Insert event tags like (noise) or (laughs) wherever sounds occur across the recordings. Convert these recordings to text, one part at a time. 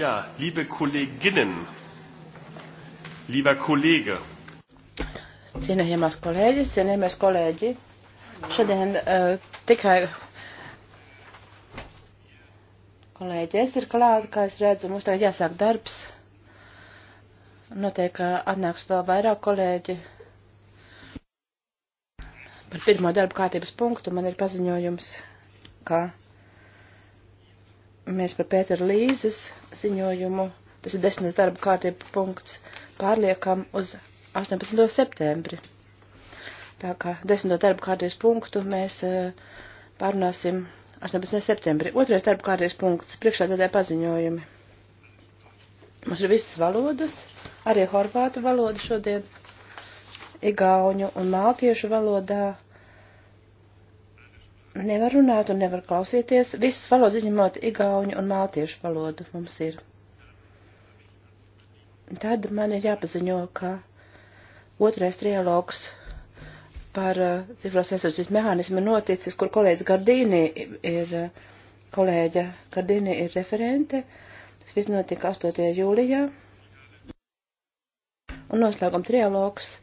Ja, liebe Kolleginnen, lieber Kollege. Cienējamās kolēģis, cienējamies kolēģi. Šodien uh, tikai kolēģis ir klāt, kā es redzu, mums tagad jāsāk darbs. Noteikti eh, atnāks vēl vairāk kolēģi. Par pirmo darbu kārtības punktu man ir paziņojums, ka mēs par Pētera Līzes ziņojumu, tas ir desmitais darba kārtība punkts, pārliekam uz 18. septembri. Tā kā desmito darba kārtības punktu mēs eh, pārunāsim 18. septembrī. Otrais darba kārtības punkts - priekšādādē paziņojumi. Mums ir visas valodas, arī horvātu valoda šodien, igauņu un maltiešu valodā nevar runāt un nevar klausīties. Visas valodas izņemot igauņu un maltiešu valodu mums ir. Tad man ir jāpaziņo, ka otrais trialogs par uh, civilās aizsardzības mehānismu noticis, kur kolēģis Gardīni ir, uh, kolēģa Gardīni ir referente. Tas viss notika 8. jūlijā. Un noslēguma trialogs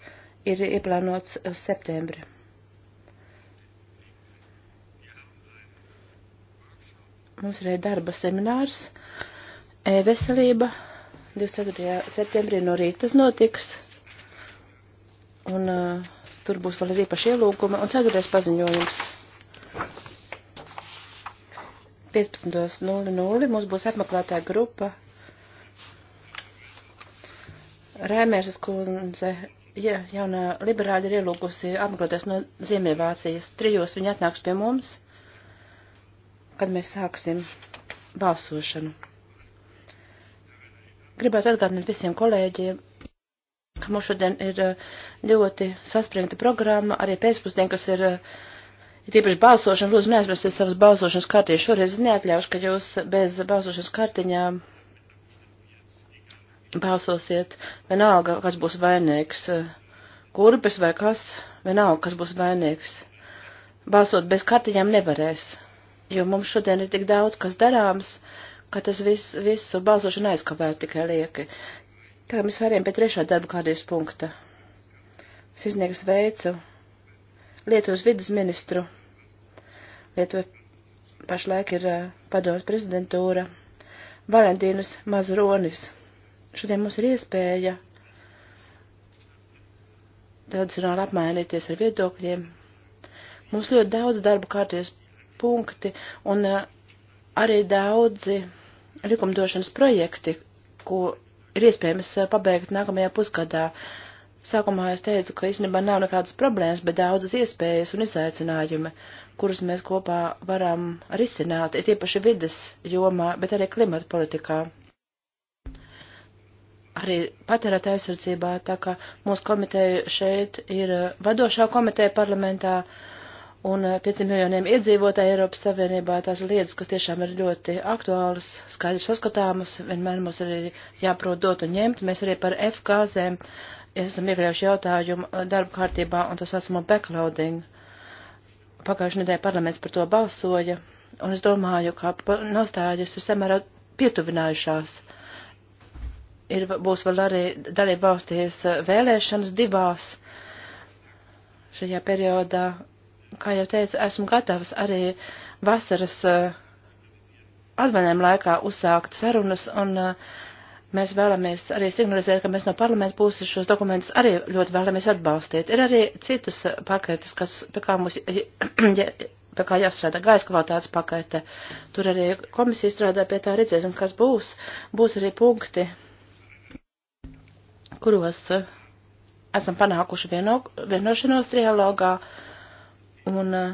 ir ieplānots uz septembri. Mums ir darba seminārs e-veselība 24. septembrī no rīta tas notiks. Un uh, tur būs vēl arī paši ielūgumi un ceturtais paziņojums. 15.00 mums būs apmeklētāja grupa. Rēmērs kundze, ja, jaunā liberāļa ir ielūgusi apmeklētājs no Ziemievācijas. Trijos viņa atnāks pie mums kad mēs sāksim balsošanu. Gribētu atgādināt visiem kolēģiem, ka mums šodien ir uh, ļoti saspringta programma, arī pēcpusdien, kas ir, uh, ir tīpaši balsošana, lūdzu neaizmirstiet savas balsošanas kartiņas. Šoreiz neatļaušu, ka jūs bez balsošanas kartiņām balsosiet vienalga, kas būs vainīgs, uh, kurpes vai kas, vienalga, kas būs vainīgs. Balsot bez kartiņām nevarēs jo mums šodien ir tik daudz, kas darāms, ka tas vis, visu balsošanu aizkavētu tikai lieki. Tā mēs varējām pie trešā darba kādreiz punkta. Es izniegs veicu Lietuvas vidas ministru. Lietuva pašlaik ir uh, padomas prezidentūra. Valentīnas Mazronis. Šodien mums ir iespēja tradicionāli apmainīties ar viedokļiem. Mums ļoti daudz darba kārties punkti un eh, arī daudzi likumdošanas projekti, ko ir iespējams eh, pabeigt nākamajā pusgadā. Sākumā es teicu, ka īstenībā nav nekādas problēmas, bet daudzas iespējas un izaicinājumi, kurus mēs kopā varam risināt, ir tiepaši vidas jomā, bet arī klimata politikā. Arī patērēt aizsardzībā, tā kā mūsu komiteja šeit ir eh, vadošā komiteja parlamentā, uh, un 5 eh, miljoniem iedzīvotāji Eiropas Savienībā tās lietas, kas tiešām ir ļoti aktuālas, skaidri saskatāmas, vienmēr mums arī jāprot dot un ņemt. Mēs arī par FKZēm esam iekļaujuši jautājumu eh, darba kārtībā, un tas esmu backloading. Pagājušajā nedēļā parlaments par to balsoja, un es domāju, ka nostājas ir samērā pietuvinājušās. Ir, būs vēl arī dalība valstīs eh, vēlēšanas divās šajā periodā, kā jau teicu, esmu gatavs arī vasaras eh, atvaļinājuma laikā uzsākt sarunas, un eh, mēs vēlamies arī signalizēt, ka mēs no parlamenta puses šos dokumentus arī ļoti vēlamies atbalstīt. Ir arī citas paketes, kas, pie kā mums pie kā jāstrādā gaisa kvalitātes pakaita. Tur arī komisija strādā pie tā, redzēsim, kas būs. Būs arī punkti, kuros eh, esam panākuši vieno, vienošanos trialogā. Uh, un eh,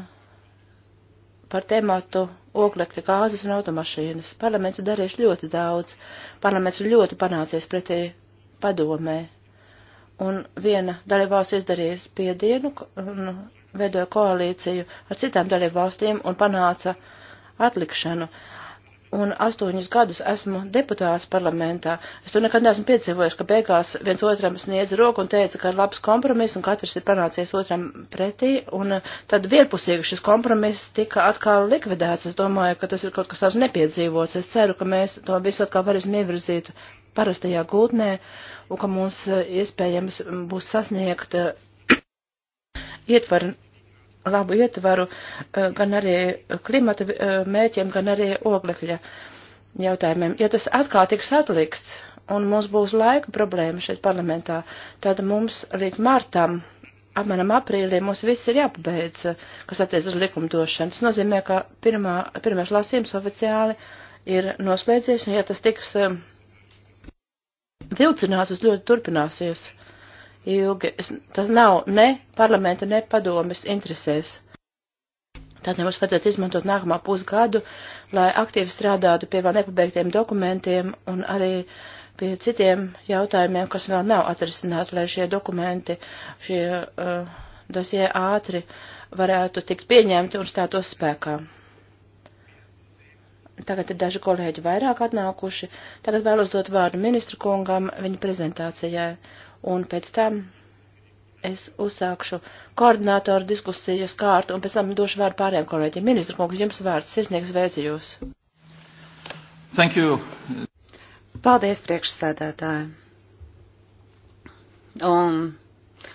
par tematu oglekļa gāzes un automašīnas. Parlaments darīs ļoti daudz. Parlaments ļoti panācies pretī padomē. Un viena dalībvalsts izdarīja spiedienu un veidoja koalīciju ar citām dalībvalstīm un panāca atlikšanu. Uh, un astoņus gadus esmu deputāts parlamentā. Es to nekad neesmu piedzīvojis, ka beigās viens otram sniedz roku un teica, ka ir labs kompromiss un katrs ir panācies otram pretī, un uh, tad vienpusīgi šis kompromiss tika atkal likvidēts. Es domāju, ka tas ir kaut kas tāds nepiedzīvots. Es ceru, ka mēs to visu atkal varēsim ievirzīt parastajā gultnē un ka mums uh, iespējams būs sasniegt uh, (clears throat) ietvaru labu ietvaru eh, gan arī klimata eh, mēķiem, gan arī oglekļa jautājumiem. Ja tas atkal tiks atlikts un mums būs laika problēma šeit parlamentā, tad mums līdz martam, apmēram aprīlī, mums viss ir jāpabeidz, eh, kas attiec uz likumdošanu. Tas nozīmē, ka pirmā, pirmais lasījums oficiāli ir noslēdzies, un ja tas tiks vilcinās, tas ļoti turpināsies ilgi. Tas nav ne parlamenta, ne padomes interesēs. Tādēļ mums vajadzētu izmantot nākamā pusgadu, lai aktīvi strādātu pie vēl nepabeigtiem dokumentiem un arī pie citiem jautājumiem, kas vēl nav atrisināti, lai šie dokumenti, šie uh, dosie ātri varētu tikt pieņemti un stātos spēkā. Tagad ir daži kolēģi vairāk atnākuši. Tagad vēlos dot vārdu ministru kungam viņa prezentācijai. Uh, un pēc tam es uzsākšu koordinātoru diskusijas kārtu, un pēc tam došu vārdu pārējiem kolēģiem. Ministra kungs, jums vārds, sirsnieks veicu jūs. Thank you. Paldies, priekšsēdētāji. Un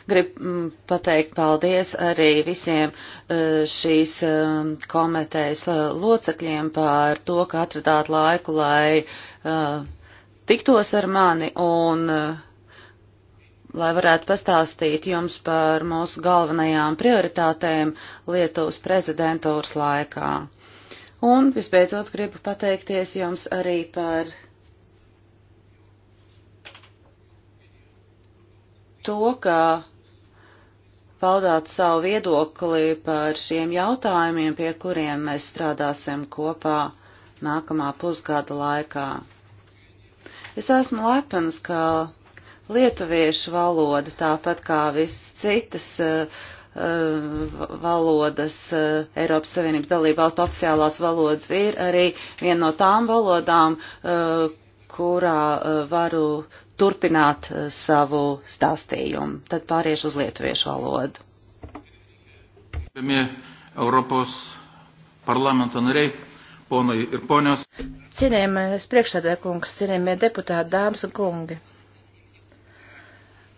gribu mm, pateikt paldies arī visiem e, šīs e, komitejas e, locekļiem par to, ka atradāt laiku, lai tiktos ar mani un uh, lai varētu pastāstīt jums par mūsu galvenajām prioritātēm Lietuvas prezidentūras laikā. Un, visbeidzot, gribu pateikties jums arī par to, ka paudāt savu viedokli par šiem jautājumiem, pie kuriem mēs strādāsim kopā nākamā pusgada laikā. Es esmu lepns, ka lietuviešu valoda, tāpat kā viss citas uh, valodas, eh, Eiropas Savienības dalība valstu oficiālās valodas ir arī viena no tām valodām, eh, kurā varu turpināt savu stāstījumu. Tad pāriešu uz lietuviešu valodu. Eiropas parlamenta nariai, ponai ir ponios. Cienījamais priekšsēdētājs, cienījamie deputāti, dāmas un kungi.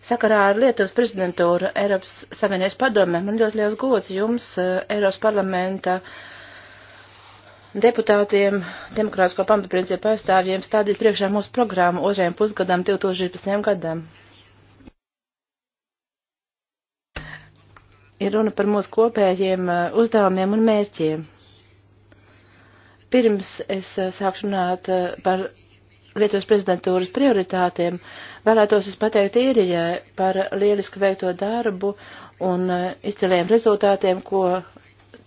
Sakarā ar Lietuvas prezidentūru Eiropas Savienības padomē man ļoti liels gods jums, eh, Eiropas parlamenta deputātiem, demokrātisko pamatprincipu aizstāvjiem, stādīt priekšā mūsu programmu otrajam pusgadam 2015. gadam. Ir runa par mūsu kopējiem eh, uzdevumiem un mērķiem. Pirms es eh, sākšu runāt par Lietuvas prezidentūras prioritātiem, vēlētos es pateikt īrijai par lieliski veikto darbu un eh, izciliem rezultātiem, ko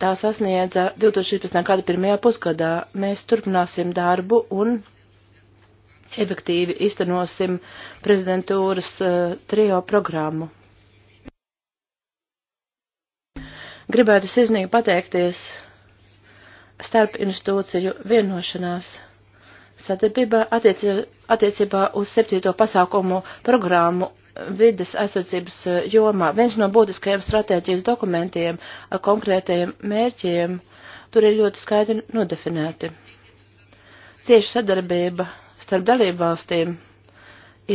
tā sasniedza 2016. gada pirmajā pusgadā. Mēs turpināsim darbu un efektīvi iztenosim prezidentūras uh, trio programmu. Gribētu sirsnīgi pateikties starp institūciju vienošanās sadarbībā attiecībā uz septīto pasākumu programmu vides aizsardzības eh, jomā. Viens no būtiskajiem stratēģijas dokumentiem ar konkrētajiem mērķiem tur ir ļoti skaidri nodefinēti. Cieša sadarbība starp dalībvalstīm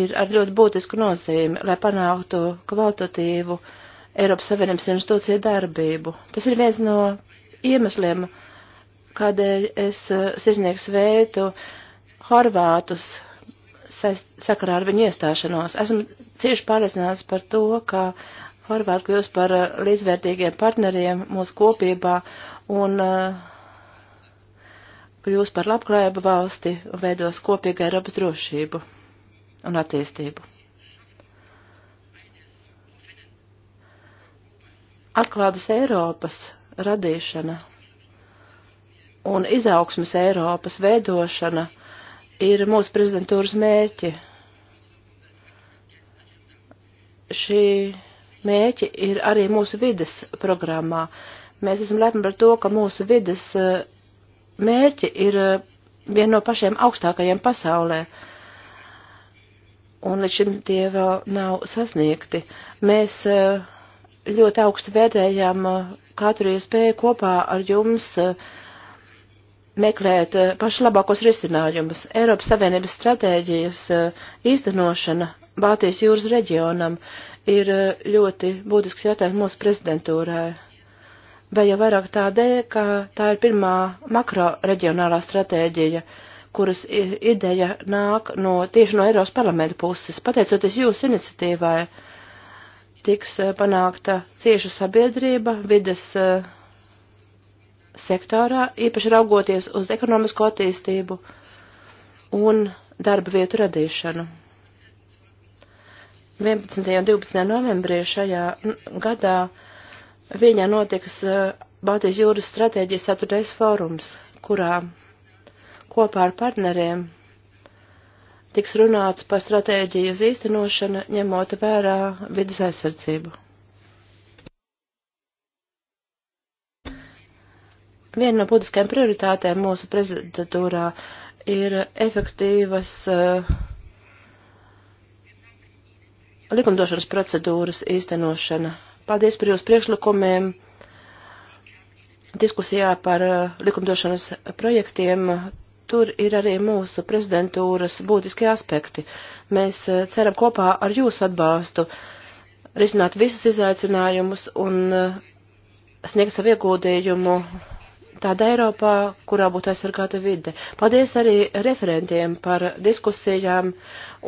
ir ar ļoti būtisku nozīmi, lai panāktu kvalitatīvu Eiropas Savienības institūciju darbību. Tas ir viens no iemesliem, kādēļ es eh, sezniegs veitu uh, Horvātus sakarā ar viņu iestāšanos. Esmu cieši pārliecināts par to, ka Horvāti kļūs par eh, līdzvērtīgiem partneriem mūsu kopībā un eh, kļūs par labklājību valsti un veidos kopīgu Eiropas drošību un attīstību. Atklātas Eiropas radīšana un izaugsmas Eiropas veidošana – ir mūsu prezidentūras mērķi. Šī mērķi ir arī mūsu vides programmā. Mēs esam lepni par to, ka mūsu vides eh, mērķi ir eh, viena no pašiem augstākajiem pasaulē. Un līdz šim tie vēl nav sasniegti. Mēs eh, ļoti augstu vērtējam katru iespēju kopā ar jums uh, meklēt eh, pašus labākos risinājumus. Eiropas Savienības stratēģijas eh, īstenošana Baltijas jūras reģionam ir eh, ļoti būtisks jautājums mūsu prezidentūrai. Vai jau vairāk tādēļ, ka tā ir pirmā makro reģionālā stratēģija, kuras ideja nāk no, tieši no Eiropas parlamenta puses. Pateicoties jūsu iniciatīvai, tiks panākta cieša sabiedrība, vides uh, sektorā, īpaši raugoties uz ekonomisko attīstību un darba vietu radīšanu. 11. un 12. novembrī šajā gadā viņā notiks eh, Baltijas jūras stratēģijas ceturtais fórums, kurā kopā ar partneriem tiks runāts par stratēģijas īstenošanu, ņemot vērā vidas aizsardzību. Viena no būtiskajām prioritātēm mūsu prezidentūrā ir efektīvas uh, likumdošanas procedūras īstenošana. Paldies par jūsu priekšlikumiem. Diskusijā par uh, likumdošanas projektiem tur ir arī mūsu prezidentūras būtiskie aspekti. Mēs uh, ceram kopā ar jūsu atbalstu risināt visus izaicinājumus un sniegt savu ieguldījumu tāda Eiropā, kurā būtu aizsargāta vide. Paldies arī referentiem par diskusijām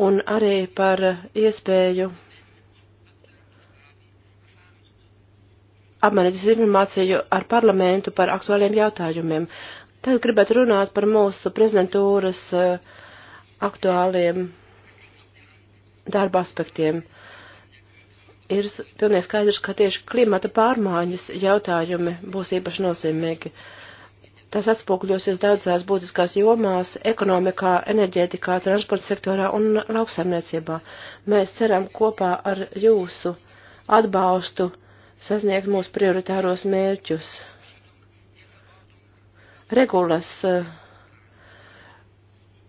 un arī par iespēju apmainīties informāciju ar parlamentu par aktuāliem jautājumiem. Tad gribētu runāt par mūsu prezidentūras eh, aktuāliem darba aspektiem. Ir pilnīgi skaidrs, ka tieši klimata pārmaiņas jautājumi būs īpaši nozīmīgi. Uh, Tas atspūkļosies daudzās būtiskās jomās - ekonomikā, enerģētikā, transporta sektorā un lauksaimniecībā. Mēs ceram kopā ar jūsu atbalstu sasniegt mūsu prioritāros mērķus. Regulas eh,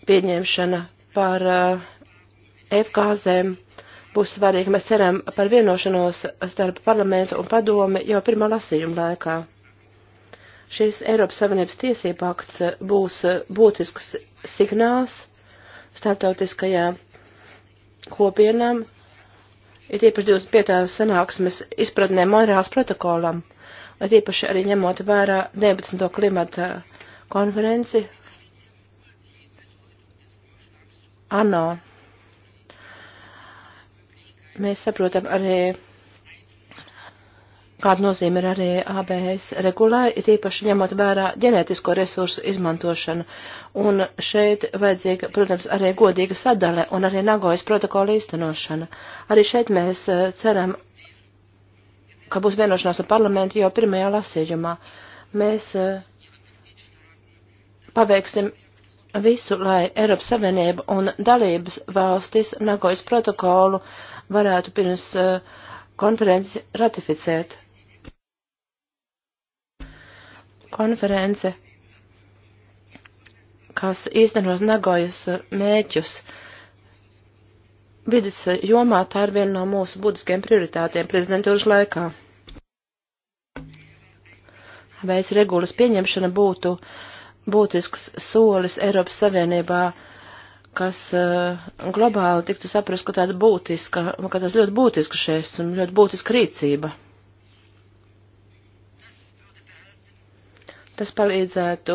pieņemšana par eh, F-gāzēm būs svarīga. Mēs ceram par vienošanos starp parlamentu un padomi jau pirmā lasījuma laikā. Šis Eiropas Savienības tiesība akts eh, būs eh, būtisks signāls starptautiskajā kopienām, ir īpaši 25. sanāksmes izpratnē Monreāls protokolam, ir īpaši arī ņemot vērā 19. klimata konferenci ANO. Mēs saprotam arī kāda nozīme ir arī ABS regulē, ir īpaši ņemot vērā ģenētisko resursu izmantošanu. Un šeit vajadzīga, protams, arī godīga sadale un arī Nagojas protokola īstenošana. Arī šeit mēs eh, ceram, ka būs vienošanās ar parlamentu jau pirmajā lasījumā. Mēs eh, paveiksim visu, lai Eiropas Savienība un dalības valstis Nagojas protokolu varētu pirms eh, konferences ratificēt. konference, kas īstenos Nagojas mēķus. Vides jomā tā ir viena no mūsu būtiskiem prioritātiem prezidentūras laikā. Veids regulas pieņemšana būtu būtisks solis Eiropas Savienībā kas uh, globāli tiktu saprast, ka tāda būtiska, ka tas ļoti būtisks šeit un ļoti būtiska rīcība. Tas palīdzētu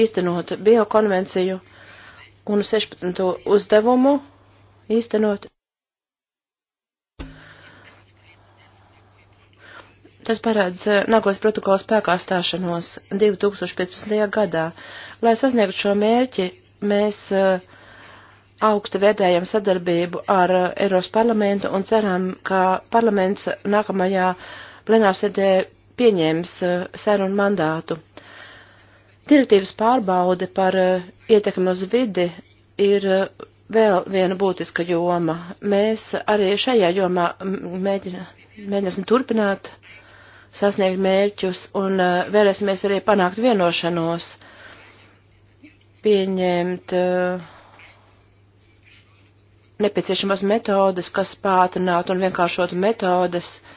īstenot biokonvenciju un 16. uzdevumu īstenot. Tas parāds eh, nākos protokols spēkā stāšanos 2015. gadā. Lai sasniegtu šo mērķi, mēs eh, augstu vērtējam sadarbību ar eh, Eiros parlamentu un ceram, ka parlaments nākamajā uh, plenārsēdē pieņēmis uh, sarunu mandātu. Direktīvas pārbaude par uh, ietekmi uz vidi ir uh, vēl viena būtiska joma. Mēs arī šajā jomā mēģina, mēģināsim turpināt sasniegt mērķus un vēlēsimies arī panākt vienošanos, pieņemt uh, nepieciešamas metodas, kas pātrinātu un vienkāršotu metodas, uh,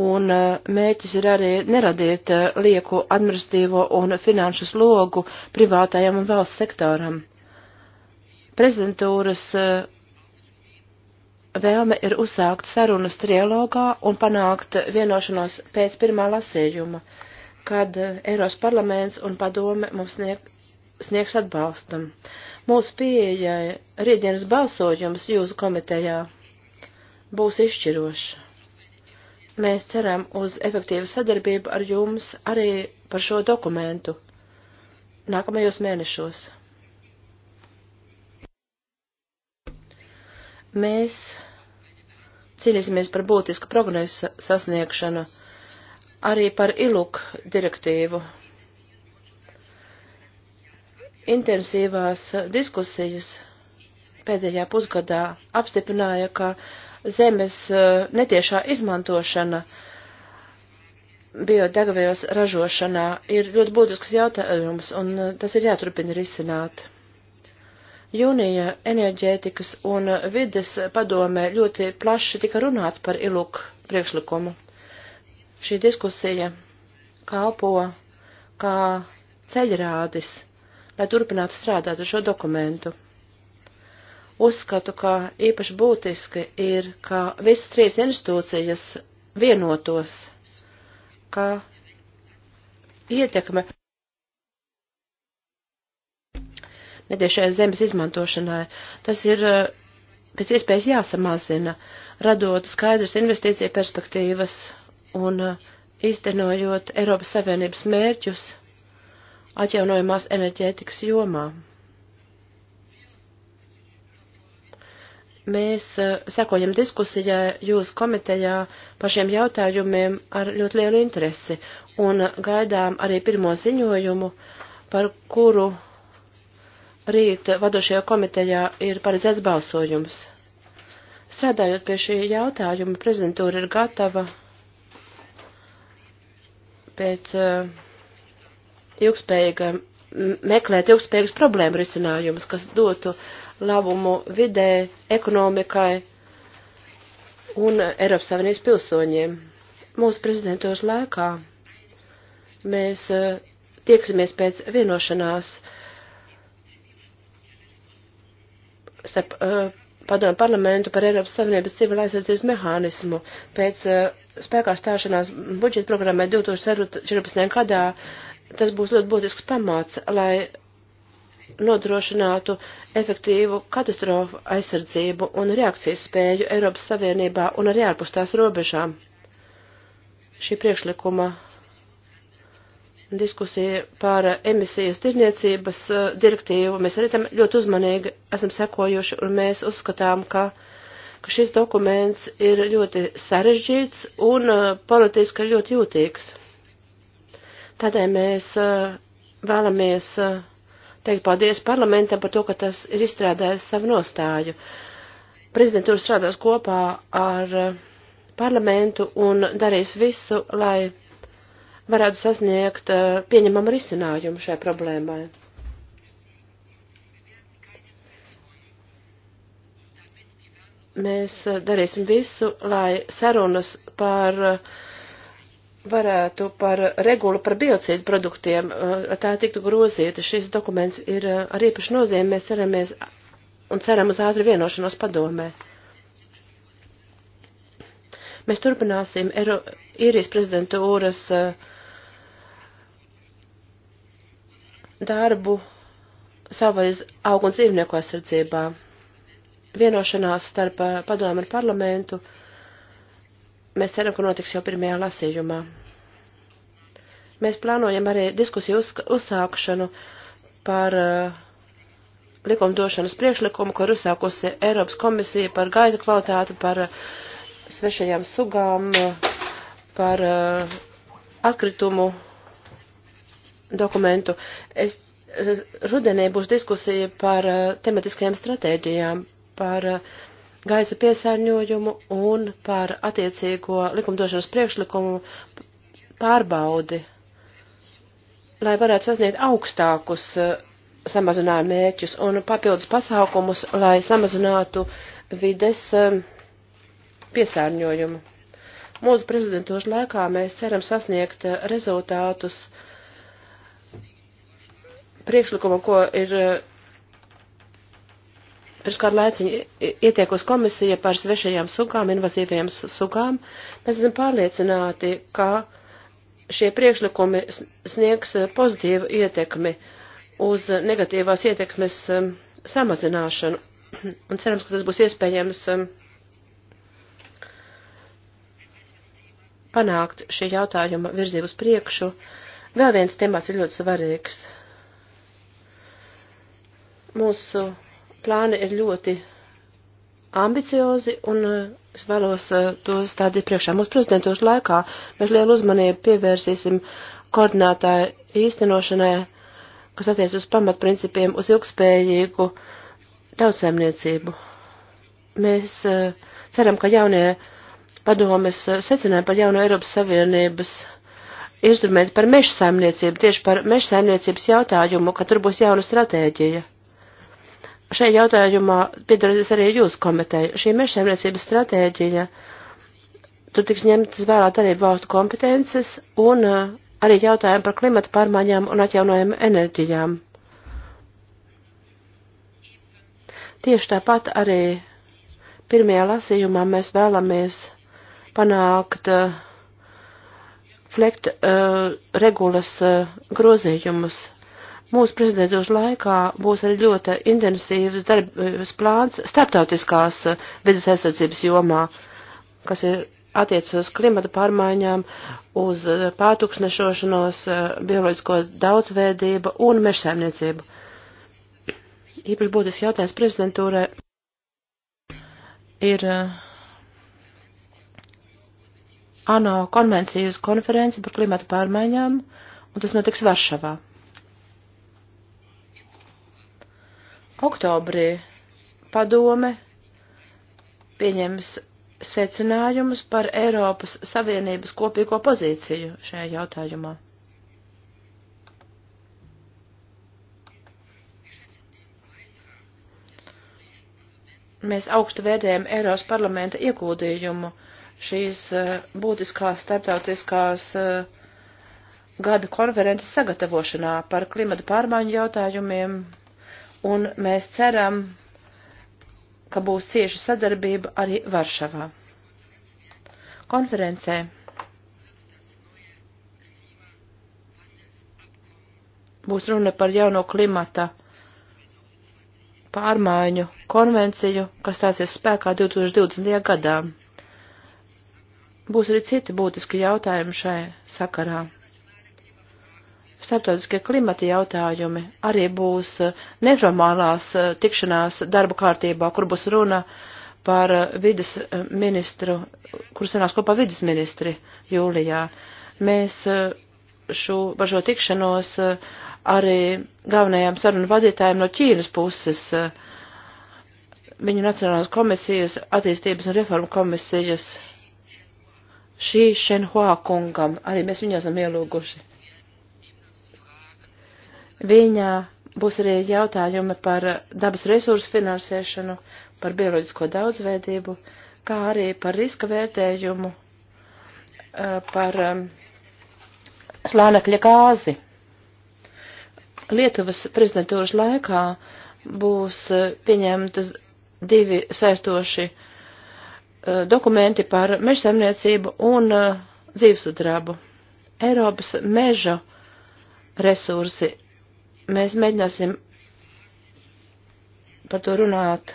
un uh, mēķis ir arī neradīt uh, lieku administratīvo un finanšu slogu privātajam un valsts sektoram. Prezidentūras uh, vēlme ir uzsākt sarunas trilogā un panākt vienošanos pēc pirmā lasījuma, kad Eiros parlaments un padome mums snieg, sniegs atbalstam. Mūsu pieejai rītdienas balsojums jūsu komitejā būs izšķirošs. Mēs ceram uz efektīvu sadarbību ar jums arī par šo dokumentu nākamajos mēnešos. Mēs cīnīsimies par būtisku progresu sasniegšanu, arī par iluk direktīvu. Intensīvās diskusijas pēdējā pusgadā apstiprināja, ka zemes eh, netiešā izmantošana biodegvielas ražošanā ir ļoti būtisks jautājums, un eh, tas ir jāturpina risināt. Jūnija enerģētikas un vides padomē ļoti plaši tika runāts par ilūku priekšlikumu. Šī diskusija kalpo kā ceļrādis, lai turpinātu strādāt ar šo dokumentu uzskatu, ka īpaši būtiski ir, ka visas trīs institūcijas vienotos, ka ietekme netiešai zemes izmantošanai, tas ir eh, pēc iespējas jāsamazina, radot skaidrs investīcija perspektīvas un eh, īstenojot Eiropas Savienības mērķus atjaunojumās enerģētikas jomā. Mēs sekojam diskusijai jūs komitejā par šiem jautājumiem ar ļoti lielu interesi un gaidām arī pirmo ziņojumu, par kuru rīt vadošajā komitejā ir paredzēts balsojums. Strādājot pie šī jautājuma, prezidentūra ir gatava pēc ilgspējīga, meklēt ilgspējīgas problēmu risinājumus, kas dotu labumu vidē, ekonomikai un Eiropas Savienības pilsoņiem. Mūsu prezidentūras laikā mēs eh, tieksimies pēc vienošanās starp uh, padomu parlamentu par Eiropas Savienības civil aizsardzības mehānismu. Pēc uh, spēkā stāšanās budžeta programmai 2014. gadā tas būs ļoti būtisks pamāts, lai nodrošinātu efektīvu katastrofu aizsardzību un reakcijas spēju Eiropas Savienībā un arī ārpus tās robežām. Šī priekšlikuma diskusija par emisijas tirniecības uh, direktīvu, mēs arī tam ļoti uzmanīgi esam sekojuši un mēs uzskatām, ka, ka šis dokuments ir ļoti sarežģīts un uh, politiski ļoti jūtīgs. Tādēļ mēs uh, vēlamies uh, teikt paldies parlamentam par to, ka tas ir izstrādājis savu nostāju. Prezidentūra strādās kopā ar eh, parlamentu un darīs visu, lai varētu sasniegt eh, pieņemamu risinājumu šai problēmai. Mēs eh, darīsim visu, lai sarunas par uh, varētu par regulu par biocīdu produktiem, uh, tā tiktu grozīta. Šis dokuments ir uh, ar īpašu nozīmi. Mēs ceramies un ceram uz ātru vienošanos padomē. Mēs turpināsim Eiro, īrijas prezidentūras uh, darbu savais augu un dzīvnieku aizsardzībā. Vienošanās starp padomu un parlamentu. Uh, Mēs ceram, ka notiks jau pirmajā lasījumā. Mēs plānojam arī diskusiju uzsākšanu par uh, likumdošanas priekšlikumu, kur uzsākusi Eiropas komisija par gaisa kvalitāti, par uh, svešajām sugām, uh, par uh, atkritumu dokumentu. Es uh, rudenī būs diskusija par uh, tematiskajām stratēģijām, par uh, gaisa piesārņojumu un par attiecīgo likumdošanas priekšlikumu pārbaudi, lai varētu sasniegt augstākus eh, samazinājuma mērķus un papildus pasākumus, lai samazinātu vides eh, piesārņojumu. Mūsu prezidentūras laikā mēs ceram sasniegt eh, rezultātus priekšlikumam, ko ir pirms kādu laiciņu ietiekos komisija par svešajām sugām, invazīvajām sugām. Mēs esam pārliecināti, ka šie priekšlikumi sniegs eh, pozitīvu ietekmi uz negatīvās ietekmes eh, samazināšanu. (clears throat) Un cerams, ka tas būs iespējams eh, panākt šī jautājuma virzību uz priekšu. Vēl viens temats ir ļoti svarīgs. Mūsu plāni ir ļoti ambiciozi un eh, es vēlos eh, to stādīt priekšā. Mūsu prezidentūšu laikā mēs lielu uzmanību pievērsīsim koordinātāju īstenošanai, kas attiec uz pamatprincipiem, uz ilgspējīgu tautsēmniecību. Mēs eh, ceram, ka jaunie padomes secinājumi par jauno Eiropas Savienības instrumentu par mežsaimniecību, tieši par mežsaimniecības jautājumu, ka tur būs jauna stratēģija šajā jautājumā piedalīties arī jūsu komiteja. Šī mežsaimniecības stratēģija, tur tiks ņemtas vērā arī valstu kompetences un eh, arī jautājumi par klimata pārmaiņām un atjaunojumu enerģijām. Tieši tāpat arī pirmajā lasījumā mēs vēlamies panākt uh, flekt uh, regulas uh, grozījumus mūsu prezidentūšu laikā būs arī ļoti intensīvs darbības plāns starptautiskās uh, vidas aizsardzības jomā, kas ir attiecas uz klimata pārmaiņām, uz uh, pārtukšnešošanos, uh, bioloģisko daudzveidību un mežsēmniecību. Īpaši būtisks jautājums prezidentūrai ir ANO konvencijas konference par klimata pārmaiņām, un tas notiks Varšavā. Oktobrī padome pieņems secinājumus par Eiropas Savienības kopīgo pozīciju šajā jautājumā. Mēs augstu vērtējam Eiropas parlamenta ieguldījumu šīs eh, būtiskās starptautiskās eh, gada konferences sagatavošanā par klimata pārmaiņu jautājumiem un mēs ceram, ka būs cieša sadarbība arī Varšavā. Konferencē būs runa par jauno klimata pārmaiņu konvenciju, kas stāsies spēkā 2020. gadā. Būs arī citi būtiski jautājumi šai sakarā starptautiskie klimata jautājumi arī būs eh, neformālās eh, tikšanās darba kārtībā, kur būs runa par eh, vidas ministru, kur sanās kopā vidas ministri jūlijā. Mēs šo, par šo tikšanos arī galvenajām sarunu vadītājiem no Ķīnas puses, viņu Nacionālās komisijas, attīstības un reformu komisijas, šī Šenhua kungam, arī mēs viņu esam ielūguši Viņā būs arī jautājumi par dabas resursu finansēšanu, par bioloģisko daudzveidību, kā arī par riska vērtējumu, eh, par slānekļa gāzi. Lietuvas prezidentūras laikā būs eh, pieņemtas divi saistoši eh, dokumenti par mežsaimniecību un dzīvesudrabu. Eiropas meža resursi Mēs mēģināsim par to runāt.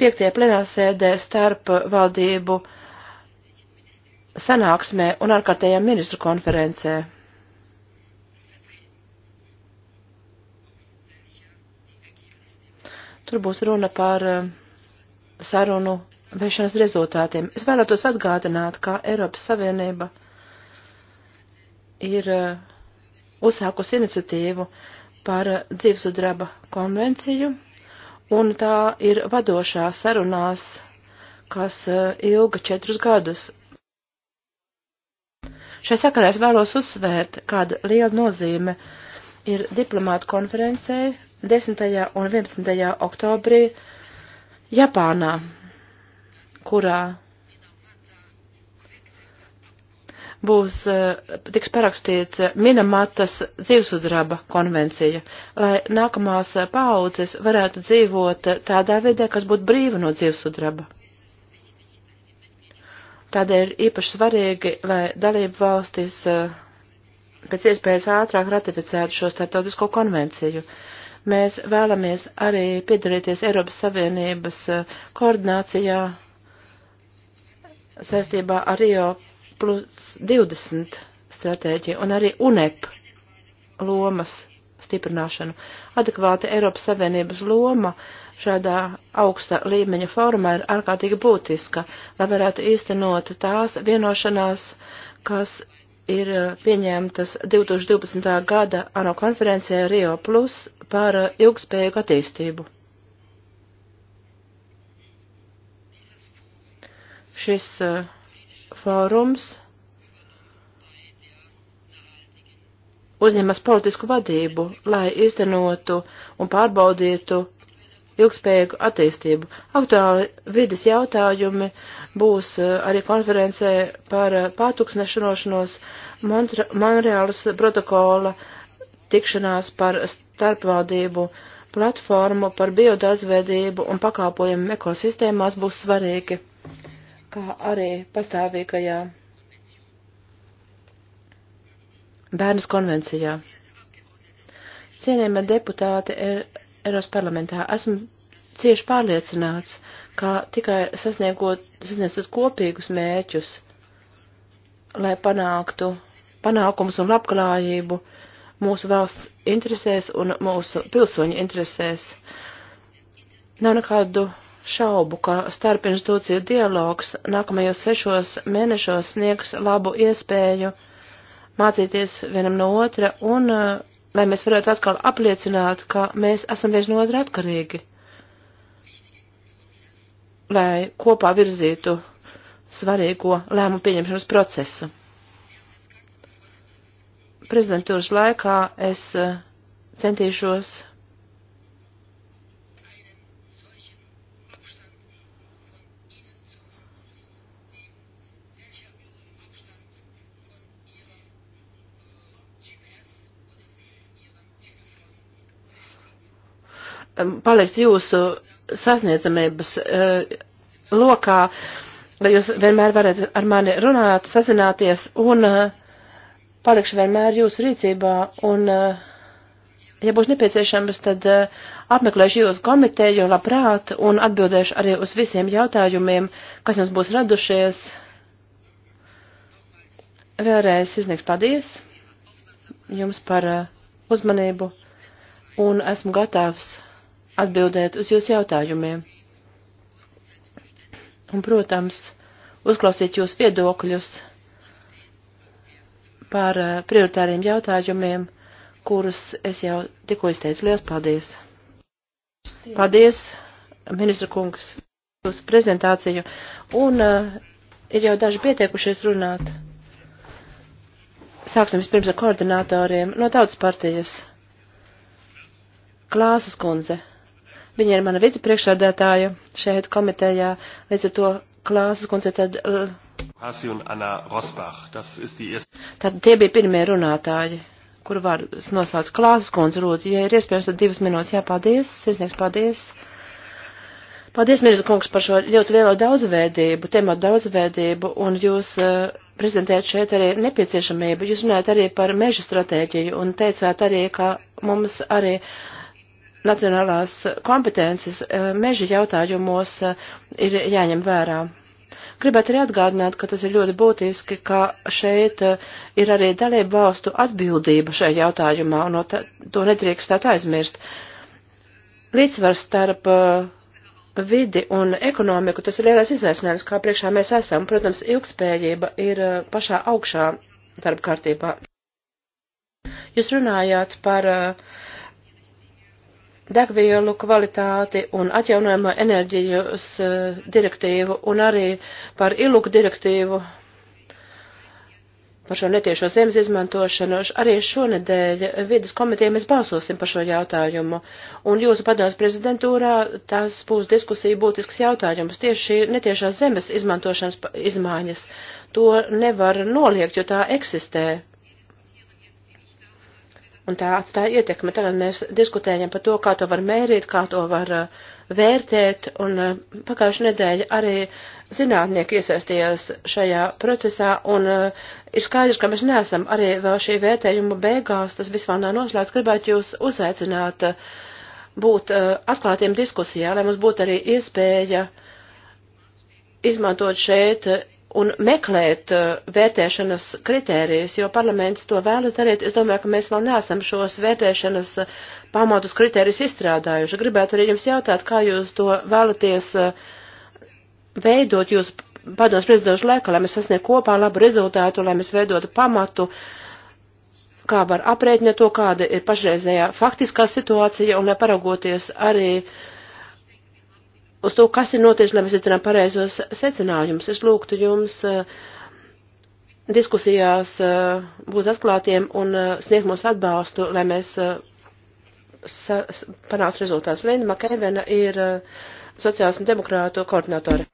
Piektajā plenārsēdē starp valdību sanāksmē un ārkārtējā ministru konferencē. Tur būs runa par eh, sarunu vešanas rezultātiem. Es vēlētos atgādināt, ka Eiropas Savienība ir eh, uzsākusi iniciatīvu uh, par dzīvesudraba konvenciju, un tā ir vadošā sarunās, kas e, ilga četrus gadus. Šai sakarā es vēlos uzsvērt, kāda liela nozīme ir diplomātu konferencei 10. un 11. oktobrī Japānā, kurā būs, eh, tiks parakstīts Minamatas dzīvesudraba konvencija, lai nākamās paaudzes varētu dzīvot tādā veidā, kas būtu brīva no dzīvesudraba. Tādēļ ir īpaši svarīgi, lai dalību valstis eh, pēc iespējas ātrāk ratificētu šo starptautisko konvenciju. Mēs vēlamies arī piedalīties Eiropas Savienības eh, koordinācijā saistībā ar Rio plus 20 stratēģija un arī UNEP lomas stiprināšanu. Adekvāta Eiropas Savienības loma šādā augsta līmeņa formā ir ārkārtīgi būtiska, lai varētu īstenot tās vienošanās, kas ir eh, pieņemtas 2012. gada ANO konferencē Rio Plus par eh, ilgspējīgu attīstību. Šis uh, fórums uzņemas politisku vadību, lai iztenotu un pārbaudītu ilgspējīgu attīstību. Aktuāli vidas jautājumi būs eh, arī konferencē par eh, pārtuksnešanošanos Monreālas protokola tikšanās par starpvaldību platformu par biodazvedību un pakāpojumu ekosistēmās būs svarīgi kā arī pastāvīgajā bērnas konvencijā. Cienījama deputāte er, Eiros parlamentā, esmu cieši pārliecināts, ka tikai sasniegot, sasniedzot kopīgus mēķus, lai panāktu panākumus un labklājību mūsu valsts interesēs un mūsu pilsoņu interesēs, nav nekādu šaubu, ka starpinstitūcija dialogs nākamajos sešos mēnešos sniegs labu iespēju mācīties vienam no otra un uh, lai mēs varētu atkal apliecināt, ka mēs esam viens no otra atkarīgi, lai kopā virzītu svarīgo lēmumu pieņemšanas procesu. Prezidentūras laikā es uh, centīšos Um, palikt jūsu sasniedzamības uh, lokā, lai jūs vienmēr varat ar mani runāt, sazināties un uh, palikšu vienmēr jūsu rīcībā un, uh, ja būs nepieciešams, tad apmeklēšu jūsu komiteju labprāt un atbildēšu arī uz visiem jautājumiem, kas jums būs radušies. Vēlreiz izniegs paldies jums par uzmanību un esmu gatavs atbildēt uz jūsu jautājumiem. Un, protams, uzklausīt jūsu viedokļus par eh, prioritāriem jautājumiem, kurus es jau tikko izteicu. Lielas paldies! Paldies, ministra kungs, jūsu prezentāciju. Un uh, ir jau daži pieteikušies runāt. Sāksim vispirms ar koordinatoriem no tautas partijas. Klāsas kundze. Viņa ir mana vicepriekšādētāja šeit komitejā, līdz ar to klāsas koncertēt. Eh, Hasi un Anna Rosbach, tas ir tie. Tad tie bija pirmie runātāji, kuru vārdus nosauc klāsas kundze lūdzu. Ja ir iespējams, tad divas minūtes jāpaldies, sirdsnieks paldies. Paldies, Mirza kungs, par šo ļoti lielo daudzveidību, tematu daudzveidību, un jūs uh, prezentējat šeit arī nepieciešamību. Jūs runājat arī par meža stratēģiju un teicāt arī, ka mums arī uh, nacionālās kompetences eh, meža jautājumos eh, ir jāņem vērā. Gribētu arī atgādināt, ka tas ir ļoti būtiski, ka šeit eh, ir arī dalība valstu atbildība šajā jautājumā, un no tā, to nedrīkstētu aizmirst. Līdzsvars starp vidi un ekonomiku, tas ir lielais izaicinājums, kā priekšā mēs esam. Protams, ilgspējība ir pašā augšā darba kārtībā. Jūs runājāt par uh, degvielu kvalitāti un atjaunojamo enerģijas eh, direktīvu un arī par iluku direktīvu par šo netiešo zemes izmantošanu. Arī šonedēļ vidas komitē mēs balsosim par šo jautājumu. Un jūsu padomas prezidentūrā tas būs diskusija būtisks jautājums. Tieši šī netiešās zemes izmantošanas izmaiņas to nevar noliegt, jo tā eksistē un tā atstāja ietekmi. Tagad mēs diskutējam par to, kā to var mērīt, kā to var uh, vērtēt, un uh, pagājušajā nedēļa arī zinātnieki iesaistījās šajā procesā, un uh, ir skaidrs, ka mēs neesam arī vēl šī vērtējuma beigās, tas viss vēl nav noslēgts, gribētu jūs uzaicināt būt atklātiem diskusijā, lai mums būtu arī iespēja izmantot šeit un meklēt uh, vērtēšanas kritērijas, jo parlaments to vēlas darīt. Es domāju, ka mēs vēl neesam šos vērtēšanas uh, pamatus kritērijus izstrādājuši. Gribētu arī jums jautāt, kā jūs to vēlaties uh, veidot jūs padomus prezidentu laikā, lai mēs sasniegtu kopā labu rezultātu, lai mēs veidotu pamatu, kā var aprēķināt to, kāda ir pašreizējā faktiskā situācija, un lai paragoties arī uh, uz to, kas ir noticis, lai mēs izdarām pareizos secinājumus. Es lūgtu jums eh, diskusijās eh, būt atklātiem un eh, sniegt mums atbalstu, lai mēs panāktu rezultātus. Linda Makēvena ir sociālas un demokrātu koordinatore.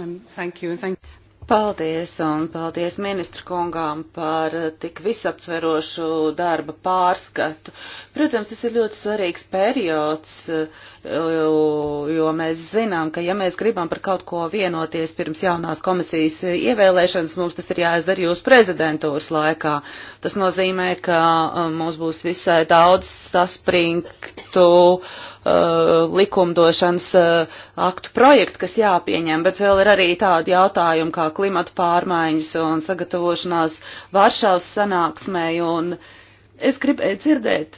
Um, thank you, thank you. Paldies un paldies ministru kungām par eh, tik visaptverošu darba pārskatu. Protams, tas ir ļoti svarīgs periods, eh, jo, jo mēs zinām, ka ja mēs gribam par kaut ko vienoties pirms jaunās komisijas ievēlēšanas, mums tas ir jāizdara jūsu prezidentūras laikā. Tas nozīmē, ka eh, mums būs visai daudz saspringtu Uh, likumdošanas uh, aktu projektu, kas jāpieņem, bet vēl ir arī tādi jautājumi kā klimata pārmaiņas un sagatavošanās Varšavas sanāksmēji. Un es gribēju dzirdēt,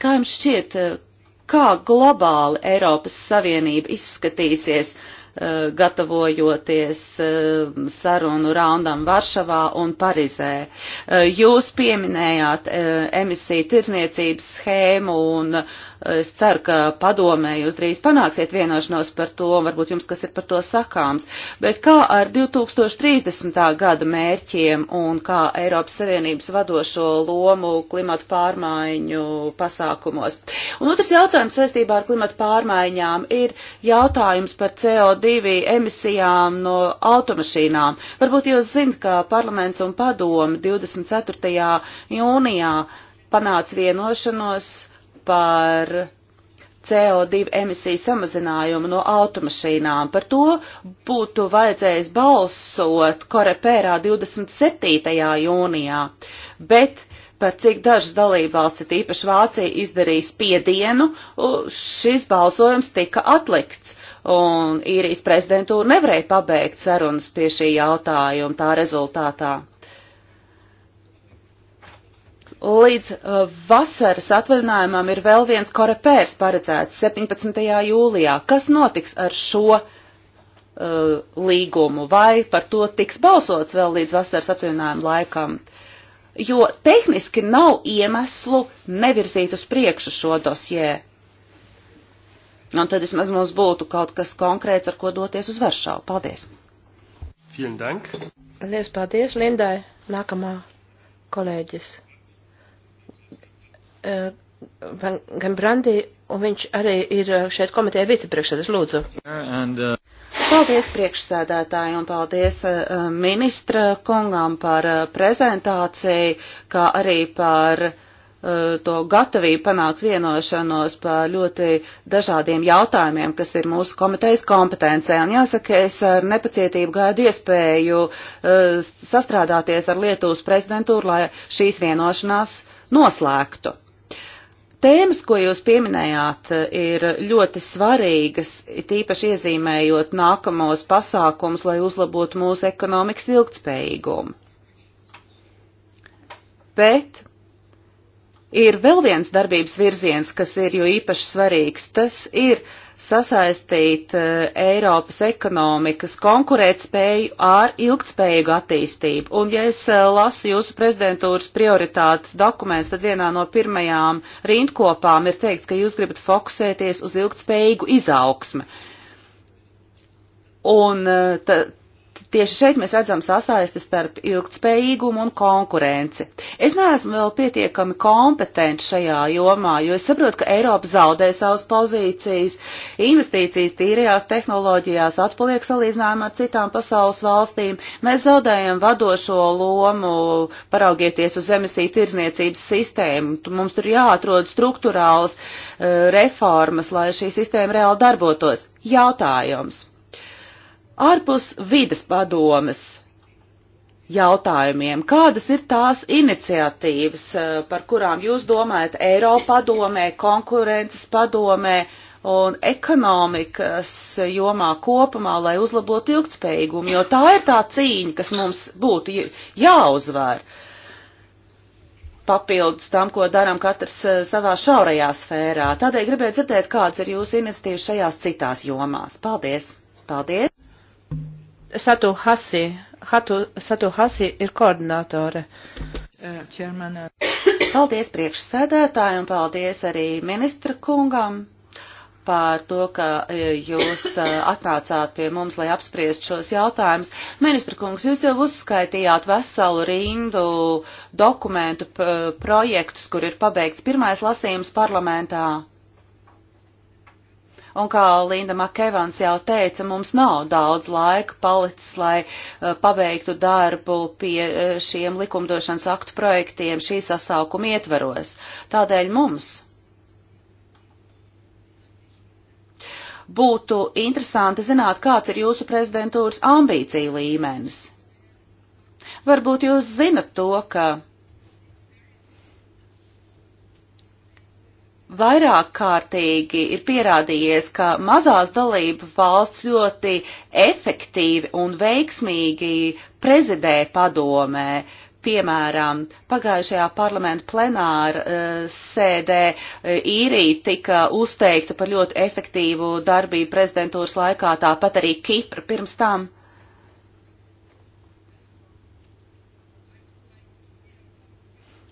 kā jums šķiet, uh, kā globāli Eiropas Savienība izskatīsies, gatavojoties sarunu raundam Varšavā un Parizē. Jūs pieminējāt emisiju tirzniecības schēmu un Es ceru, ka padomē jūs drīz panāksiet vienošanos par to, un varbūt jums kas ir par to sakāms. Bet kā ar 2030. gada mērķiem un kā Eiropas Savienības vadošo lomu klimatu pārmaiņu pasākumos? Un otrs jautājums saistībā ar klimatu pārmaiņām ir jautājums par CO2 emisijām no automašīnām. Varbūt jūs zinat, ka parlaments un padomi 24. jūnijā panāca vienošanos par CO2 emisiju samazinājumu no automašīnām. Par to būtu vajadzējis balsot Korepērā 27. jūnijā, bet par cik dažas dalībvalsts, tīpaši Vācija, izdarīja spiedienu, šis balsojums tika atlikts. Un īrijas prezidentūra nevarēja pabeigt sarunas pie šī jautājuma tā rezultātā. Līdz uh, vasaras atvaļinājumam ir vēl viens korepērs paredzēts 17. jūlijā. Kas notiks ar šo uh, līgumu vai par to tiks balsots vēl līdz vasaras atvaļinājuma laikam? Jo tehniski nav iemeslu nevirzīt uz priekšu šo dosjē. Un tad vismaz mums būtu kaut kas konkrēts, ar ko doties uz Varšavu. Paldies! Vielen Dank! Paldies, paldies, Lindai! Nākamā kolēģis. Eh, Van Brandī, un viņš arī ir eh, šeit komiteja vicepriekšsēdētājs, lūdzu. And, uh... Paldies priekšsēdētāji un paldies uh, ministra kungam par uh, prezentāciju, kā arī par to gatavību panākt vienošanos par ļoti dažādiem jautājumiem, kas ir mūsu komitejas kompetencē. Un jāsaka, es ar nepacietību gaidu iespēju uh, sastrādāties ar Lietuvas prezidentūru, lai šīs vienošanās noslēgtu. Tēmas, ko jūs pieminējāt, ir ļoti svarīgas, tīpaši iezīmējot nākamos pasākums, lai uzlabotu mūsu ekonomikas ilgtspējīgumu. Bet ir vēl viens darbības virziens, kas ir jo īpaši svarīgs. Tas ir uh, sasaistīt e, Eiropas ekonomikas konkurētspēju ar ilgtspējīgu attīstību. Un, ja es e, lasu jūsu prezidentūras prioritātes dokumentus, tad vienā no pirmajām rindkopām ir teikts, ka jūs gribat fokusēties uz ilgtspējīgu izaugsmi. Un e, t, tieši šeit mēs redzam sasaisti starp ilgtspējīgumu un konkurenci. Es neesmu vēl pietiekami kompetents šajā jomā, jo es saprotu, ka Eiropa zaudē savas pozīcijas, investīcijas tīrajās tehnoloģijās atpaliek salīdzinājumā ar citām pasaules valstīm, mēs zaudējam vadošo lomu, paraugieties uz emisiju tirzniecības sistēmu, mums tur jāatrod struktūrāls uh, reformas, lai šī sistēma reāli darbotos. Jautājums ārpus vides padomes jautājumiem. Kādas ir tās iniciatīvas, eh, par kurām jūs domājat Eiropa padomē, konkurences padomē un ekonomikas jomā kopumā, lai uzlabotu ilgtspējīgumu, jo tā ir tā cīņa, kas mums būtu jāuzvēr papildus tam, ko darām katrs eh, savā šaurajā sfērā. Tādēļ gribētu dzirdēt, kāds ir jūsu iniciatīvas šajās citās jomās. Paldies! Paldies! Satu Hasi, Hatu, Satu Hasi ir koordinātore. Čermanā. Uh, uh, paldies priekšsēdētāji un paldies arī ministra kungam par to, ka uh, jūs atnācāt pie mums, lai apspriest šos jautājumus. Ministra kungs, jūs jau uzskaitījāt veselu rindu dokumentu projektus, kur ir pabeigts pirmais lasījums parlamentā Un kā Linda Makevans jau teica, mums nav daudz laika palicis, lai uh, pabeigtu darbu pie uh, šiem likumdošanas aktu projektiem šī sasaukuma ietveros. Tādēļ mums būtu interesanti zināt, kāds ir jūsu prezidentūras ambīcija līmenis. Varbūt jūs zinat to, ka vairāk kārtīgi ir pierādījies, ka mazās dalību valsts ļoti efektīvi un veiksmīgi prezidē padomē. Piemēram, pagājušajā parlamenta plenāra uh, sēdē uh, īrija tika uzteikta par ļoti efektīvu darbību prezidentūras laikā, tāpat arī Kipra pirms tam.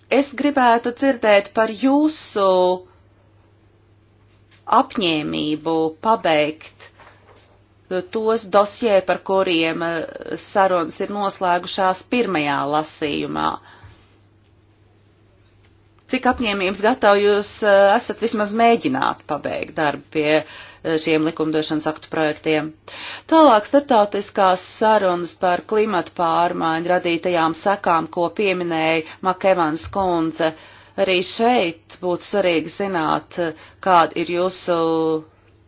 Es gribētu dzirdēt par jūsu uh, apņēmību pabeigt eh, tos dosie, par kuriem eh, sarunas ir noslēgušās pirmajā lasījumā. Cik apņēmības gatavi jūs eh, esat vismaz mēģināt pabeigt darbu pie šiem likumdošanas aktu projektiem? Tālāk startautiskās sarunas par klimatu pārmaiņu radītajām sekām, ko pieminēja Makevans Kunze. Uh, Arī šeit būtu svarīgi zināt, kāda ir jūsu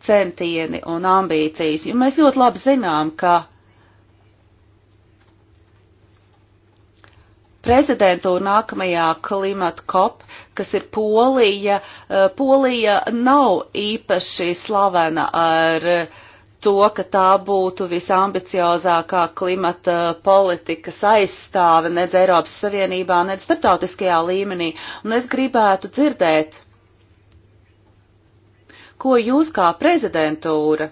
centieni un ambīcijas, jo mēs ļoti labi zinām, ka prezidentūra nākamajā klimata kop, kas ir Polija, eh, Polija nav īpaši slavena ar uh, to, ka tā būtu visambiciozākā klimata politikas aizstāve nedz Eiropas Savienībā, nedz starptautiskajā līmenī. Un es gribētu dzirdēt, ko jūs kā prezidentūra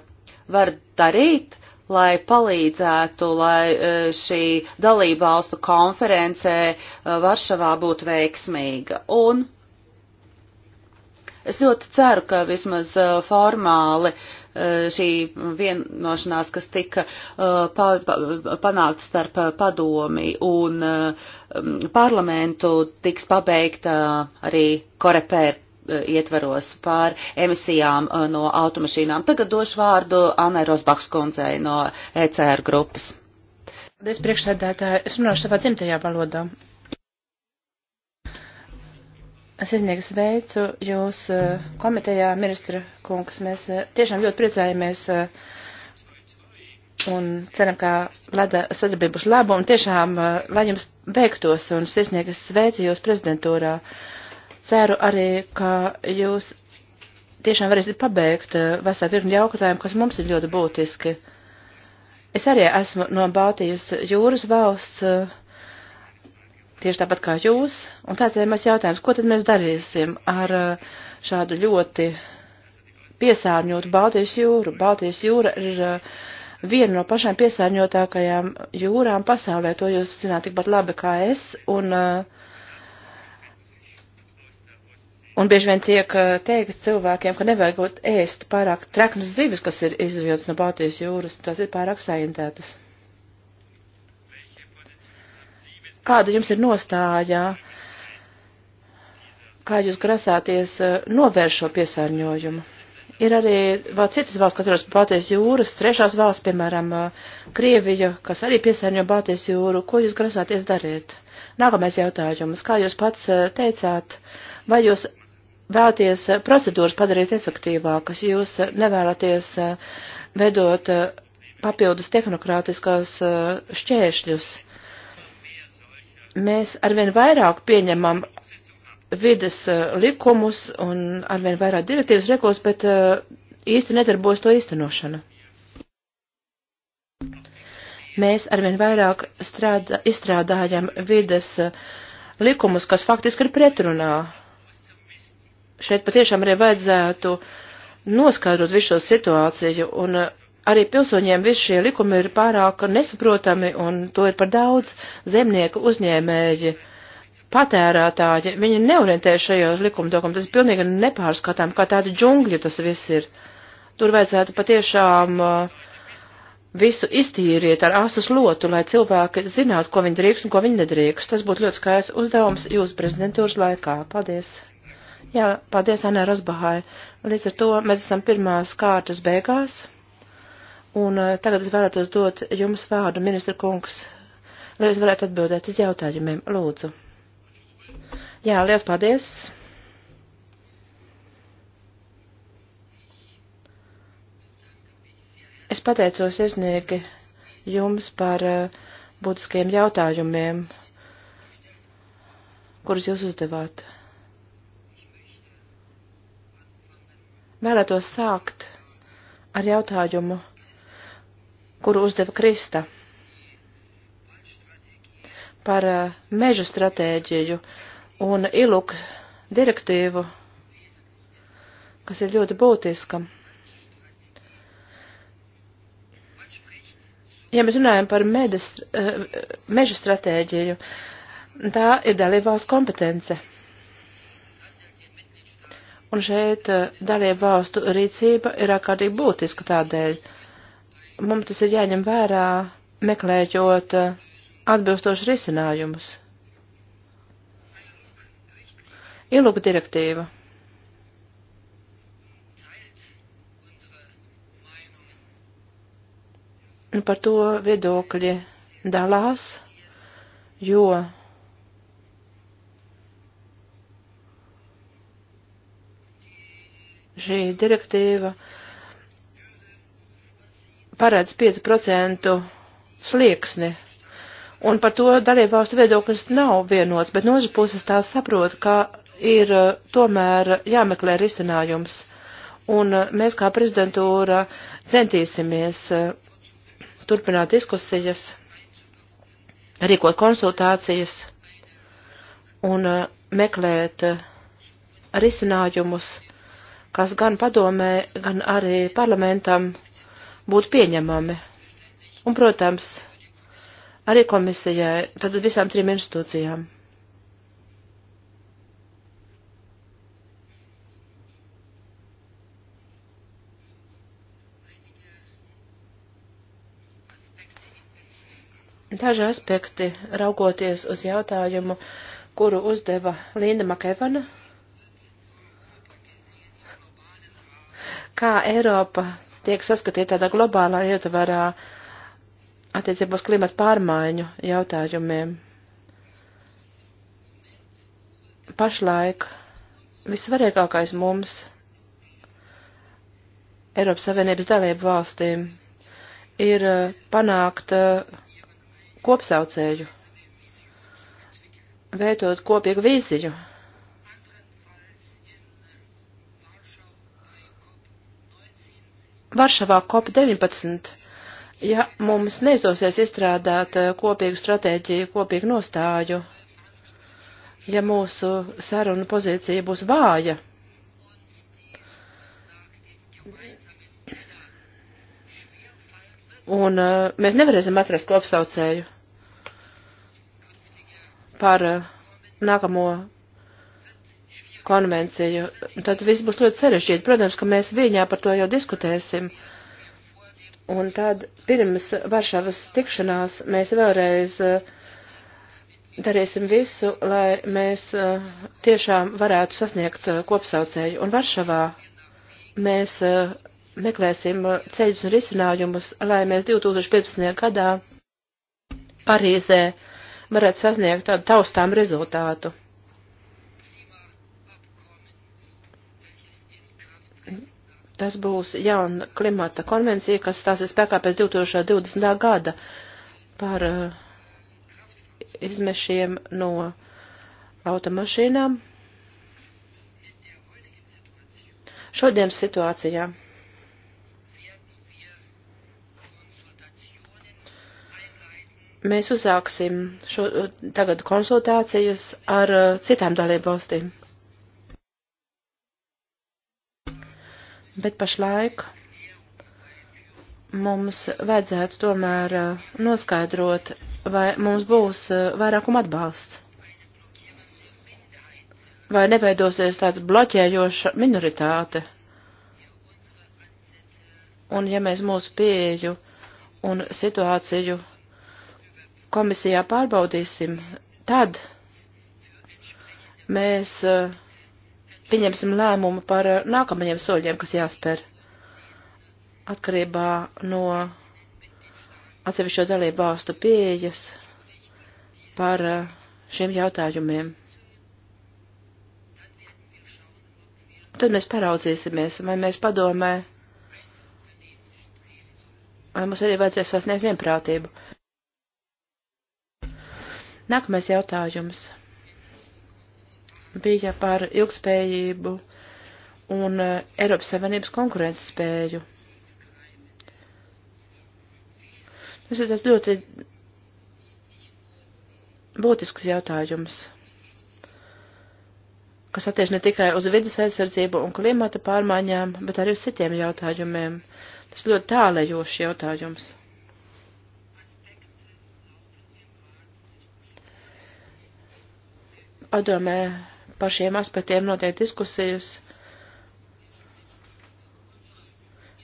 varat darīt, lai palīdzētu, lai e, šī dalībvalstu konferencē e, Varšavā būtu veiksmīga. Un Es ļoti ceru, ka vismaz e, formāli uh, Eh, šī vienošanās, kas tika eh, pa, pa, panākta starp eh, padomi un parlamentu, tiks pabeigta arī korepēr ietvaros pār emisijām no automašīnām. Tagad došu vārdu Anai Rosbachs kundzei no ECR grupas. Es priekšsēdētāju, es runāšu savā dzimtajā valodā. Sirsnīgs veicu jūs eh, komitejā, ministra kungs. Mēs eh, tiešām ļoti priecājamies eh, un ceram, ka lada sadarbība būs laba un tiešām, lai jums beigtos un sirsnīgs sveicu jūs prezidentūrā. Ceru arī, ka jūs tiešām varēsiet pabeigt veselu virkni jautājumu, kas mums ir ļoti būtiski. Es arī esmu no Baltijas jūras valsts tieši tāpat kā jūs. Un tāds ir mēs jautājums, ko tad mēs darīsim ar uh, šādu ļoti piesārņotu Baltijas jūru? Baltijas jūra ir uh, viena no pašām piesārņotākajām jūrām pasaulē, to jūs zināt tikpat labi kā es. Un, uh, Un bieži vien tiek teikts cilvēkiem, ka nevajag ēst pārāk treknas zivis, kas ir izvilktas no Baltijas jūras, tas ir pārāk saindētas. Kāda jums ir nostājā? Kā jūs grasāties eh, novērš šo piesārņojumu? Ir arī vēl citas valsts, kas atrodas Baltijas jūras, trešās valsts, piemēram, eh, Krievija, kas arī piesārņo Baltijas jūru. Ko jūs grasāties darīt? Nākamais jautājums. Kā jūs pats eh, teicāt, vai jūs vēlaties procedūras padarīt efektīvākas, jūs nevēlaties vedot papildus tehnokrātiskās šķēršļus mēs arvien vairāk pieņemam vides eh, likumus un arvien vairāk direktīvas rekos, bet eh, īsti nedarbojas to īstenošana. Mēs arvien vairāk strādā, izstrādājam vides eh, likumus, kas faktiski ir pretrunā. Šeit patiešām arī vajadzētu noskaidrot visu šo situāciju un uh, arī pilsoņiem visi šie likumi ir pārāk nesaprotami un to ir par daudz zemnieku uzņēmēji. Patērētāji, viņi neorientē šajos likumdokumos, tas ir pilnīgi nepārskatām, kā tāda džungļa tas viss ir. Tur vajadzētu patiešām uh, visu iztīriet ar asas lotu, lai cilvēki zinātu, ko viņi drīkst un ko viņi nedrīkst. Tas būtu ļoti skaists uzdevums jūsu prezidentūras laikā. Paldies! Jā, paldies Anē Rozbahai. Līdz ar to mēs esam pirmās kārtas beigās. Un eh, tagad es vēlētos dot jums vārdu, ministra kungs, lai jūs varētu atbildēt uz jautājumiem. Lūdzu. Jā, liels paldies. Es pateicos iesniegi jums par eh, būtiskiem jautājumiem, kurus jūs uzdevāt. Vēlētos sākt ar jautājumu kuru uzdeva Krista par uh, mežu stratēģiju un iluk direktīvu, kas ir ļoti būtiska. Ja mēs runājam par medes, uh, mežu stratēģiju, tā ir dalībvalsts kompetence. Un šeit uh, dalībvalstu rīcība ir ārkārtīgi būtiska tādēļ mums tas ir jāņem vērā, meklējot eh, atbilstošu risinājumus. Ielūga direktīva. Nu, par to viedokļi dalās, jo šī direktīva uh, paredz 5% slieksni. Un par to dalību valstu viedoklis nav vienots, bet no otras puses tās saprot, ka ir eh, tomēr jāmeklē risinājums. Un eh, mēs kā prezidentūra centīsimies eh, turpināt diskusijas, rīkot konsultācijas un meklēt risinājumus, kas gan padomē, gan arī parlamentam būtu pieņemami. Un, protams, arī komisijai, tad visām trim institūcijām. Daži aspekti, raugoties uz jautājumu, kuru uzdeva Linda Makevana, kā Eiropa tiek saskatīti tādā globālā ietvarā attiecībā uz klimatu pārmaiņu jautājumiem. Pašlaik vissvarīgākais mums Eiropas Savienības dalību valstīm ir eh, panākt eh, kopsaucēju, veidot kopīgu vīziju Varšavā COP19, ja mums neizdosies izstrādāt eh, kopīgu stratēģiju, kopīgu nostāju, ja mūsu saruna pozīcija būs vāja, un uh, mēs nevarēsim atrast kopsaucēju par uh, nākamo konvenciju, tad viss būs ļoti sarežģīti. Protams, ka mēs viņā par to jau diskutēsim. Un tad pirms Varšavas tikšanās mēs vēlreiz eh, darīsim visu, lai mēs eh, tiešām varētu sasniegt eh, kopsaucēju. Un Varšavā mēs meklēsim ceļus un risinājumus, lai mēs 2015. gadā Parīzē varētu sasniegt tādu taustām rezultātu. Tas būs jauna klimata konvencija, kas stāsies spēkā pēc 2020. gada par uh, izmešiem no automašīnām. Šodienas situācijā. Mēs uzsāksim šo, tagad konsultācijas ar uh, citām dalībvalstīm bet pašlaik mums vajadzētu tomēr uh, noskaidrot, vai mums būs uh, vairākuma atbalsts. Vai neveidosies tāds bloķējoša minoritāte? Un ja mēs mūsu pieeju un situāciju komisijā pārbaudīsim, tad mēs uh, pieņemsim lēmumu par eh, nākamajiem soļiem, kas jāspēr atkarībā no atsevišķo dalību valstu pieejas par eh, šiem jautājumiem. Tad mēs paraudzīsimies, vai mēs padomē, vai mums arī vajadzēs sasniegt vienprātību. Nākamais jautājums bija par ilgspējību un e, Eiropas Savienības konkurences spēju. Tas ir tas ļoti būtisks jautājums, kas attiec ne tikai uz vidas aizsardzību un klimata pārmaiņām, bet arī uz citiem jautājumiem. Tas ļoti tālējošs jautājums. Padomē par šiem aspektiem notiek diskusijas.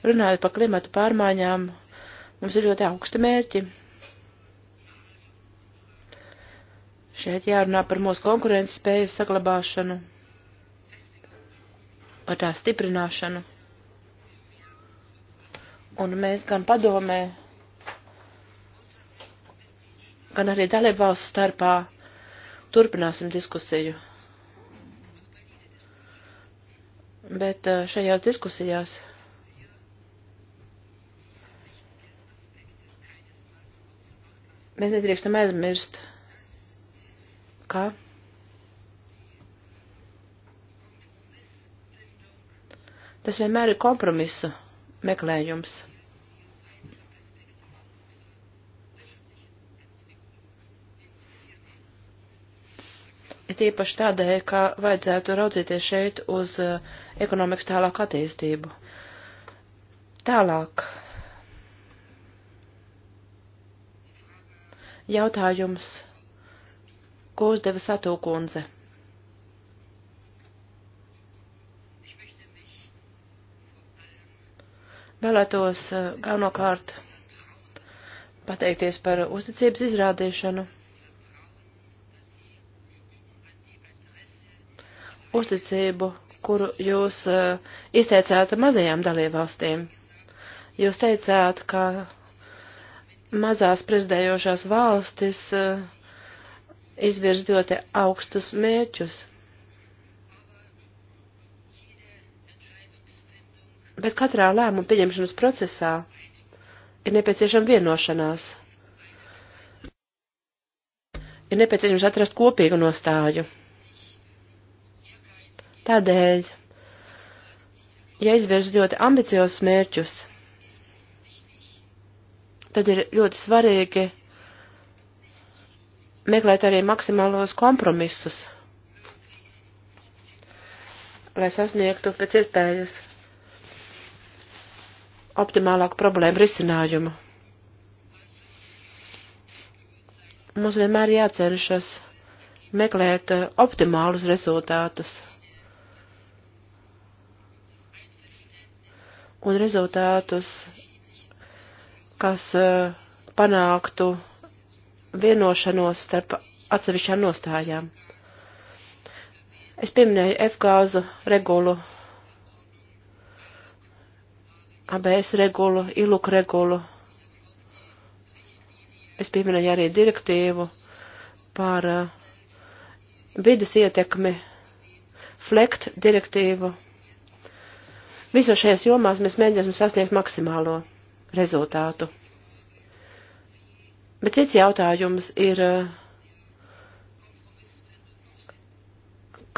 Runājot par klimatu pārmaiņām, mums ir ļoti augsti mērķi. Šeit jārunā par mūsu konkurences spējas saglabāšanu, par tā stiprināšanu. Un mēs gan padomē, gan arī dalībvalstu starpā turpināsim diskusiju. bet eh, šajās diskusijās mēs nedrīkstam aizmirst, ka tas vienmēr ir kompromisu meklējums. tīpaši tādēļ, ka vajadzētu raudzīties šeit uz eh, ekonomikas tālāku attīstību. Tālāk. Jautājums, ko uzdeva Satūkundze? Vēlētos eh, galvenokārt pateikties par uzticības izrādīšanu. uzticību, kuru jūs uh, izteicāt mazajām dalībvalstīm. Jūs teicāt, ka mazās prezidējošās valstis uh, izvirz ļoti augstus mērķus. Bet katrā lēmuma pieņemšanas procesā ir nepieciešama vienošanās. Ir nepieciešams atrast kopīgu nostāju. Tādēļ, ja izvirz ļoti ambiciozus mērķus, tad ir ļoti svarīgi meklēt arī maksimālos kompromisus, lai sasniegtu pēc iespējas optimālāku problēmu risinājumu. Mums vienmēr jācenšas meklēt eh, optimālus rezultātus. un rezultātus, kas eh, panāktu vienošanos starp atsevišķām nostājām. Es pieminēju F-gāzu regulu, ABS regulu, ILUK regulu. Es pieminēju arī direktīvu par eh, vidas ietekmi, FLECT direktīvu Visos šajās jomās mēs mēģināsim sasniegt maksimālo rezultātu. Bet cits jautājums ir,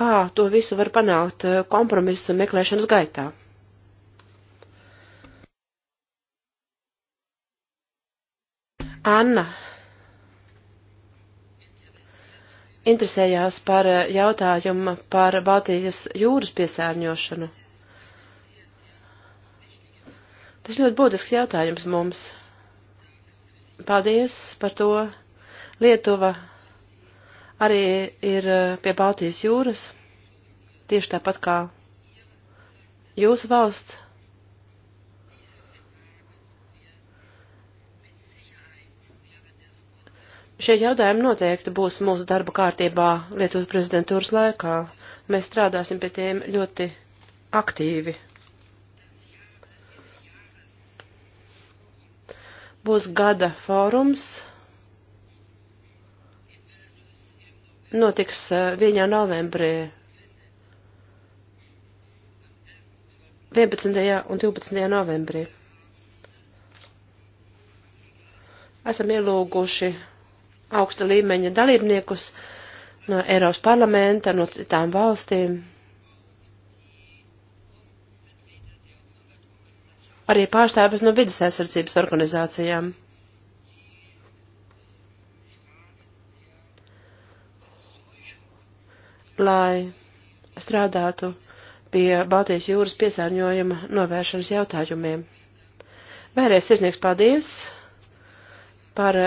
kā to visu var panākt eh, kompromisu meklēšanas gaitā. Anna interesējās par eh, jautājumu par Baltijas jūras piesārņošanu. Tas ļoti būtisks jautājums mums. Paldies par to. Lietuva arī ir eh, pie Baltijas jūras, tieši tāpat kā jūsu valsts. Šie jautājumi noteikti būs mūsu darba kārtībā Lietuvas prezidentūras laikā. Mēs strādāsim pie tiem ļoti aktīvi. būs gada fórums. Notiks eh, viņā novembrī 11. un 12. novembrī. Esam ielūguši augsta līmeņa dalībniekus no Eiropas parlamenta, no citām valstīm. arī pārstāvis no vidas aizsardzības organizācijām. Lai strādātu pie Baltijas jūras piesārņojuma novēršanas jautājumiem. Vēlreiz sirsnīgs paldies par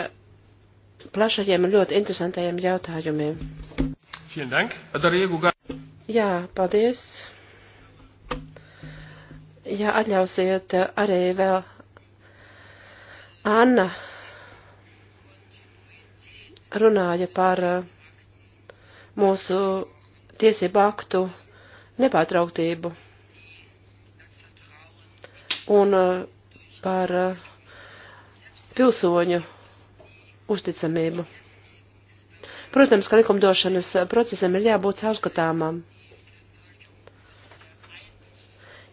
plašajiem un ļoti interesantajiem jautājumiem. Jā, paldies. Ja atļausiet eh, arī vēl Anna runāja par eh, mūsu tiesību aktu nepārtrauktību un eh, par pilsoņu uzticamību. Protams, ka likumdošanas procesam ir jābūt caurskatāmam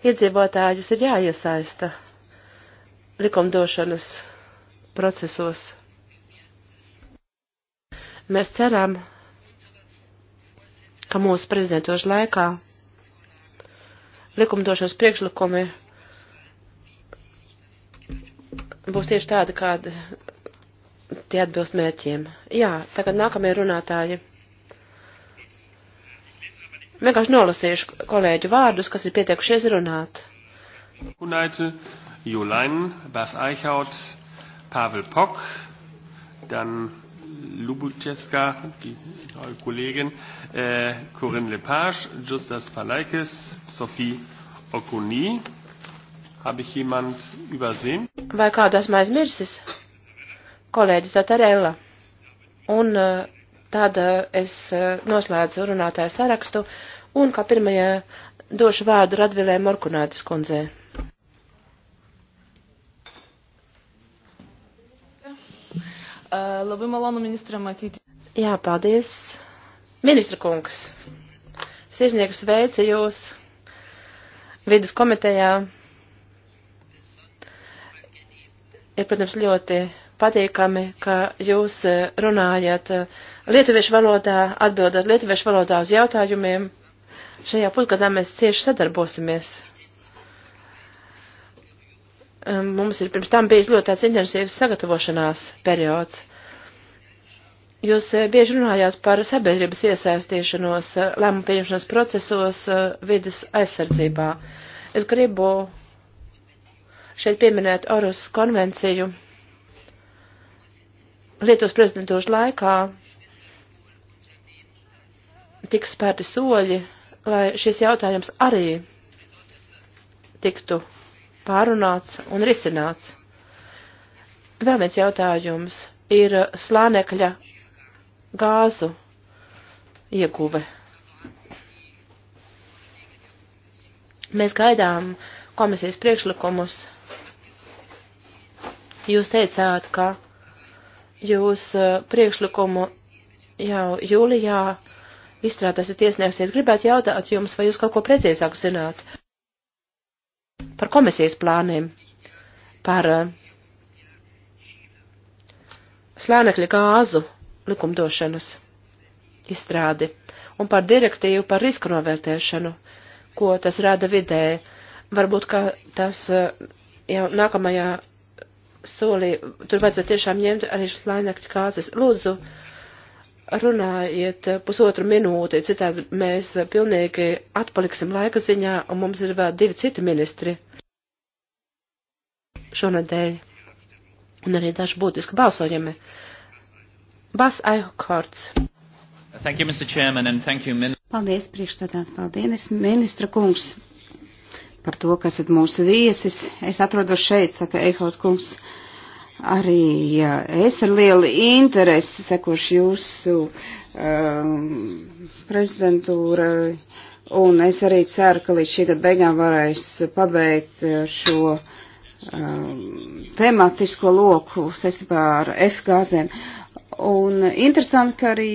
iedzīvotājus ir jāiesaista likumdošanas procesos. Mēs ceram, ka mūsu prezidentūras laikā likumdošanas priekšlikumi būs tieši tādi, kādi tie atbilst mērķiem. Jā, tagad nākamie runātāji vienkārši nolasīšu kolēģu vārdus, kas ir pietiekušies runāt. Kunaite, Jolainen, Bas Eichhaut, Pavel Pock, dann Lubutjeska, die neue Kollegin, äh, Corinne Lepage, Justas Palaikis, Sophie Okuni. Habe ich jemand übersehen? Vai kādu esmu aizmirsis? Kolēģi Tatarella. Un uh, tad uh, es uh, noslēdzu runātāju sarakstu. Uh, Un kā pirmajā došu vārdu Radvilē Morkunātis kundzē. Labai malonu ministrą matyti. Jā, paldies. Ministra kungs, sirsnieks veica jūs vidas komitejā. Ir, protams, ļoti patīkami, ka jūs runājat lietuviešu valodā, atbildat lietuviešu valodā uz jautājumiem. Šajā pusgadā mēs cieši sadarbosimies. Mums ir pirms tam bijis ļoti tāds intensīvs sagatavošanās periods. Jūs eh, bieži runājāt par sabiedrības iesaistīšanos eh, lēmumu pieņemšanas procesos eh, vidas aizsardzībā. Es gribu šeit pieminēt Orus konvenciju. Lietuvas prezidentūras laikā tiks spērti soļi, lai šis jautājums arī tiktu pārunāts un risināts. Vēl viens jautājums ir slānekļa gāzu ieguve. Mēs gaidām komisijas priekšlikumus. Jūs teicāt, ka jūs eh, priekšlikumu jau jūlijā uh, izstrādāsiet tiesnieks, es gribētu jautāt jums, vai jūs kaut ko precīzāk zināt par komisijas plāniem, par eh, slēnekļa gāzu likumdošanas izstrādi un par direktīvu par risku novērtēšanu, ko tas rada vidē. Varbūt, ka tas eh, jau nākamajā solī, tur vajadzētu tiešām ņemt arī slēnekļa gāzes. Lūdzu, uh, runājiet pusotru minūti, citādi mēs pilnīgi atpaliksim laika ziņā, un mums ir vēl divi citi ministri šonadēļ, un arī daži būtiski balsojumi. Bas Aihokorts. Thank you, Mr. Chairman, and thank you, Min Paldies, priekšstādāt, paldies, ministra kungs, par to, kas esat mūsu viesis. Es atrodos šeit, saka Eihaut kungs. Uh, Arī jā, es ar lielu interesi sekošu jūsu um, prezidentūrai, un es arī ceru, ka līdz šī gada beigām varēs pabeigt uh, šo um, tematisko loku saistībā ar F gāzēm. Un interesanti, ka arī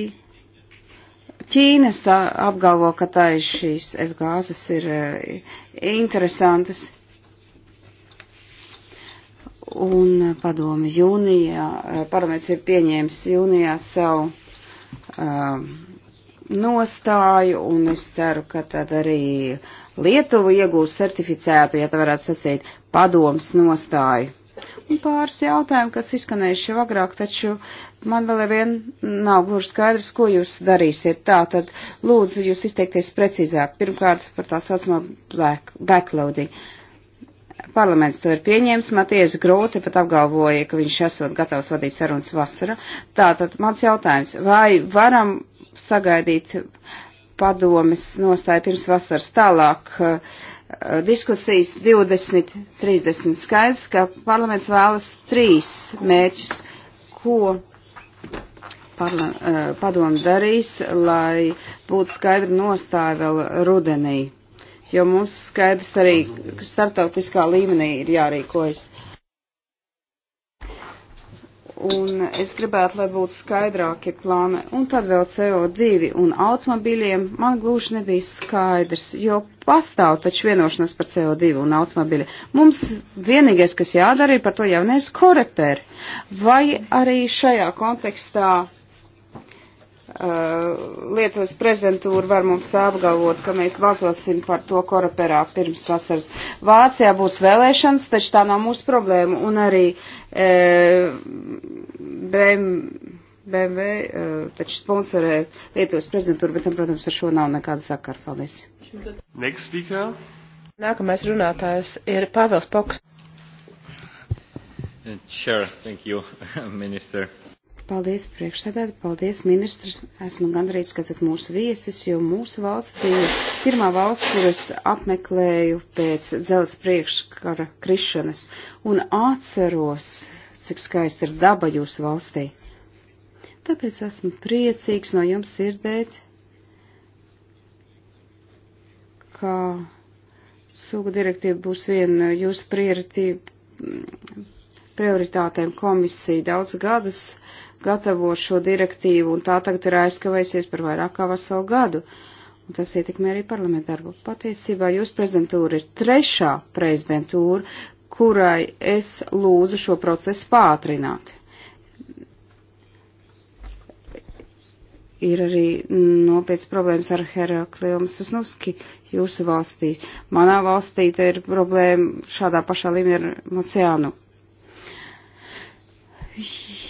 Ķīnas apgalvo, ka tā ir šīs F gāzes ir uh, interesantas un padomi jūnijā, eh, parlaments ir pieņēmis jūnijā savu um, nostāju, un es ceru, ka tad arī Lietuva iegūs certificētu, ja tā varētu sacīt, padoms nostāju. Un pāris jautājumu, kas izskanējuši jau agrāk, taču man vēl vien nav gluži skaidrs, ko jūs darīsiet. Tā tad lūdzu jūs izteikties precīzāk. Pirmkārt par tā saucamā backloading. Black Parlaments to ir pieņēmis, Matijas Grūti pat apgalvoja, ka viņš esot gatavs vadīt sarunas vasara. Tātad mans jautājums, vai varam sagaidīt padomes nostāju pirms vasaras tālāk eh, diskusijas 2030 skaidrs, ka parlaments vēlas trīs mērķus, ko parla, eh, padomu darīs, lai būtu skaidra nostāja vēl rudenī jo mums skaidrs arī starptautiskā līmenī ir jārīkojas. Un es gribētu, lai būtu skaidrākie plāni. Un tad vēl CO2 un automobiļiem man gluži nebija skaidrs, jo pastāv taču vienošanās par CO2 un automobiļu. Mums vienīgais, kas jādara, ir par to jaunies korepēri. Vai arī šajā kontekstā Eh, Lietuvas prezidentūra var mums apgalvot, ka mēs balsosim par to koraperā pirms vasaras. Vācijā būs vēlēšanas, taču tā nav mūsu problēma, un arī e, BMW e, taču sponsorē Lietuvas prezidentūru, bet tam, protams, ar šo nav nekāda sakara. Paldies. Nākamais runātājs ir Pāvils Poks. Sure, thank you, (laughs) minister. Paldies, priekšsēdētāji, paldies, ministrs. Esmu gandrīz, ka esat mūsu viesis, jo mūsu valsts bija pirmā valsts, kuras apmeklēju pēc dzelzs priekškara krišanas, un atceros, cik skaisti ir daba jūsu valstī. Tāpēc esmu priecīgs no jums sirdēt, ka sugu direktīva būs viena jūsu prioritātēm komisija daudz gadus gatavo šo direktīvu, un tā tagad ir aizkavējusies par vairāk kā veselu gadu. Un tas ietekmē arī parlamentu darbu. Patiesībā jūsu prezidentūra ir trešā prezidentūra, kurai es lūdzu šo procesu pātrināt. Ir arī nopietnas problēmas ar Herakliomu Susnovski jūsu valstī. Manā valstī te ir problēma šādā pašā līmenī ar Mociānu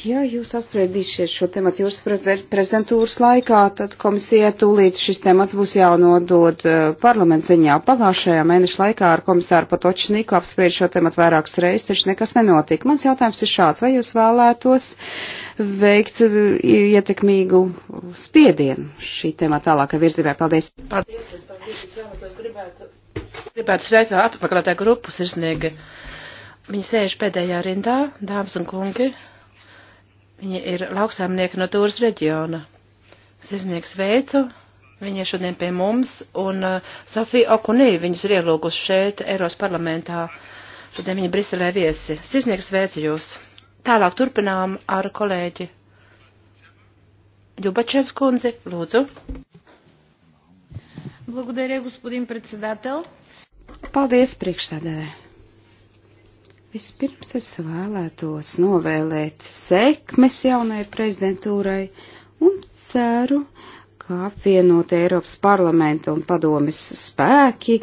Ja jūs apspriedīsiet šo tematu jūsu prezidentūras laikā, tad komisija tūlīt šis temats būs jānodod eh, parlaments ziņā. Pagājušajā mēneša laikā ar komisāru Patočniku apspried šo tematu vairākas reizes, taču nekas nenotika. Mans jautājums ir šāds, vai jūs vēlētos veikt eh, ietekmīgu spiedienu šī temata tālākai virzībai? Paldies! Paldies! paldies es gribētu, gribētu sveikt vēl apakšā tā grupu sirsnīgi. Viņi sēž pēdējā rindā, dāmas un kungi, Viņa ir lauksaimnieka no Tūras reģiona. Sirsnieks veicu, viņa ir šodien pie mums, un uh, Sofija Okunī viņus ir ielūgusi šeit, Eiros parlamentā. Šodien viņa Briselē viesi. Sirsnieks veicu jūs. Tālāk turpinām ar kolēģi Ļubačevs kundzi. Lūdzu. Благодаря, господин председател. Paldies, priekšsēdētāji. Vispirms es vēlētos novēlēt sekmes jaunai prezidentūrai un ceru, ka apvienot Eiropas parlamenta un padomis spēki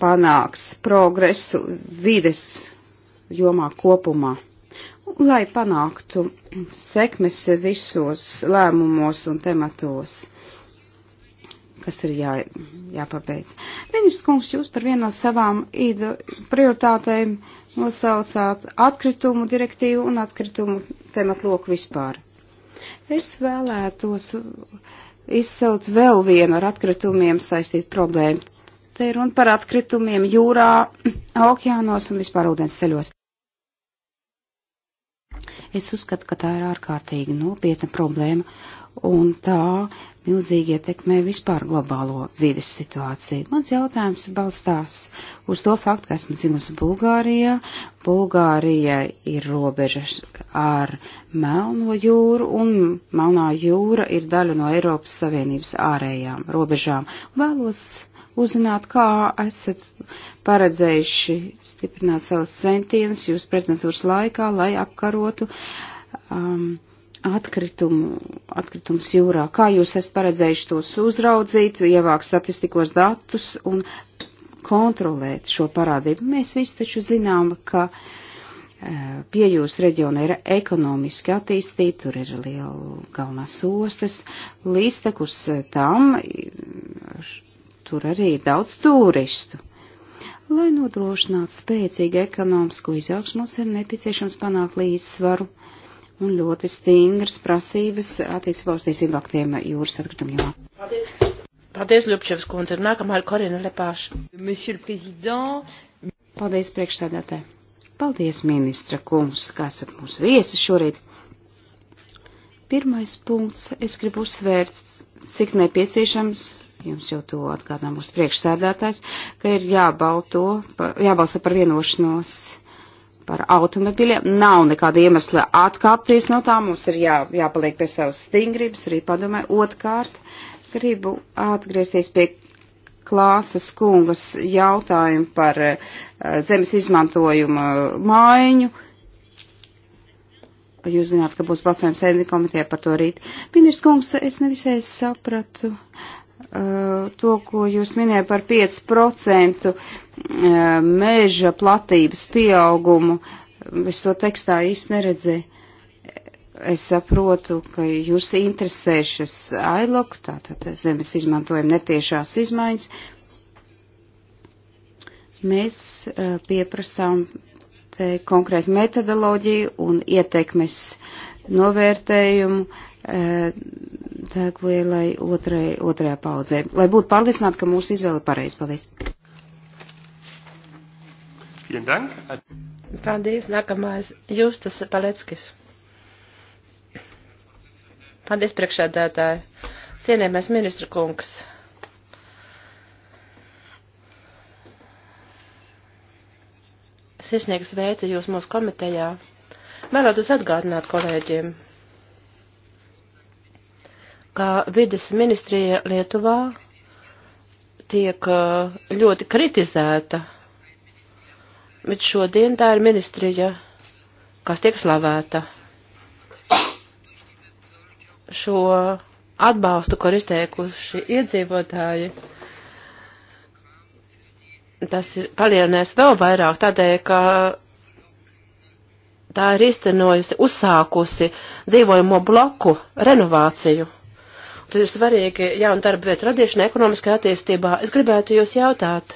panāks progresu vides jomā kopumā. Lai panāktu sekmes visos lēmumos un tematos kas ir jā, jāpabeidz. Ministrs kungs, jūs par vienu no savām prioritātēm uh, nosaucāt atkritumu direktīvu un atkritumu tematloku vispār. Es vēlētos izsaukt vēl vienu ar atkritumiem saistītu problēmu. Te ir runa par atkritumiem jūrā, okeānos un vispār ūdens ceļos. Es uzskatu, ka tā ir ārkārtīgi nopietna problēma, un tā milzīgi ietekmē vispār globālo vides situāciju. Mans jautājums balstās uz to faktu, ka esmu dzimusi Bulgārijā. Bulgārija ir robežas ar Melno jūru, un Melnā jūra ir daļa no Eiropas Savienības ārējām robežām. Vēlos uzzināt, kā esat paredzējuši stiprināt savus centienus jūs prezidentūras laikā, lai apkarotu. Um, atkritumu, atkritums jūrā. Kā jūs esat paredzējuši tos uzraudzīt, ievākt statistikos datus un kontrolēt šo parādību? Mēs visi taču zinām, ka eh, pie jūs reģiona ir ekonomiski attīstīta, tur ir liela galvenās ostas, līdztekus eh, tam tur arī ir daudz turistu. Lai nodrošinātu spēcīgu ekonomisko izaugsmu, mums ir nepieciešams panākt līdzsvaru. Uh, un ļoti stingras prasības attiecībā uz tiesību aktiem jūras atkritumu jomā. Paldies, Paldies Ļupčevs kundze. Nākamā ir Korina Lepāša. Paldies, priekšsēdētē. Paldies, ministra kungs, kā saka mūsu viesi šorīt. Pirmais punkts, es gribu uzsvērt, cik nepieciešams jums jau to atgādināja mūsu priekšsēdētājs, ka ir jābalto, jābalso par vienošanos par automobiļiem. Nav nekāda iemesla atkāpties no tā, mums ir jā, jāpaliek pie savas stingrības, arī padomē. Otkārt, gribu atgriezties pie klāsas kungas jautājumu par uh, zemes izmantojumu maiņu. Jūs zināt, ka būs balsojums sēdni komitē par to rīt. Ministrs kungs, es nevisai sapratu. Uh, Eh, to, ko jūs minējāt par 5% eh, meža platības pieaugumu. Es to tekstā īsti neredzēju. Es saprotu, ka jūs interesē šis ailok, tātad zemes izmantojuma netiešās izmaiņas. Mēs eh, pieprasām te konkrētu metodoloģiju un ietekmes novērtējumu degvielai otrai, otrajā paudzē, lai būtu pārliecināti, ka mūsu izvēle ir pareiza. Paldies! Paldies, nākamais Justas Paleckis. Paldies, priekšādātāji. Cienījamais ministra kungs. Sirsnieks veica jūs mūsu komitejā. Vēlētos atgādināt kolēģiem, ka vides ministrija Lietuvā tiek uh, ļoti kritizēta, bet šodien tā ir ministrija, kas tiek slavēta. Šo atbalstu, kur izteikuši iedzīvotāji, tas ir palielinājis vēl vairāk tādēļ, ka tā ir iztenojusi, uzsākusi dzīvojamo bloku renovāciju. Tas ir svarīgi jaunu darba vietu radīšanai, ekonomiskajā attīstībā. Es gribētu jūs jautāt,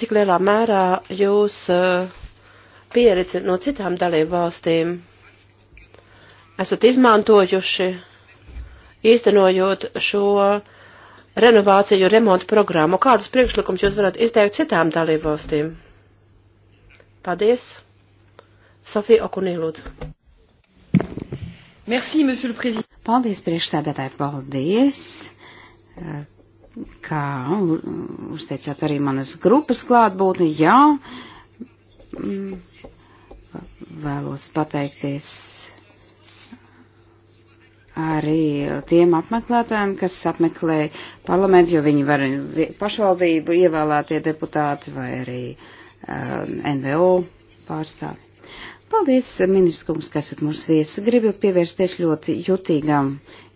cik lielā mērā jūs eh, pieredzi no citām dalību valstīm esat izmantojuši, īstenojot šo renovāciju remontu programmu. Kādus priekšlikums jūs varat izteikt citām dalību valstīm? Paldies! Sofija Okunī, lūdzu. Merci, monsieur le président. Paldies, priekšsēdētāji, paldies, kā uzteicāt arī manas grupas klātbūtni. Jā, mm, vēlos pateikties arī tiem apmeklētājiem, kas apmeklē parlamentu, jo viņi var pašvaldību ievēlētie deputāti vai arī um, eh, NVO pārstāvi. Paldies, ministrs, kas esat mūsu viesi. Gribu pievērsties ļoti jutīgam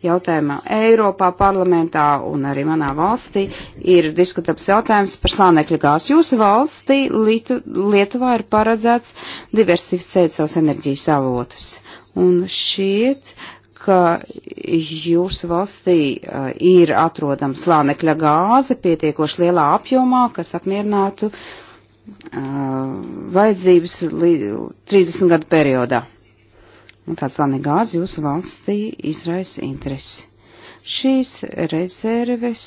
jautājumam. Eiropā parlamentā un arī manā valstī ir diskutabs jautājums par slānekļa gāzi. Jūsu valstī Lietu, Lietuvā ir paredzēts diversificēt savus enerģijas avotus. Un šķiet, ka jūsu valstī ir atrodama slānekļa gāze pietiekoši lielā apjomā, kas apmierinātu uh, vajadzības 30 gadu periodā. Un tāds lēni gāzi jūsu valstī izraisa interesi. Šīs rezerves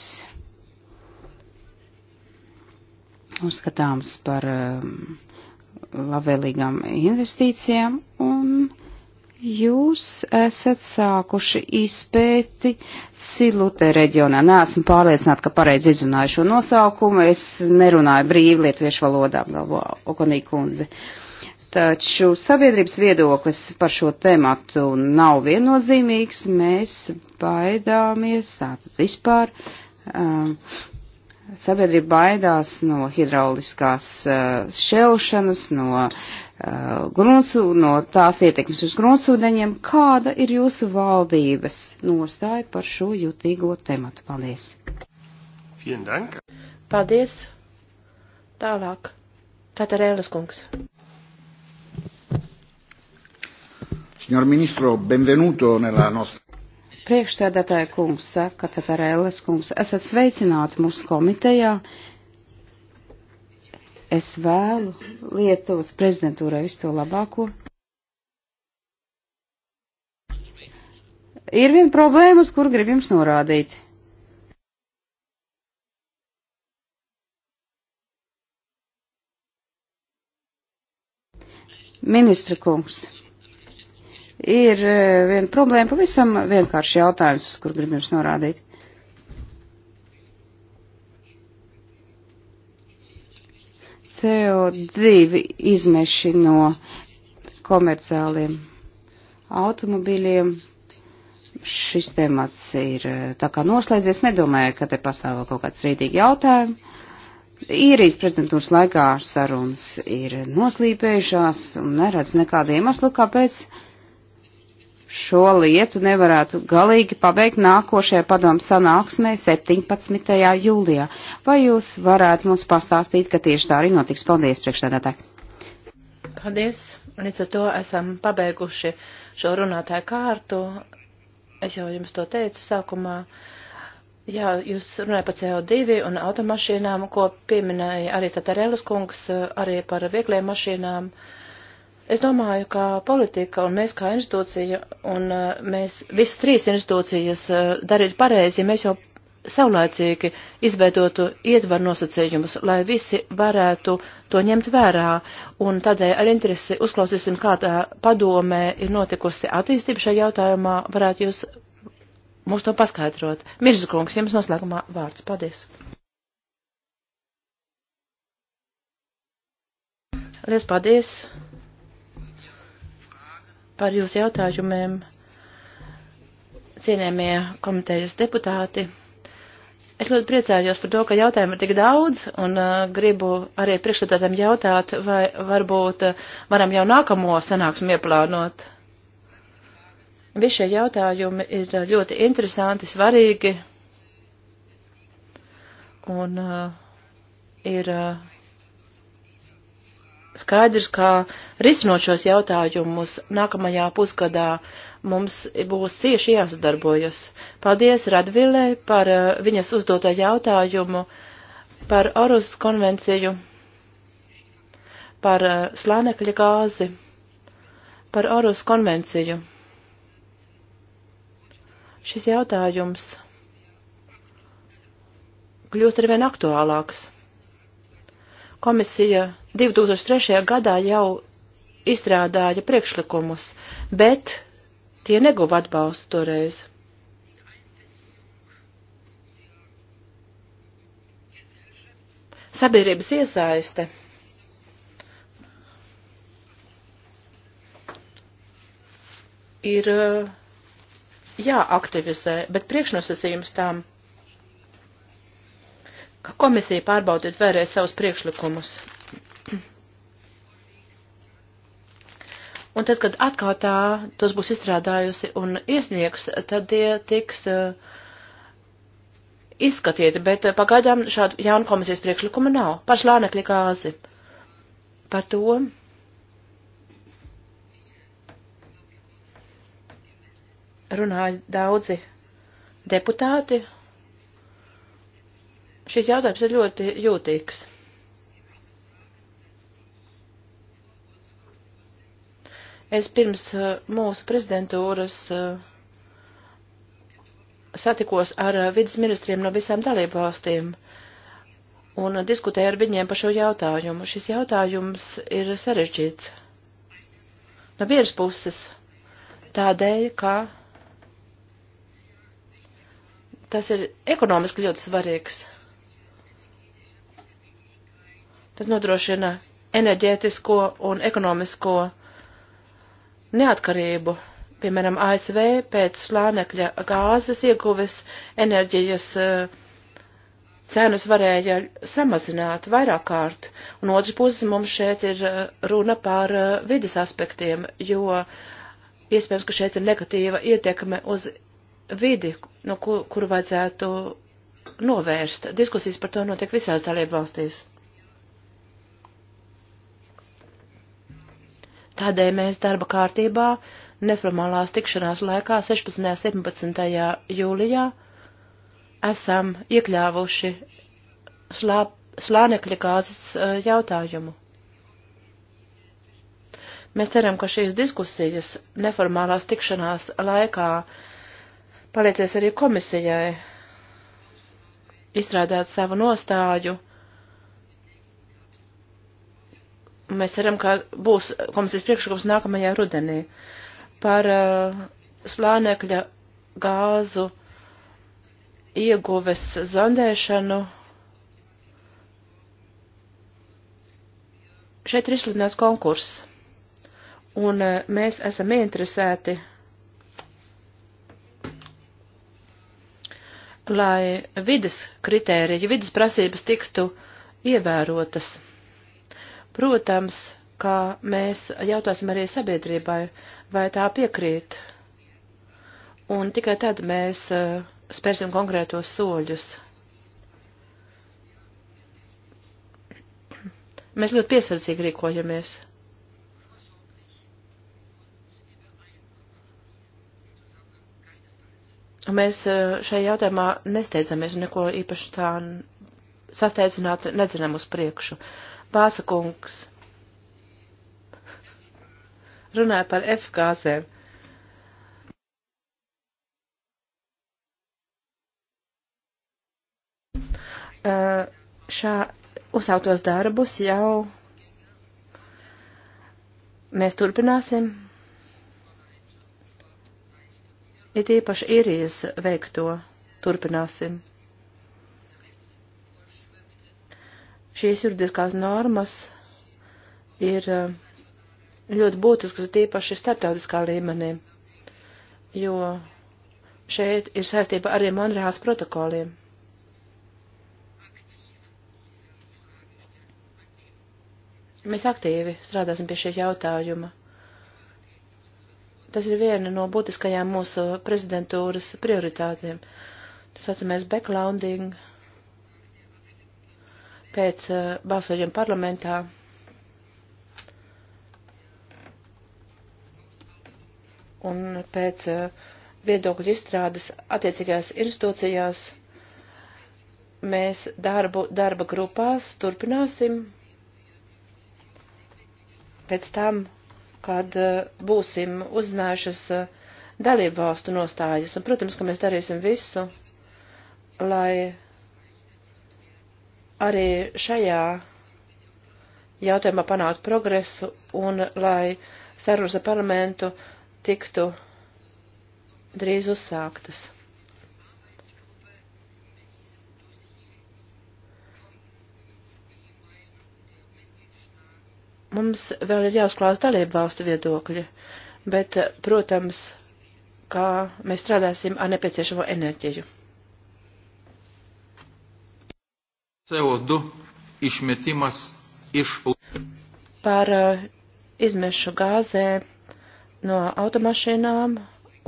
uzskatāms par um, labvēlīgām investīcijām un Jūs esat sākuši izpēti Silute reģionā. Nē, esmu pārliecināta, ka pareizi izrunāju šo nosaukumu. Es nerunāju brīvi lietviešu valodā, galvo Okonī kundze. Taču sabiedrības viedoklis par šo tematu nav viennozīmīgs. Mēs baidāmies tātad vispār. Um, sabiedrība baidās no hidrauliskās uh, šelšanas, no uh, Uh, grunsu, no tās ietekmes uz grunsūdeņiem. Kāda ir jūsu valdības nostāja par šo jutīgo tematu? Paldies! Paldies! Tālāk. Tātad Rēles kungs. Signor Ministro, benvenuto nella nostra. Priekšsēdētāja kungs saka, Tatarēles kungs, esat sveicināti mūsu komitejā. Es vēlu Lietuvas prezidentūrai visu to labāko. Ir viena problēma, uz kuru grib jums norādīt. Ministra kungs, ir eh, viena problēma, pavisam vienkārši jautājums, uz kuru grib jums norādīt. CO2 izmeši no komerciāliem automobīļiem. Šis temats ir eh, tā kā noslēdzies, nedomāju, ka te pastāv kaut kāds rītīgi jautājumi. Īrijas prezidentūras laikā sarunas ir noslīpējušās un neredz nekādu iemeslu, kāpēc uh, šo lietu nevarētu galīgi pabeigt nākošajā padomu sanāksmē 17. jūlijā. Vai jūs varētu mums pastāstīt, ka tieši tā arī notiks? Paldies, priekšstādātāji! Paldies! Līdz ar to esam pabeiguši šo runātāju kārtu. Es jau jums to teicu sākumā. Jā, jūs runājat par CO2 un automašīnām, ko pieminēja arī Tatarēlis kungs, eh, arī par viegliem mašīnām. Uh, Es domāju, ka politika un mēs kā institūcija un uh, mēs visas trīs institūcijas uh, darītu pareizi, ja mēs jau saulēcīgi izveidotu ietvaru nosacījumus, lai visi varētu to ņemt vērā. Un tādēļ ar interesi uzklausīsim, kā tā padomē ir notikusi attīstība šajā jautājumā. Varētu jūs mums to paskaidrot. Mirzas kungs, jums noslēgumā vārds. Paldies! Lies paldies! par jūsu jautājumiem, cienējamie komitejas deputāti. Es ļoti priecājos par to, ka jautājumu ir tik daudz, un uh, gribu arī priekšstādātam jautāt, vai varbūt uh, varam jau nākamo sanāksmu ieplānot. Visi šie jautājumi ir uh, ļoti interesanti, svarīgi, un uh, ir. Uh, skaidrs, ka risinot šos jautājumus nākamajā pusgadā mums būs cieši jāsadarbojas. Paldies Radvilē par eh, viņas uzdoto jautājumu par Orus konvenciju, par eh, slānekļa gāzi, par Orus konvenciju. Šis jautājums kļūst arvien aktuālāks. Komisija 2003. gadā jau izstrādāja priekšlikumus, bet tie neguva atbalstu toreiz. Sabiedrības iesaiste. Ir uh, jāaktivizē, bet priekšnosacījums tām ka komisija pārbaudiet vēlreiz savus priekšlikumus. Un tad, kad atkal tā tos būs izstrādājusi un iesniegs, tad tie tiks uh, izskatīti, bet eh, pagaidām šādu jaunu komisijas priekšlikumu nav. Par šlānekļa gāzi. Par to. Runāja daudzi deputāti, Šis jautājums ir ļoti jūtīgs. Es pirms uh, mūsu prezidentūras uh, satikos ar uh, vidas ministriem no visām dalībvalstīm un diskutēju ar viņiem par šo jautājumu. Šis jautājums ir sarežģīts. No vienas puses tādēļ, ka tas ir ekonomiski ļoti svarīgs Tas nodrošina enerģētisko un ekonomisko neatkarību. Piemēram, ASV pēc slānekļa gāzes ieguves enerģijas eh, cenas varēja samazināt vairāk kārt. Un otrs puses mums šeit ir eh, runa par eh, vidas aspektiem, jo iespējams, ka šeit ir negatīva ietekme uz vidi, no kuru, kuru vajadzētu novērst. Diskusijas par to notiek visās dalību valstīs. Tādēļ mēs darba kārtībā neformālās tikšanās laikā 16. un 17. jūlijā esam iekļāvuši slā, slānekļa gāzes jautājumu. Mēs ceram, ka šīs diskusijas neformālās tikšanās laikā palīdzēs arī komisijai izstrādāt savu nostāju Mēs ceram, ka būs komisijas priekšlikums nākamajā rudenī par uh, slānekļa gāzu ieguves zondēšanu. Šeit ir izsludināts konkurss, un uh, mēs esam ieinteresēti, lai vidas kritērija, vidas prasības tiktu ievērotas. Protams, kā mēs jautāsim arī sabiedrībai, vai tā piekrīt. Un tikai tad mēs eh, spērsim konkrētos soļus. Mēs ļoti piesardzīgi rīkojamies. Mēs eh, šajā jautājumā nesteidzamies un neko īpaši tā sasteidzināt nedzinām uz priekšu. Uh, Pāsakungs runāja par F gāzēm. Šā uzsautos darbus jau mēs turpināsim. It īpaši īrijas veikto turpināsim. Šīs juridiskās normas ir eh, ļoti būtiskas, tīpaši starptautiskā līmenī, jo šeit ir saistība arī Monreāls protokoliem. Mēs aktīvi strādāsim pie šī jautājuma. Tas ir viena no būtiskajām mūsu prezidentūras prioritātēm. Tas atcīmēs backlounding pēc uh, balsojuma parlamentā. Un pēc uh, viedokļu izstrādes attiecīgās institūcijās mēs darbu, darba grupās turpināsim pēc tam, kad uh, būsim uzzinājušas uh, dalību valstu nostājas. Un, protams, ka mēs darīsim visu, lai arī šajā jautājumā panākt progresu un lai sarunas ar parlamentu tiktu drīz uzsāktas. Mums vēl ir jāuzklāst dalību valstu viedokļi, bet, protams, kā mēs strādāsim ar nepieciešamo enerģiju. CO2 išmetimas iš. Par uh, izmešu gāzēm no automašīnām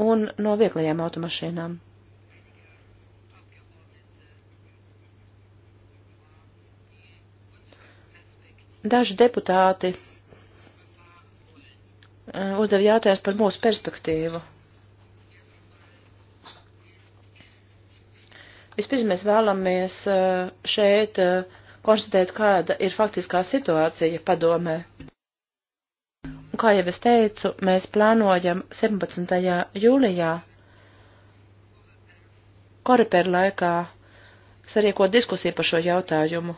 un no vieglajām automašīnām. Daži deputāti uh, uzdev jātājs par mūsu perspektīvu. Vispirms mēs vēlamies eh, šeit eh, konstatēt, kāda ir faktiskā situācija padomē. Un kā jau es teicu, mēs plānojam 17. jūlijā koriperu laikā sarīkot diskusiju par šo jautājumu,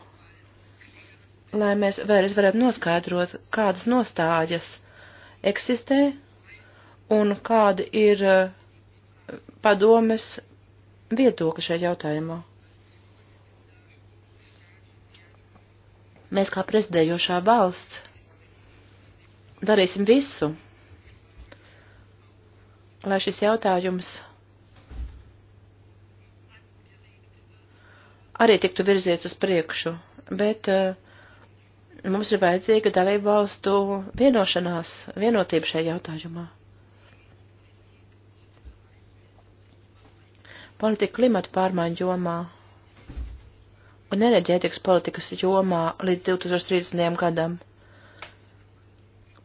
lai mēs vēlreiz varētu noskaidrot, kādas nostājas eksistē un kādi ir eh, padomes viedokli šajā jautājumā. Mēs kā prezidējošā valsts darīsim visu, lai šis jautājums arī tiktu virzīts uz priekšu, bet uh, mums ir vajadzīga dalību valstu vienošanās, vienotība šajā jautājumā. politika klimata pārmaiņu jomā un enerģētikas politikas jomā līdz 2030. gadam.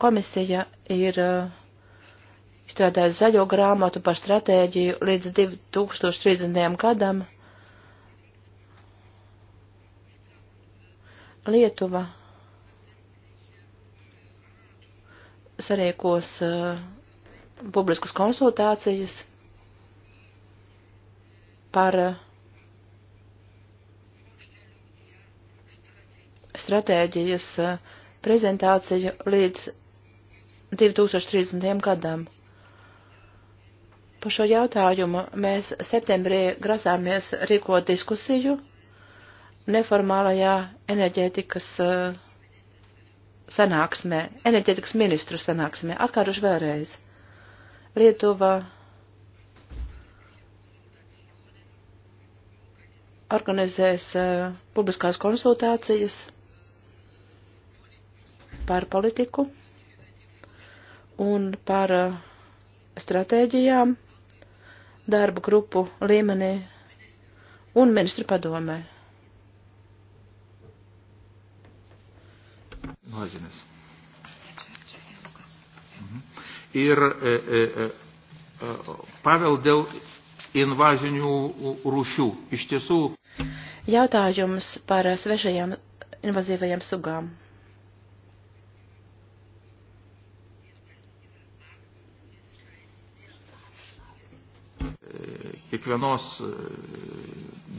Komisija ir uh, izstrādājusi zaļo grāmatu par stratēģiju līdz 2030. gadam. Lietuva sarīkos uh, publiskas konsultācijas par eh, stratēģijas eh, prezentāciju līdz 2030. gadam. Par šo jautājumu mēs septembrī grasāmies rīkot diskusiju neformālajā enerģētikas eh, sanāksmē, enerģētikas ministru sanāksmē. Atkāruši vēlreiz. Lietuva organizēs uh, publiskās konsultācijas par politiku un par uh, stratēģijām darba grupu līmenī un ministru padomē. Nozinās. Mhm. Ir e, e, e, Pavel dėl invazinių rūšių. Iš tiesų. Jautājums par svešajām invazīvajām sugām. Kiekvienos e,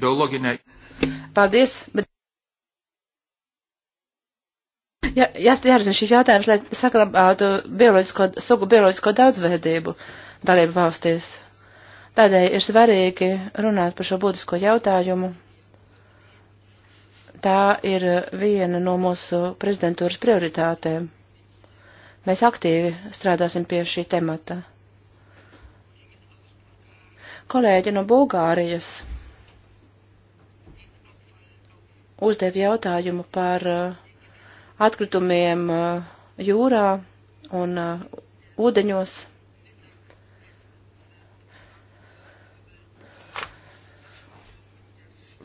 biologinė. Paldies. Bet... Jā, jāsadzird šis jautājums, lai saklabātu bioloģisko, sugu bioloģisko daudzveidību dalību valstīs. Tādēļ ir svarīgi runāt par šo būtisko jautājumu. Tā ir viena no mūsu prezidentūras prioritātēm. Mēs aktīvi strādāsim pie šī temata. Kolēģi no Bulgārijas uzdev jautājumu par uh, atkritumiem uh, jūrā un uh, ūdeņos. Uh,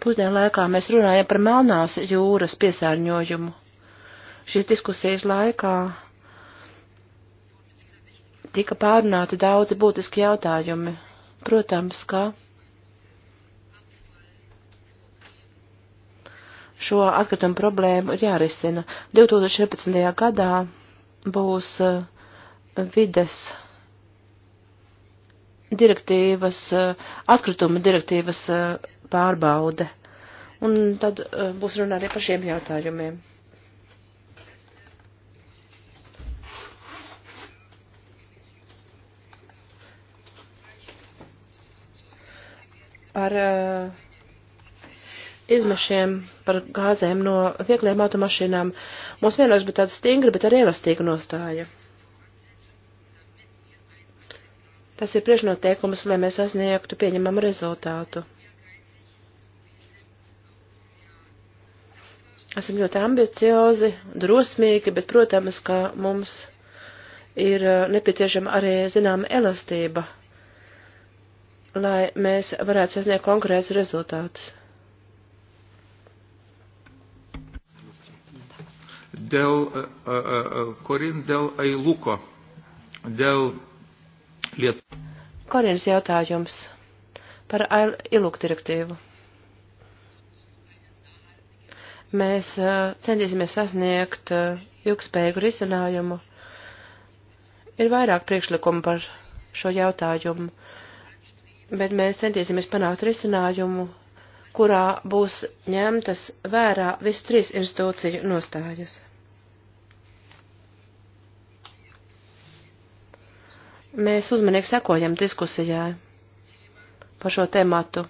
pusdienu laikā mēs runājam par Melnās jūras piesārņojumu. Šīs diskusijas laikā tika pārunāti daudzi būtiski jautājumi. Protams, ka šo atkritumu problēmu ir jārisina. 2014. gadā būs eh, vides direktīvas, eh, atkrituma direktīvas eh, pārbaude. Un tad uh, būs runa arī par šiem jautājumiem. Par uh, izmešiem par gāzēm no viegliem automašīnām. Mums vienlaikus bija tāda stingra, bet arī elastīga nostāja. Tas ir priekšnoteikums, lai mēs sasniegtu pieņemamu rezultātu. esam ļoti ambiciozi, drosmīgi, bet, protams, ka mums ir eh, nepieciešama arī zināma elastība, lai mēs varētu sasniegt konkrētus rezultātus. Dėl uh, eh, uh, eh, Korin, dėl Ailuko, dėl Lietuvos. Korins jautājums par Ailuko direktīvu mēs centīsimies sasniegt ilgspējīgu risinājumu. Ir vairāk priekšlikumu par šo jautājumu, bet mēs centīsimies panākt risinājumu, kurā būs ņemtas vērā visu trīs institūciju nostājas. Mēs uzmanīgi sekojam diskusijai par šo tēmatu.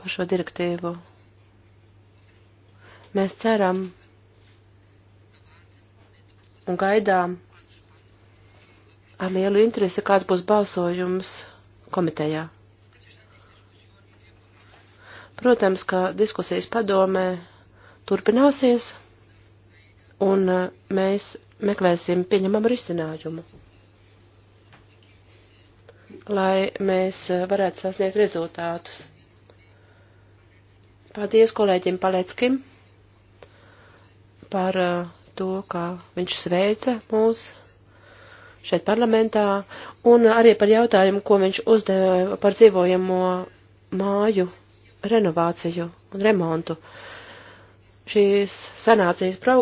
par šo direktīvu. Mēs ceram un gaidām ar lielu interesi, kāds būs balsojums komitejā. Protams, ka diskusijas padomē turpināsies, un uh, mēs meklēsim pieņemamu risinājumu, lai mēs uh, varētu sasniegt rezultātus Paldies kolēģim Paleckim par uh, to, kā viņš sveica mūs šeit parlamentā, un arī par jautājumu, ko viņš uzdeva par dzīvojamo māju renovāciju un remontu. Šīs sanācijas pro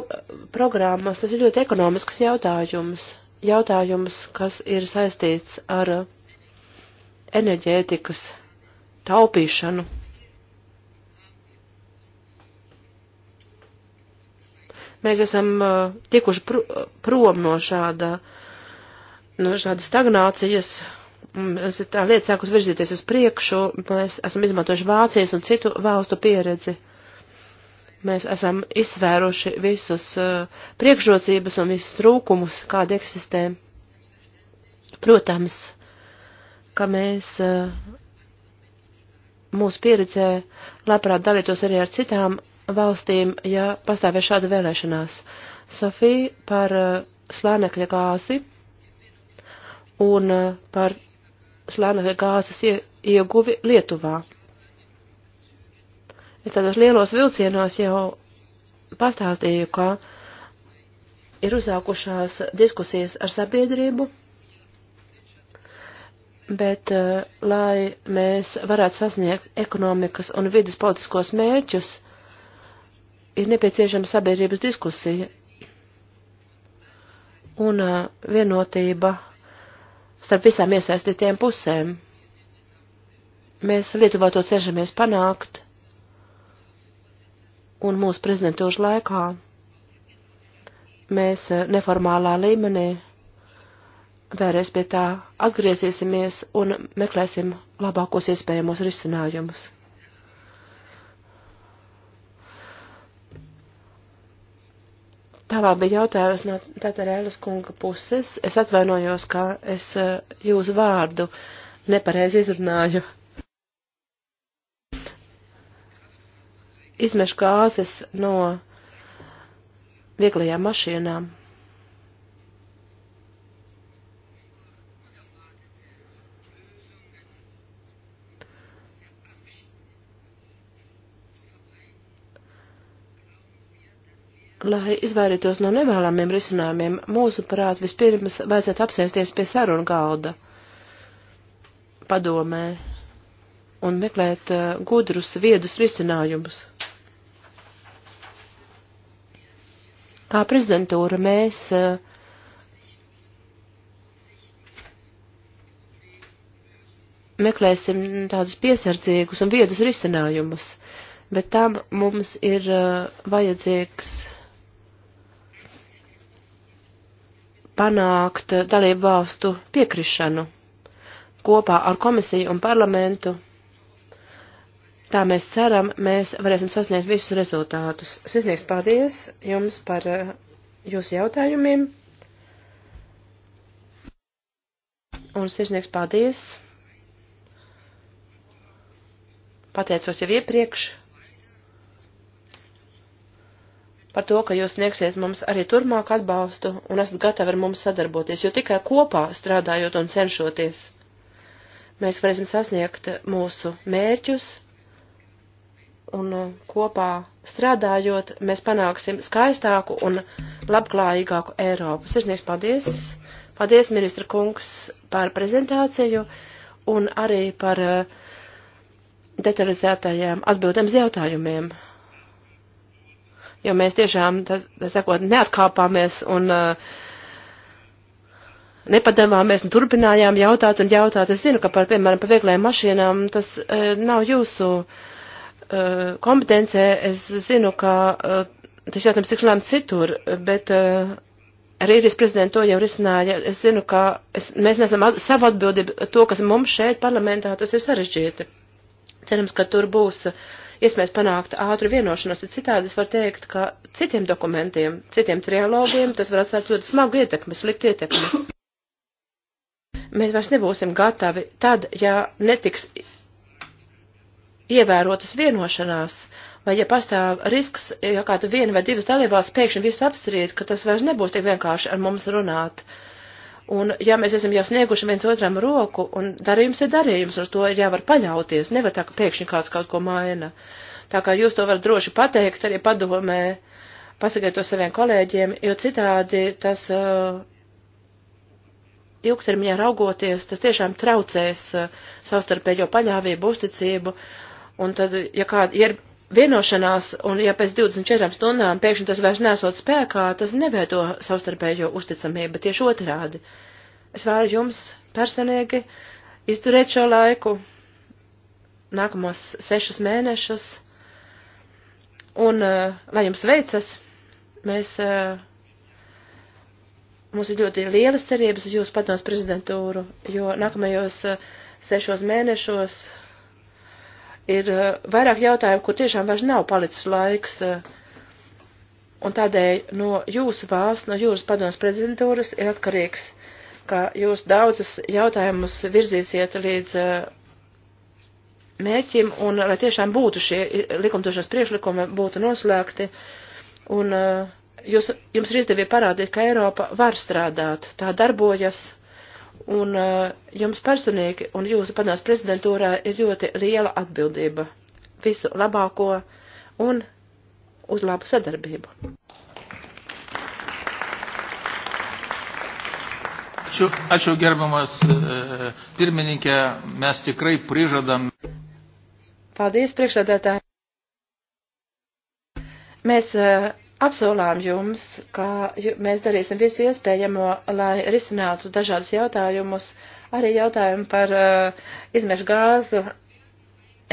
programmas, tas ir ļoti ekonomisks jautājums, jautājums, kas ir saistīts ar enerģētikas taupīšanu. Mēs esam tikuši prom no šāda, no šāda stagnācijas. Tā lieta sākus virzīties uz priekšu. Mēs esam izmantojuši Vācijas un citu valstu pieredzi. Mēs esam izsvēruši visus priekšrocības un visus trūkumus, kādi eksistē. Protams, ka mēs mūsu pieredzē labprāt dalītos arī ar citām valstīm, ja pastāvē šāda vēlēšanās. Sofija par uh, slānekļa gāzi un uh, par slānekļa gāzes ieguvi Lietuvā. Es tādos lielos vilcienos jau pastāstīju, ka ir uzsākušās diskusijas ar sabiedrību, bet, uh, lai mēs varētu sasniegt ekonomikas un vidas politiskos mērķus, ir nepieciešama sabiedrības diskusija un vienotība starp visām iesaistītiem pusēm. Mēs Lietuvā to cenšamies panākt, un mūsu prezidentūšu laikā mēs neformālā līmenī vēlreiz pie tā atgriezīsimies un meklēsim labākos iespējamos risinājumus. Tālāk bija jautājums no Tatarēlas kunga puses. Es atvainojos, ka es eh, jūsu vārdu nepareizi izrunāju. Izmešu gāzes no vieglajām mašīnām. lai izvairītos no nevēlamiem risinājumiem, mūsuprāt, vispirms vajadzētu apsēsties pie sarunu galda padomē un meklēt uh, gudrus, viedus risinājumus. Kā prezidentūra mēs uh, meklēsim tādus piesardzīgus un viedus risinājumus, bet tam mums ir uh, vajadzīgs panākt dalību valstu piekrišanu kopā ar komisiju un parlamentu. Tā mēs ceram, mēs varēsim sasniegt visus rezultātus. Sisnieks, paldies jums par eh, jūsu jautājumiem. Un sisnieks, paldies. Pateicos jau iepriekš par to, ka jūs sniegsiet mums arī turpmāk atbalstu un esat gatavi ar mums sadarboties, jo tikai kopā strādājot un cenšoties, mēs varēsim sasniegt mūsu mērķus un uh, kopā strādājot, mēs panāksim skaistāku un labklājīgāku Eiropu. Sirsnieks, paldies! Paldies, ministra kungs, par prezentāciju un arī par uh, detalizētajām atbildēm uz jautājumiem jo mēs tiešām, tas, tas sakot, neatkāpāmies un uh, nepadevāmies un turpinājām jautāt un jautāt. Es zinu, ka par, piemēram, par vieglajām mašīnām tas uh, nav jūsu uh, kompetencē. Es zinu, ka uh, tas jautājums tiks lēmts citur, bet uh, arī Rīgas prezidenta to jau risināja. Es zinu, ka es, mēs nesam at savu atbildību to, kas mums šeit parlamentā, tas ir sarežģīti. Cerams, ka tur būs. Uh, iespējas panākt ātru vienošanos, jo citādi es varu teikt, ka citiem dokumentiem, citiem trialogiem tas var atstāt ļoti smagu ietekmi, sliktu ietekmi. Mēs vairs nebūsim gatavi tad, ja netiks ievērotas vienošanās, vai ja pastāv risks, ja kāda viena vai divas dalībās pēkšņi visu apstrīd, ka tas vairs nebūs tik vienkārši ar mums runāt. Uh, Un ja mēs esam jau snieguši viens otram roku, un darījums ir darījums, uz to ir jāvar paļauties, nevar tā, ka pēkšņi kāds kaut ko maina. Tā kā jūs to varat droši pateikt arī padomē, pasakiet to saviem kolēģiem, jo citādi tas uh, ilgtermiņā raugoties, tas tiešām traucēs uh, savstarpējo paļāvību, uzticību, un tad, ja, kād, ja ir vienošanās, un ja pēc 24 stundām pēkšņi tas vairs nesot spēkā, tas neveido savstarpējo uzticamību, bet tieši otrādi. Es vēlu jums personīgi izturēt šo laiku nākamos sešus mēnešus, un uh, lai jums veicas, mēs, uh, mums ir ļoti lielas cerības uz jūsu padomus prezidentūru, jo nākamajos uh, sešos mēnešos ir eh, vairāk jautājumu, kur tiešām vairs nav palicis laiks. Eh, un tādēļ no jūsu valsts, no jūras padomas prezidentūras ir atkarīgs, ka jūs daudzas jautājumus virzīsiet līdz eh, mērķim un lai tiešām būtu šie likumdošanas priešlikumi, būtu noslēgti. Un jūs, jums ir izdevīgi parādīt, ka Eiropa var strādāt, tā darbojas Un uh, jums personīgi un jūsu panās prezidentūrā ir ļoti liela atbildība. Visu labāko un uz labu sadarbību. Ačiū, ačiū gerbamas e, pirmininkė, mes tikrai prižadam. Paldies, priekšsēdētāji. Mēs uh, apsolām jums, ka mēs darīsim visu iespējamo, lai risinātu dažādus jautājumus, arī jautājumu par uh, izmešu gāzu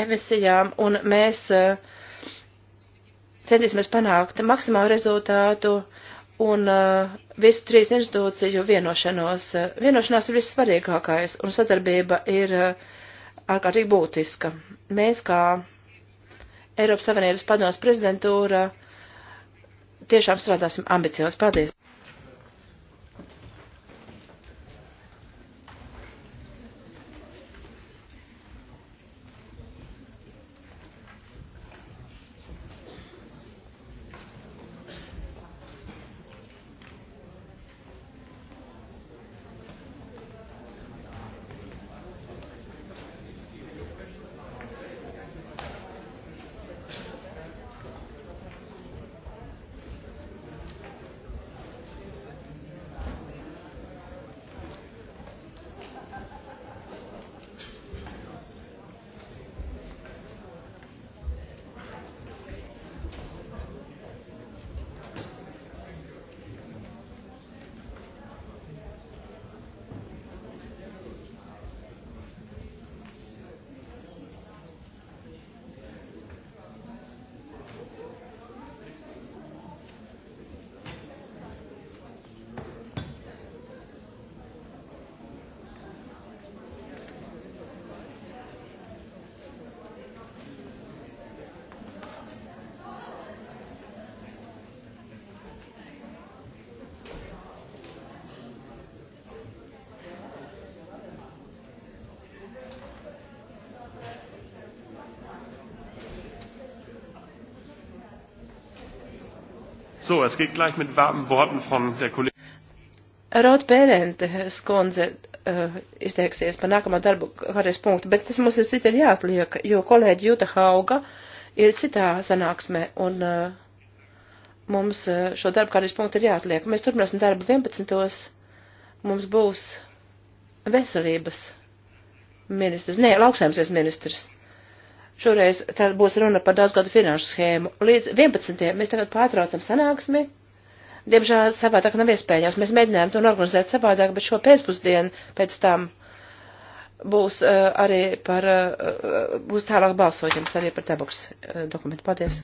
emisijām, un mēs uh, centīsimies panākt maksimālu rezultātu un uh, visu trīs institūciju vienošanos. Vienošanās ir vissvarīgākais, un sadarbība ir uh, ārkārtīgi būtiska. Mēs kā Eiropas Savienības padomas prezidentūra uh, tiešām strādāsim ambiciozi. Paldies! So, es geht gleich mit warmen Worten von der Kollegin. Rot Bērente skundze uh, eh, izteiksies par nākamā darbu kārtības punktu, bet tas mums ir citi ir jāatliek, jo kolēģi Jūta Hauga ir citā sanāksmē un uh, mums uh, šo darbu kārtības punktu ir jāatliek. Mēs turpināsim darbu 11. Mums būs veselības ministrs, nē, lauksaimsies ministrs. Šoreiz tā būs runa par daudzgadu finanšu schēmu. Līdz 11. mēs tagad pārtraucam sanāksmi. Diemžēl savādāk nav iespējams. Mēs mēģinājām to organizēt savādāk, bet šo pēcpusdienu pēc tam būs uh, arī par, uh, būs tālāk balsojums arī par tabaks uh, dokumentu. Paldies!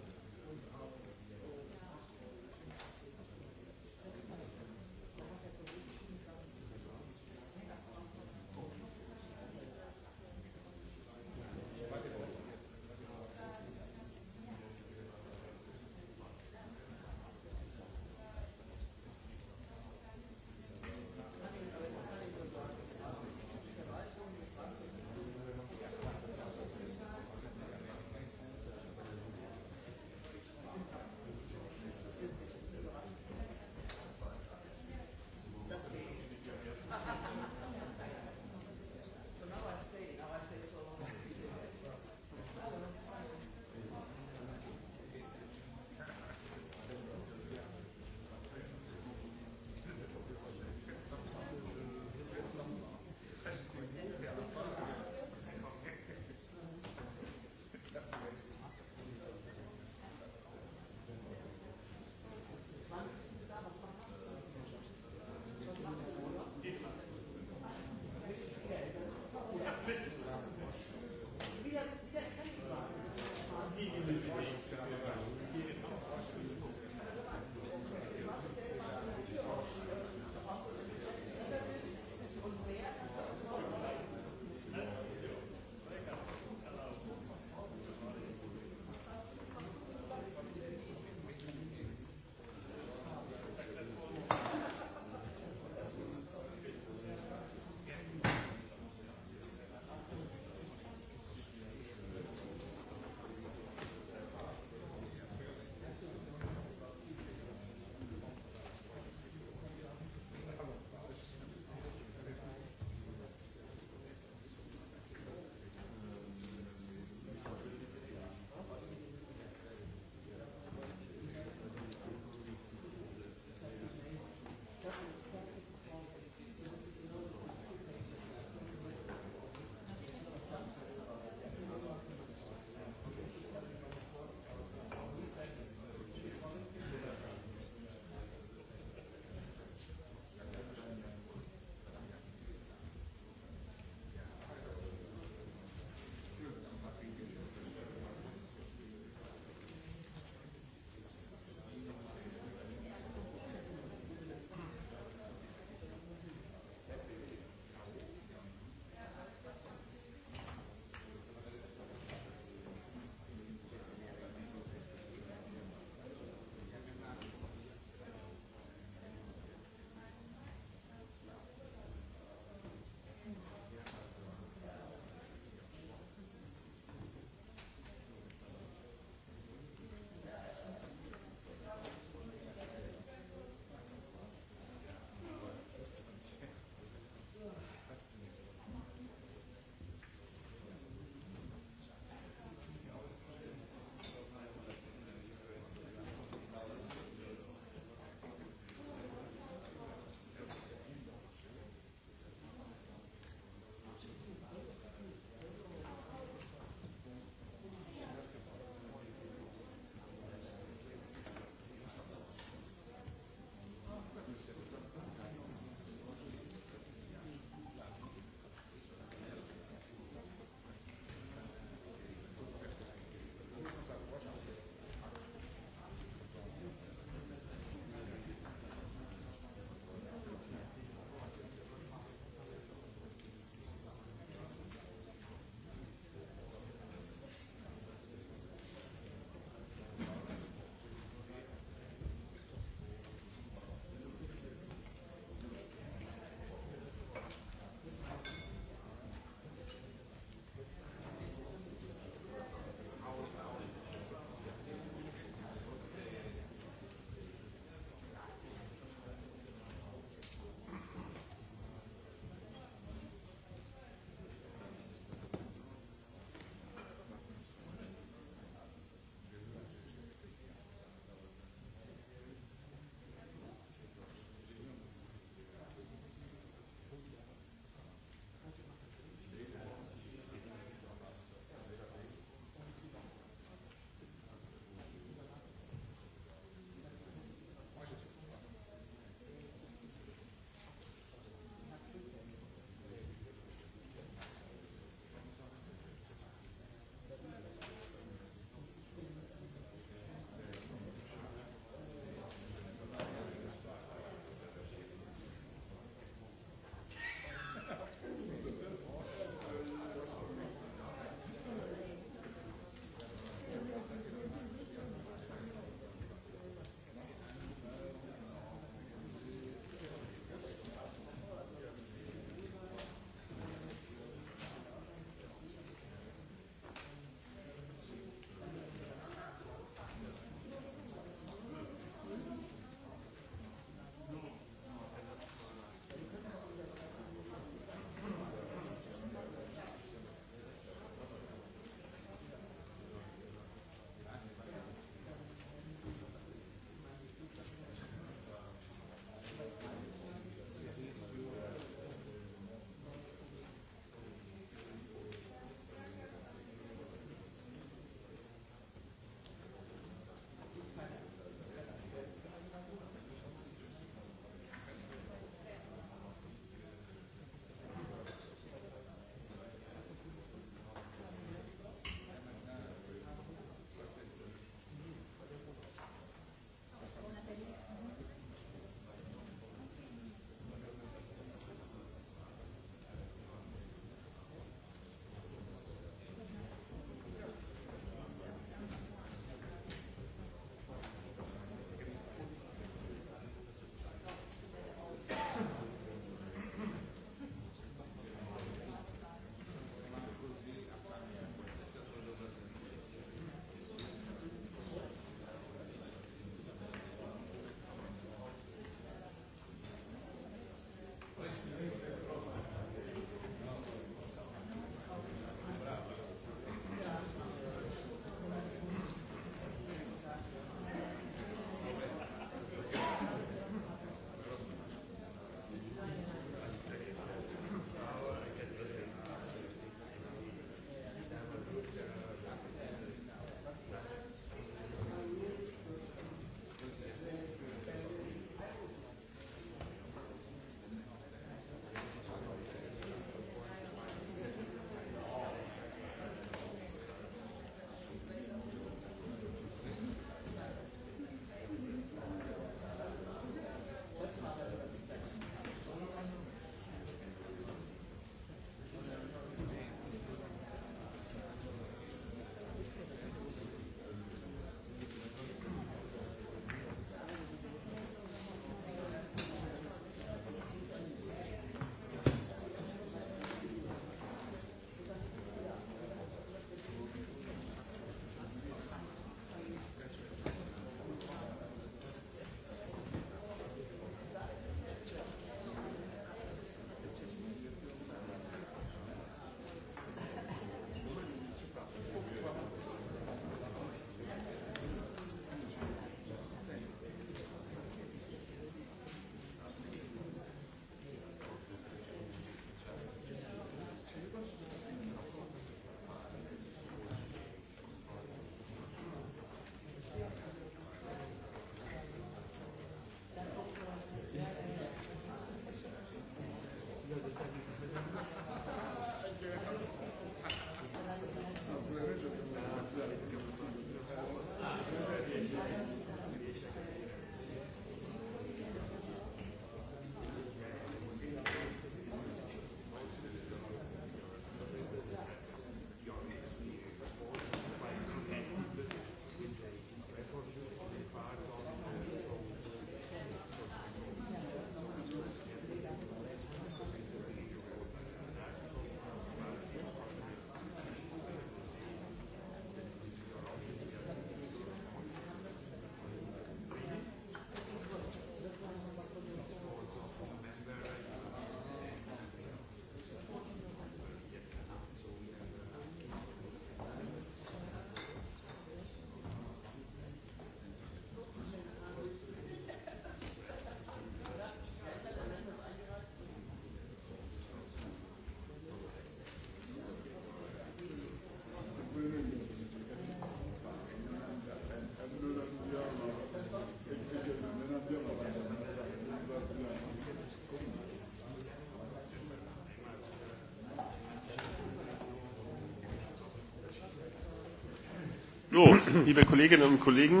So, liebe Kolleginnen un Kollegen.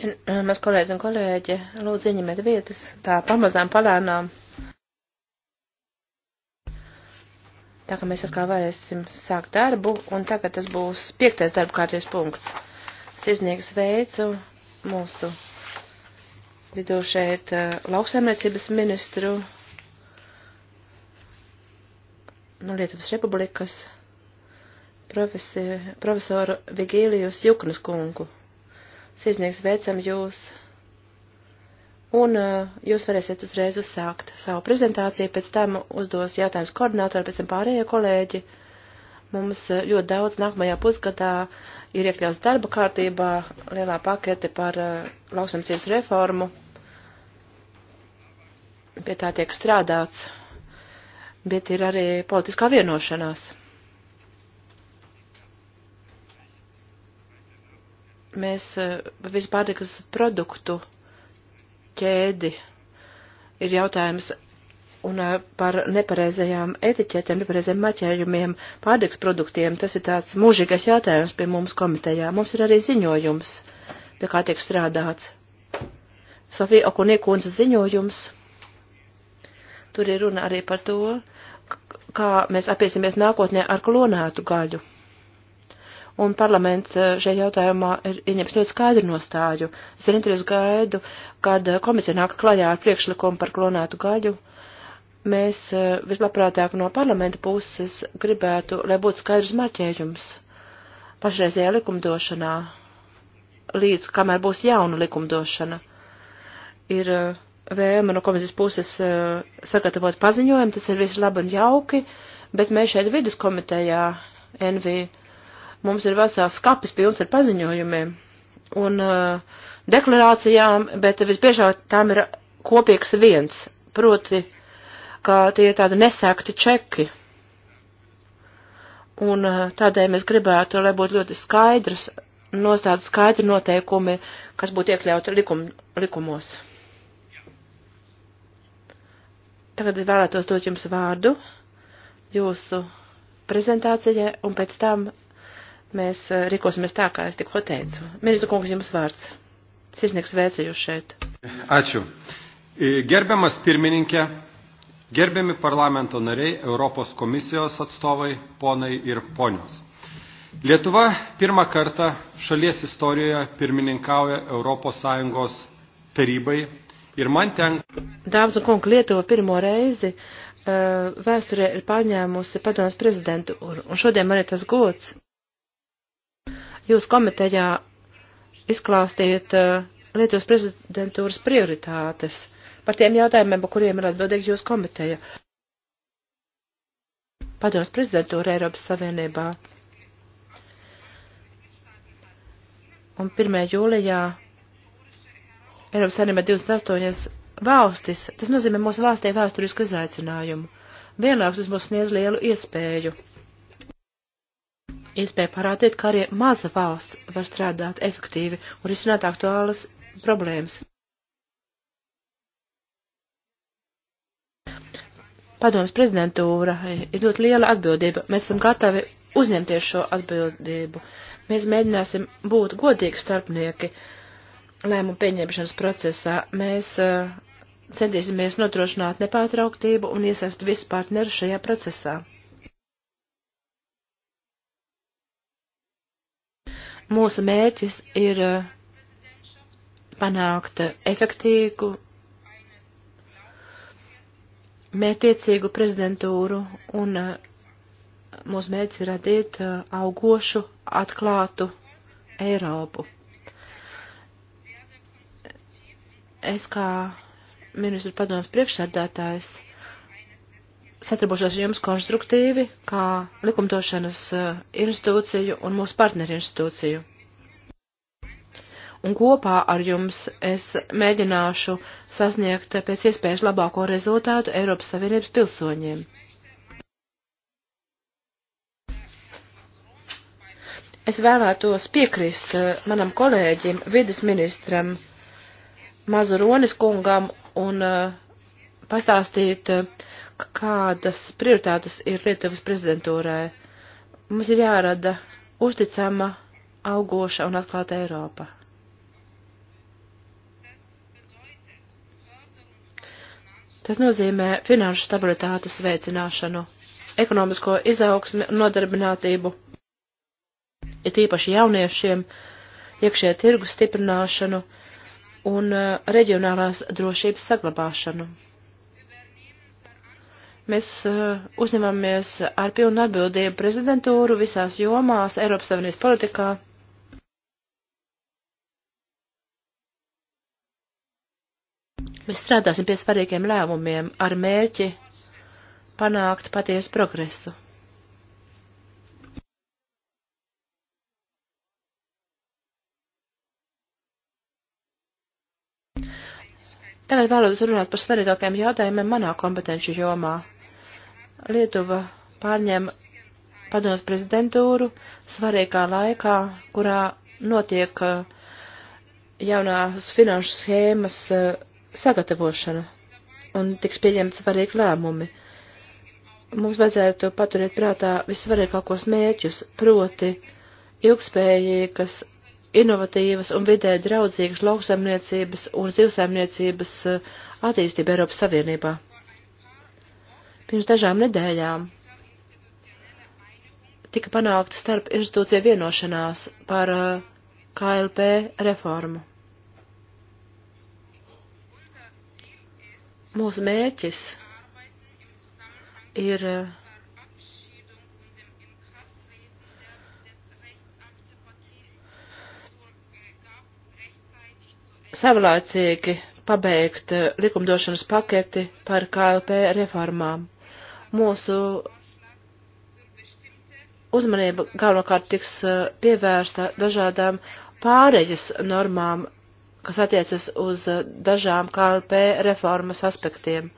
Äh, mēs kolēģi un kolēģi, lūdzu ieņemiet vietas, tā pamazām palēnām. Tā kā mēs atkal varēsim sākt darbu, un tagad tas būs piektais darba kārties punkts. Sirsnieks veicu mūsu vidū šeit uh, lauksaimniecības ministru no Lietuvas Republikas profesi, profesoru Vigīlijus Juknas kungu. Sīsnieks veicam jūs, un eh, jūs varēsiet uzreiz uzsākt savu prezentāciju, pēc tam uzdos jautājums koordinātori, pēc tam pārējie kolēģi. Mums eh, ļoti daudz nākamajā pusgadā ir iekļauts darba kārtībā lielā pakete par eh, lauksamcības reformu. Pie tā tiek strādāts, bet ir arī politiskā vienošanās. mēs e, visu pārtikas produktu ķēdi ir jautājums un e, par nepareizajām etiķetēm, nepareizajiem maķējumiem pārtiks produktiem. Tas ir tāds mūžīgais jautājums pie mums komitejā. Mums ir arī ziņojums, pie kā tiek strādāts. Sofija Okuniekundze ziņojums. Tur ir runa arī par to, kā mēs apiesimies nākotnē ar klonētu gaļu un parlaments eh, šajā jautājumā ir ieņems ļoti skaidru nostāju. Es ar interesi gaidu, kad eh, komisija nāk klajā ar priekšlikumu par klonētu gaļu. Mēs eh, vislabprātāk no parlamenta puses gribētu, lai būtu skaidrs marķējums pašreizējā likumdošanā, līdz kamēr būs jauna likumdošana. Ir vēma no komisijas puses sagatavot paziņojumu, tas ir viss labi un jauki, bet mēs šeit vidus komitejā NV Mums ir vesels skapis pilns ar paziņojumiem un uh, deklarācijām, bet visbiežāk tām ir kopīgs viens, proti, kā tie ir tādi nesēkti čeki. Un uh, tādēļ mēs gribētu, lai būtu ļoti skaidrs, nostāda skaidri noteikumi, kas būtu iekļauti likum, likumos. Tagad vēlētos dot jums vārdu jūsu prezentācijai, un pēc tam mēs eh, rīkosimies tā, kā es tikko teicu. Mirza kungs, jums vārds. Sirsnieks vēcu jūs šeit. Ačiū. E, gerbiamas pirmininkė, gerbiami parlamento nariai, Europos komisijos atstovai, ponai ir ponios. Lietuva pirmą kartą šalies istorijoje pirmininkauja ES tarybai ir man tenka. Dāmas un kungi, Lietuva pirmo reizi uh, vēsturē ir pārņēmusi padomas prezidentu, un šodien man ir tas gods Jūs komitejā izklāstījat uh, Lietuvas prezidentūras prioritātes par tiem jautājumiem, par kuriem ir atbildīgi jūsu komiteja. Padoms prezidentūra Eiropas Savienībā. Un 1. jūlijā Eiropas Savienībā 28 valstis, tas nozīmē mūsu valstī vēsturisku izaicinājumu. Vienlaikus tas mums sniedz lielu iespēju iespēja parādīt, kā arī maza valsts var strādāt efektīvi un risināt aktuālas problēmas. Padomas prezidentūra ir ļoti liela atbildība. Mēs esam gatavi uzņemties šo atbildību. Mēs mēģināsim būt godīgi starpnieki lēmumu pieņemšanas procesā. Mēs uh, centīsimies nodrošināt nepārtrauktību un iesaist visu partneru šajā procesā. Mūsu mērķis ir eh, panākt efektīgu, mērķiecīgu prezidentūru un eh, mūsu mērķis ir radīt eh, augošu, atklātu Eiropu. Es kā ministru padomas priekšsēdētājs satrabošos jums konstruktīvi, kā likumdošanas eh, institūciju un mūsu partneru institūciju. Un kopā ar jums es mēģināšu sasniegt pēc iespējas labāko rezultātu Eiropas Savienības pilsoņiem. Es vēlētos piekrist eh, manam kolēģim, vidas ministram Mazuronis kungam un eh, pastāstīt, kādas prioritātes ir Lietuvas prezidentūrai. Mums ir jārada uzticama, augoša un atklāta Eiropa. Tas nozīmē finanšu stabilitātes veicināšanu, ekonomisko izaugsmi un nodarbinātību, ir ja tīpaši jauniešiem, iekšē tirgu stiprināšanu un eh, reģionālās drošības saglabāšanu. Mēs uh, uzņemamies ar pilnu atbildību prezidentūru visās jomās Eiropas Savienības politikā. Mēs strādāsim pie svarīgiem lēmumiem ar mērķi panākt patiesu progresu. Tagad vēlos runāt par svarīgākajiem jautājumiem manā kompetenci jomā. Lietuva pārņem padomus prezidentūru svarīgā laikā, kurā notiek eh, jaunās finanšu schēmas eh, sagatavošana un tiks pieņemts svarīgi lēmumi. Mums vajadzētu paturēt prātā vissvarīgākos mērķus, proti ilgspējīgas, inovatīvas un vidē draudzīgas lauksaimniecības un zivsaimniecības eh, attīstība Eiropas Savienībā. Pirms dažām nedēļām tika panākta starp institūcija vienošanās par uh, KLP reformu. Mūsu mērķis ir uh, savlaicīgi pabeigt uh, likumdošanas paketi par KLP reformām mūsu uzmanība galvenokārt tiks eh, pievērsta dažādām pārejas normām, kas attiecas uz eh, dažām KLP reformas aspektiem.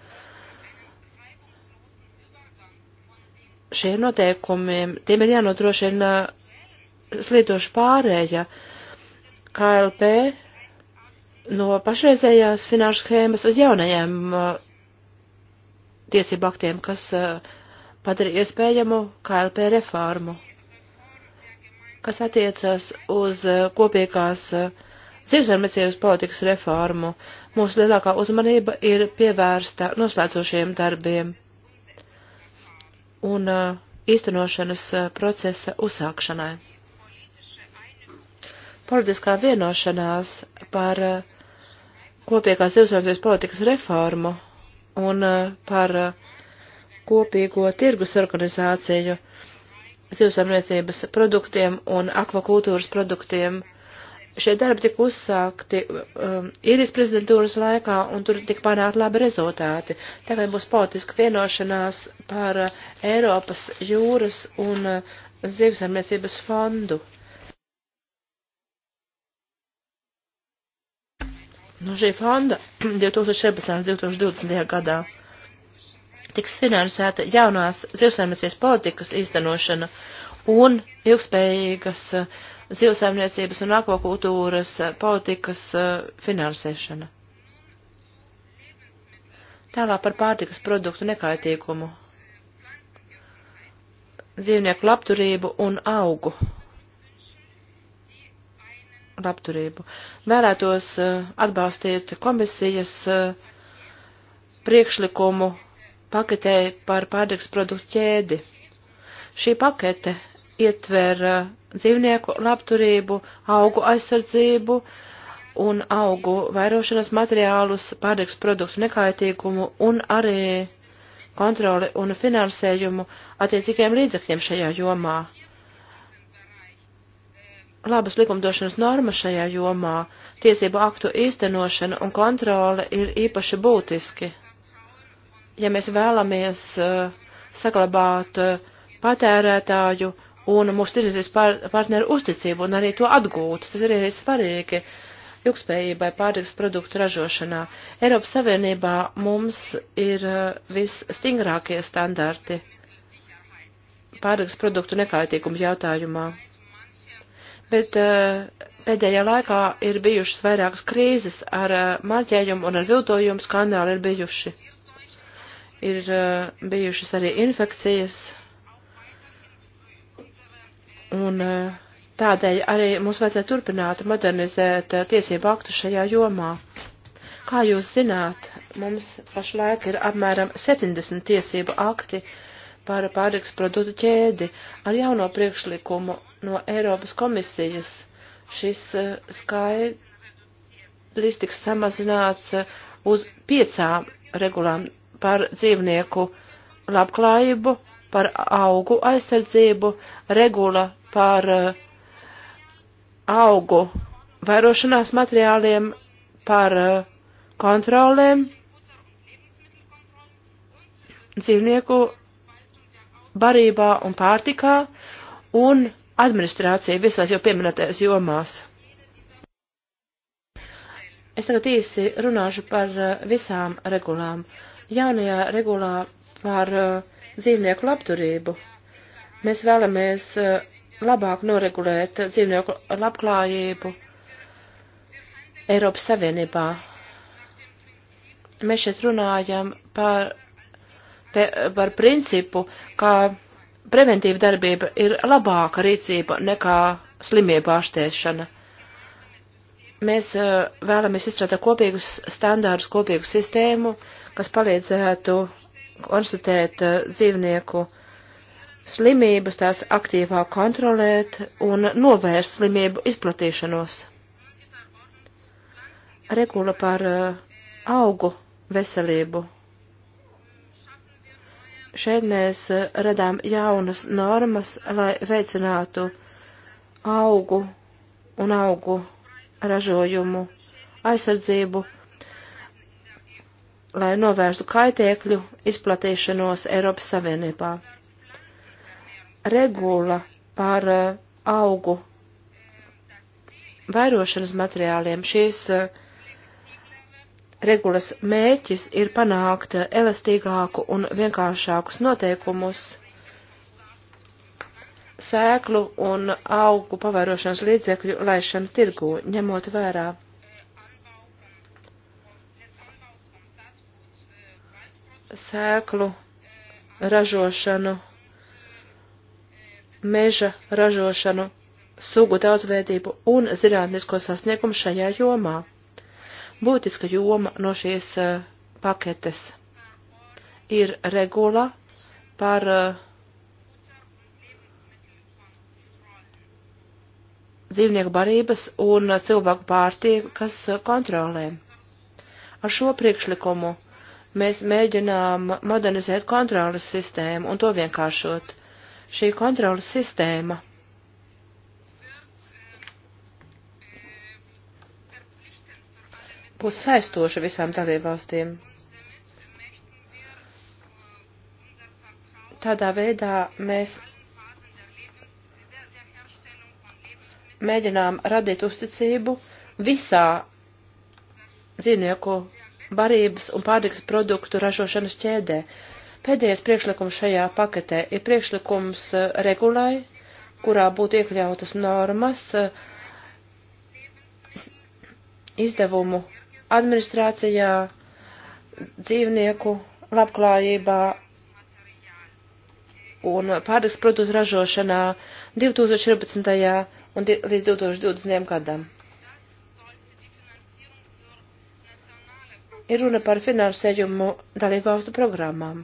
Šiem noteikumiem tiem ir jānodrošina eh, slīdoša pārēja KLP no pašreizējās finanšu schēmas uz jaunajām tiesību aktiem, kas eh, padara iespējamu KLP reformu, kas attiecas uz eh, kopīgās eh, zivsarmecības politikas reformu. Mūsu lielākā uzmanība ir pievērsta noslēdzošiem darbiem un īstenošanas procesa uzsākšanai. Politiskā vienošanās par kopīgās zivsarmecības politikas reformu un eh, par eh, kopīgo tirgus organizāciju zivsaimniecības produktiem un akvakultūras produktiem. Šie darbi tika uzsākti um, īrijas prezidentūras laikā, un tur tika panākt labi rezultāti. Tagad būs politiska vienošanās par uh, Eiropas jūras un uh, zivsaimniecības fondu. No nu, šī fonda 2014. un 2020. gadā tiks finansēta jaunās zivsaimniecības politikas īstenošana un ilgspējīgas eh, zivsaimniecības un akvakultūras eh, politikas eh, finansēšana. Tālāk par pārtikas produktu nekaitīgumu, dzīvnieku labturību un augu labturību. Vērētos eh, atbalstīt komisijas eh, priekšlikumu paketē par pārtiks produktu ķēdi. Šī pakete ietver eh, dzīvnieku labturību, augu aizsardzību un augu vairošanas materiālus, pārtiks produktu nekaitīgumu un arī kontroli un finansējumu attiecīgiem līdzekļiem šajā jomā labas likumdošanas normas šajā jomā, tiesību aktu īstenošana un kontrole ir īpaši būtiski. Ja mēs vēlamies uh, saglabāt uh, patērētāju un mūsu tirdzniecības par partneru uzticību un arī to atgūt, tas ir arī svarīgi ilgspējībai pārtiks produktu ražošanā. Eiropas Savienībā mums ir uh, visstingrākie standarti pārtiks produktu nekaitīgumu jautājumā bet eh, pēdējā laikā ir bijušas vairākas krīzes ar eh, marķējumu un ar viltojumu skandāli ir bijuši. Ir eh, bijušas arī infekcijas, un tādēļ arī mums vajadzētu turpināt modernizēt tiesību aktu šajā jomā. Kā jūs zināt, mums pašlaik ir apmēram 70 tiesību akti par pārtiks produktu ķēdi. Ar jauno priekšlikumu no Eiropas komisijas šis eh, skaidrs tiks samazināts eh, uz piecām regulām par dzīvnieku labklājību, par augu aizsardzību, regula par eh, augu vairošanās materiāliem, par kontrolēm, dzīvnieku barībā un pārtikā, un administrācija visās jau pieminētajās jomās. Es tagad īsi runāšu par eh, visām regulām. Jaunajā regulā par eh, dzīvnieku labturību. Mēs vēlamies eh, labāk noregulēt dzīvnieku labklājību Eiropas Savienībā. Mēs šeit runājam par, par principu, kā preventīva darbība ir labāka rīcība nekā slimību ārstēšana. Mēs eh, vēlamies izstrādāt kopīgus standārus, kopīgu sistēmu, kas palīdzētu konstatēt eh, dzīvnieku slimības, tās aktīvāk kontrolēt un novērst slimību izplatīšanos. Regula par eh, augu veselību šeit mēs eh, radām jaunas normas, lai veicinātu augu un augu ražojumu aizsardzību, lai novērstu kaitēkļu izplatīšanos Eiropas Savienībā. Regula par eh, augu vairošanas materiāliem šīs uh, regulas mērķis ir panākt elastīgāku un vienkāršākus noteikumus sēklu un augu pavērošanas līdzekļu laišanu tirgu, ņemot vērā sēklu ražošanu, meža ražošanu, sugu daudzveidību un zinātnisko sasniegumu šajā jomā būtiska joma no šīs eh, paketes ir regula par eh, dzīvnieku barības un cilvēku pārtīkas kontrolēm. Ar šo priekšlikumu mēs mēģinām modernizēt kontrolas sistēmu un to vienkāršot. Šī kontrolas sistēma būs saistoša visām dalībvalstīm. Tādā veidā mēs mēģinām radīt uzticību visā dzīvnieku barības un pārtikas produktu ražošanas ķēdē. Pēdējais priekšlikums šajā paketē ir priekšlikums eh, regulai, kurā būtu iekļautas normas eh, izdevumu administrācijā, dzīvnieku labklājībā un pārtiks produktu ražošanā 2014. un līdz 2020. gadam. Ir runa par finansējumu dalībvalstu programmām.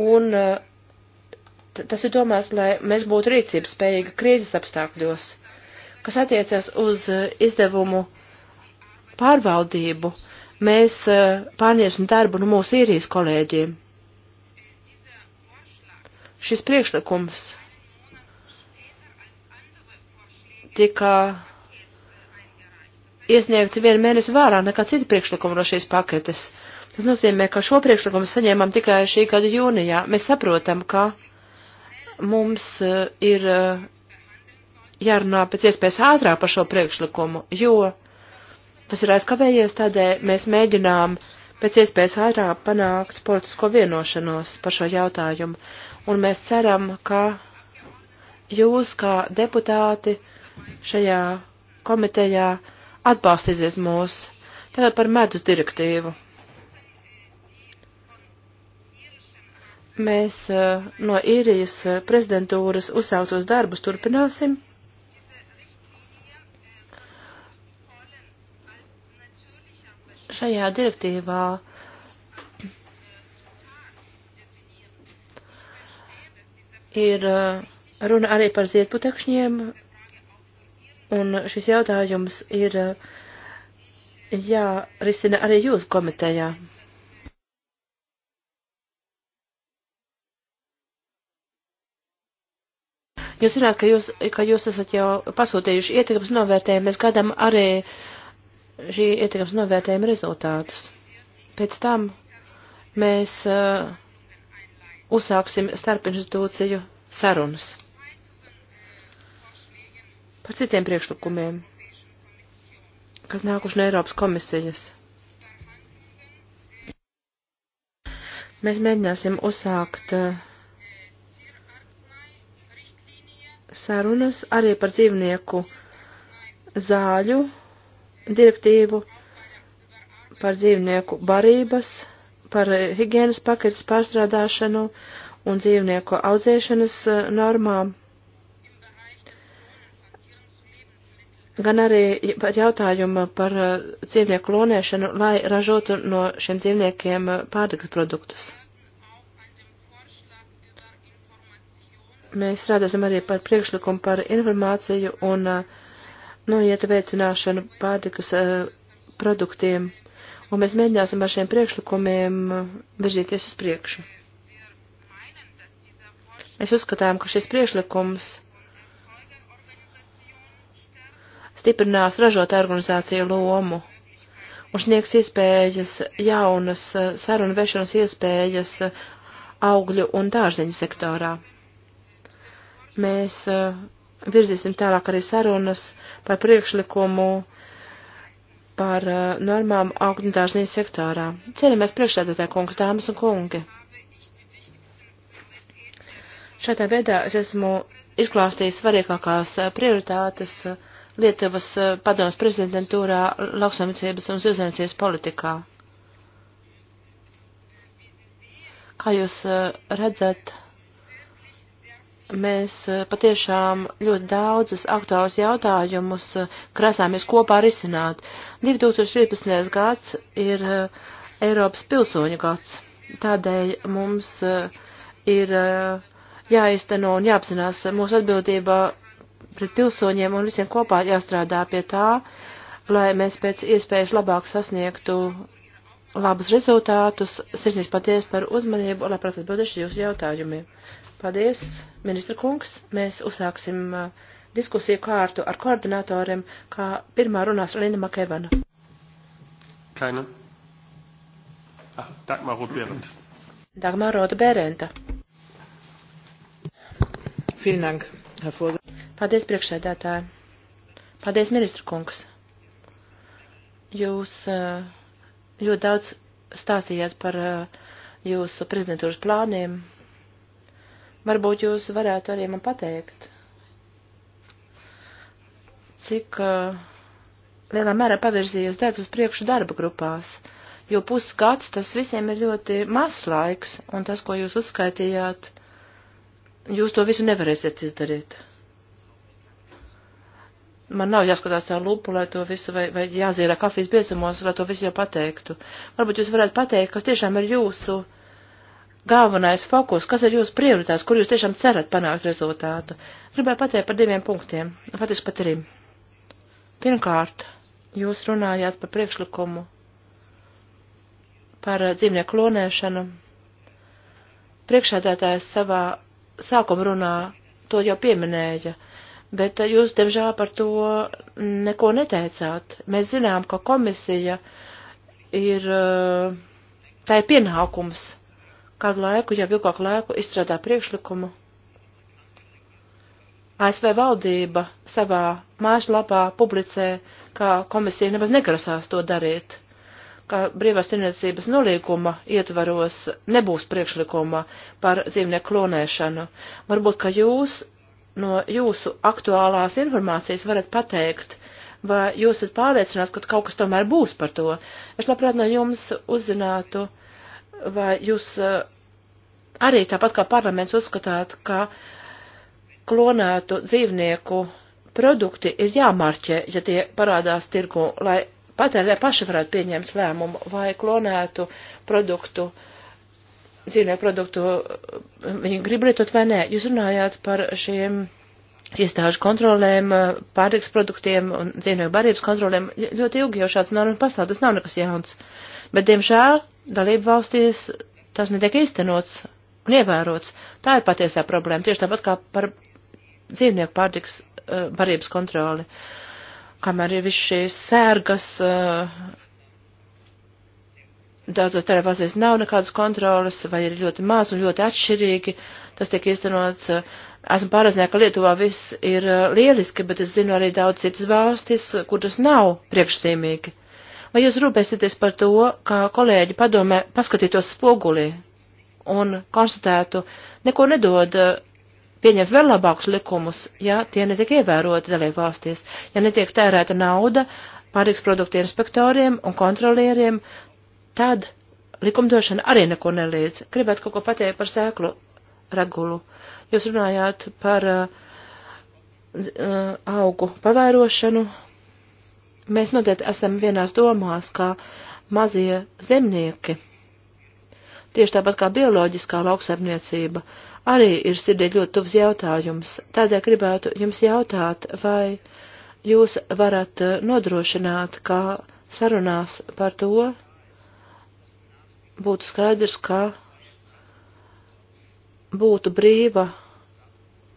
Un eh, tas ir domās, lai mēs būtu rīcības spējīgi krīzes apstākļos kas attiecas uz eh, izdevumu pārvaldību, mēs eh, pārniesim darbu no nu mūsu īrijas kolēģiem. Šis priekšlikums tika iesniegts vienu mēnesi vārā nekā citi priekšlikumi no šīs paketes. Tas nozīmē, ka šo priekšlikumu saņēmām tikai šī gada jūnijā. Mēs saprotam, ka mums eh, ir jārunā pēc iespējas ātrāk par šo priekšlikumu, jo tas ir aizkavējies, tādēļ mēs mēģinām pēc iespējas ātrāk panākt politisko vienošanos par šo jautājumu. Un mēs ceram, ka jūs, kā deputāti šajā komitejā, atbalstīsiet mūs tagad par medus direktīvu. Mēs eh, no īrijas prezidentūras uzsāktos darbus turpināsim. šajā direktīvā ir uh, runa arī par ziedputekšņiem, un šis jautājums ir uh, jārisina arī jūsu komitejā. Jūs zināt, ka jūs, ka jūs esat jau pasūtījuši ietekmes novērtējumu, mēs gadam arī uh, šī ietekmes novērtējuma rezultātus. Pēc tam mēs uh, uzsāksim starpinstitūciju sarunas par citiem priekšlikumiem, kas nākuši no Eiropas komisijas. Mēs mēģināsim uzsākt uh, sarunas arī par dzīvnieku zāļu direktīvu par dzīvnieku barības, par higienas paketes pārstrādāšanu un dzīvnieku audzēšanas e, normām, gan arī par jautājumu par e, dzīvnieku klonēšanu, lai ražotu no šiem dzīvniekiem e, pārtikas produktus. Mēs strādāsim arī par priekšlikumu par informāciju un uh, noiet nu, veicināšanu pārtikas uh, produktiem, un mēs mēģināsim ar šiem priekšlikumiem uh, virzīties uz priekšu. Mēs uzskatām, ka šis priekšlikums stiprinās ražotāju organizāciju lomu un sniegs iespējas jaunas eh, sarunu vešanas iespējas augļu un dārzeņu sektorā. Mēs virzīsim tālāk arī sarunas par priekšlikumu par uh, normām augtņotāšanas sektorā. Cienījamies priekšsēdētāji kungs, dāmas un kungi. Šādā veidā es esmu izklāstījis svarīgākās uh, prioritātes uh, Lietuvas uh, padomas prezidentūrā lauksaimniecības un zivsaimniecības politikā. Kā jūs redzat, mēs eh, patiešām ļoti daudzus aktuālus jautājumus krasāmies eh, kopā risināt. 2013. gads ir eh, Eiropas pilsoņu gads. Tādēļ mums ir jāizteno un jāapzinās mūsu atbildība pret pilsoņiem un visiem kopā jāstrādā pie tā, lai mēs pēc iespējas labāk sasniegtu labus rezultātus. Sirsnīgs paties par uzmanību un labprāt atbildēšu jūsu jautājumiem. Paldies, ministra kungs. Mēs uzsāksim diskusiju kārtu ar koordinatoriem, kā pirmā runās Linda Makevana. Kaina. Ah, Dagmar Rotberend. Dagmar Rotberenda. Vielen Dank, Herr Vorsitzender. Paldies, priekšsēdētāji. Paldies, ministra kungs. Jūs uh, ļoti daudz stāstījāt par eh, jūsu prezidentūras plāniem. Varbūt jūs varētu arī man pateikt, cik eh, lielā mērā pavirzījies darbs uz priekšu darba grupās, jo pusgads tas visiem ir ļoti mazs laiks, un tas, ko jūs uzskaitījāt, jūs to visu nevarēsiet izdarīt man nav jāskatās ar lupu, lai to visu, vai, vai jāzīrē kafijas biezumos, lai to visu jau pateiktu. Varbūt jūs varētu pateikt, kas tiešām ir jūsu galvenais fokus, kas ir jūsu prioritāts, kur jūs tiešām cerat panākt rezultātu. Gribēju pateikt par diviem punktiem, patiesi pat trim. Pirmkārt, jūs runājāt par priekšlikumu, par eh, dzīvnieku klonēšanu. Priekšādātājs savā sākuma runā to jau pieminēja bet eh, jūs, diemžēl, par to neko neteicāt. Mēs zinām, ka komisija ir, eh, tā ir pienākums kādu laiku, jau ilgāku laiku izstrādā priekšlikumu. ASV valdība savā mājaslapā publicē, ka komisija nemaz negrasās to darīt, ka brīvās tirniecības nolīguma ietvaros nebūs priekšlikuma par dzīvnieku klonēšanu. Varbūt, ka jūs no jūsu aktuālās informācijas varat pateikt, vai jūs esat pārliecināts, ka kaut kas tomēr būs par to. Es labprāt no jums uzzinātu, vai jūs eh, arī tāpat kā parlaments uzskatāt, ka klonētu dzīvnieku produkti ir jāmarķē, ja tie parādās tirgu, lai patērē paši varētu pieņemt lēmumu, vai klonētu produktu uh, dzīvnieku produktu viņi grib lietot vai nē. Jūs runājāt par šiem iestāžu kontrolēm, pārtiks produktiem un dzīvnieku barības kontrolēm. Ļoti ilgi jau šāds norma pastāv, tas nav nekas jauns. Bet, diemžēl, dalību valstīs tas netiek īstenots un ievērots. Tā ir patiesā problēma, tieši tāpat kā par dzīvnieku pārtiks eh, barības kontroli. Kamēr ir viss šīs sērgas, uh, Daudzos tādā valstīs nav nekādas kontrolas, vai ir ļoti maz un ļoti atšķirīgi. Tas tiek īstenots. Eh, esmu pārzināja, ka Lietuvā viss ir eh, lieliski, bet es zinu arī daudz citas valstis, kur tas nav priekšsīmīgi. Vai jūs rūpēsieties par to, kā kolēģi padomē paskatītos spogulī un konstatētu, neko nedod eh, pieņemt vēl labākus likumus, ja tie netiek ievēroti dalību valstīs, ja netiek tērēta nauda pārīgs produktu inspektoriem un kontrolieriem, tad likumdošana arī neko nelīdz. Gribētu kaut ko pateikt par sēklu regulu. Jūs runājāt par uh, uh augu pavērošanu. Mēs noteikti esam vienās domās, kā mazie zemnieki. Tieši tāpat kā bioloģiskā lauksaimniecība arī ir sirdī ļoti tuvs jautājums. Tādēļ gribētu jums jautāt, vai jūs varat uh, nodrošināt, kā sarunās par to, būtu skaidrs, ka būtu brīva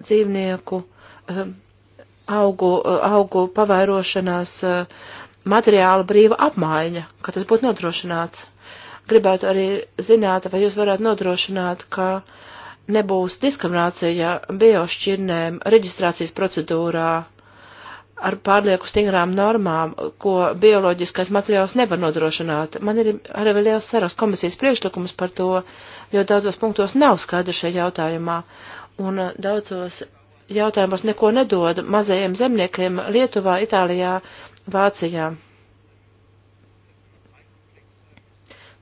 dzīvnieku ehm, augu, augu pavairošanās eh, materiāla brīva apmaiņa, ka tas būtu nodrošināts. Gribētu arī zināt, vai jūs varētu nodrošināt, ka nebūs diskriminācija biošķirnēm reģistrācijas procedūrā ar pārlieku stingrām normām, ko bioloģiskais materiāls nevar nodrošināt. Man ir arī liels saras komisijas priekšlikums par to, jo daudzos punktos nav skaidrs šajā jautājumā, un uh, daudzos jautājumos neko nedod mazajiem zemniekiem Lietuvā, Itālijā, Vācijā.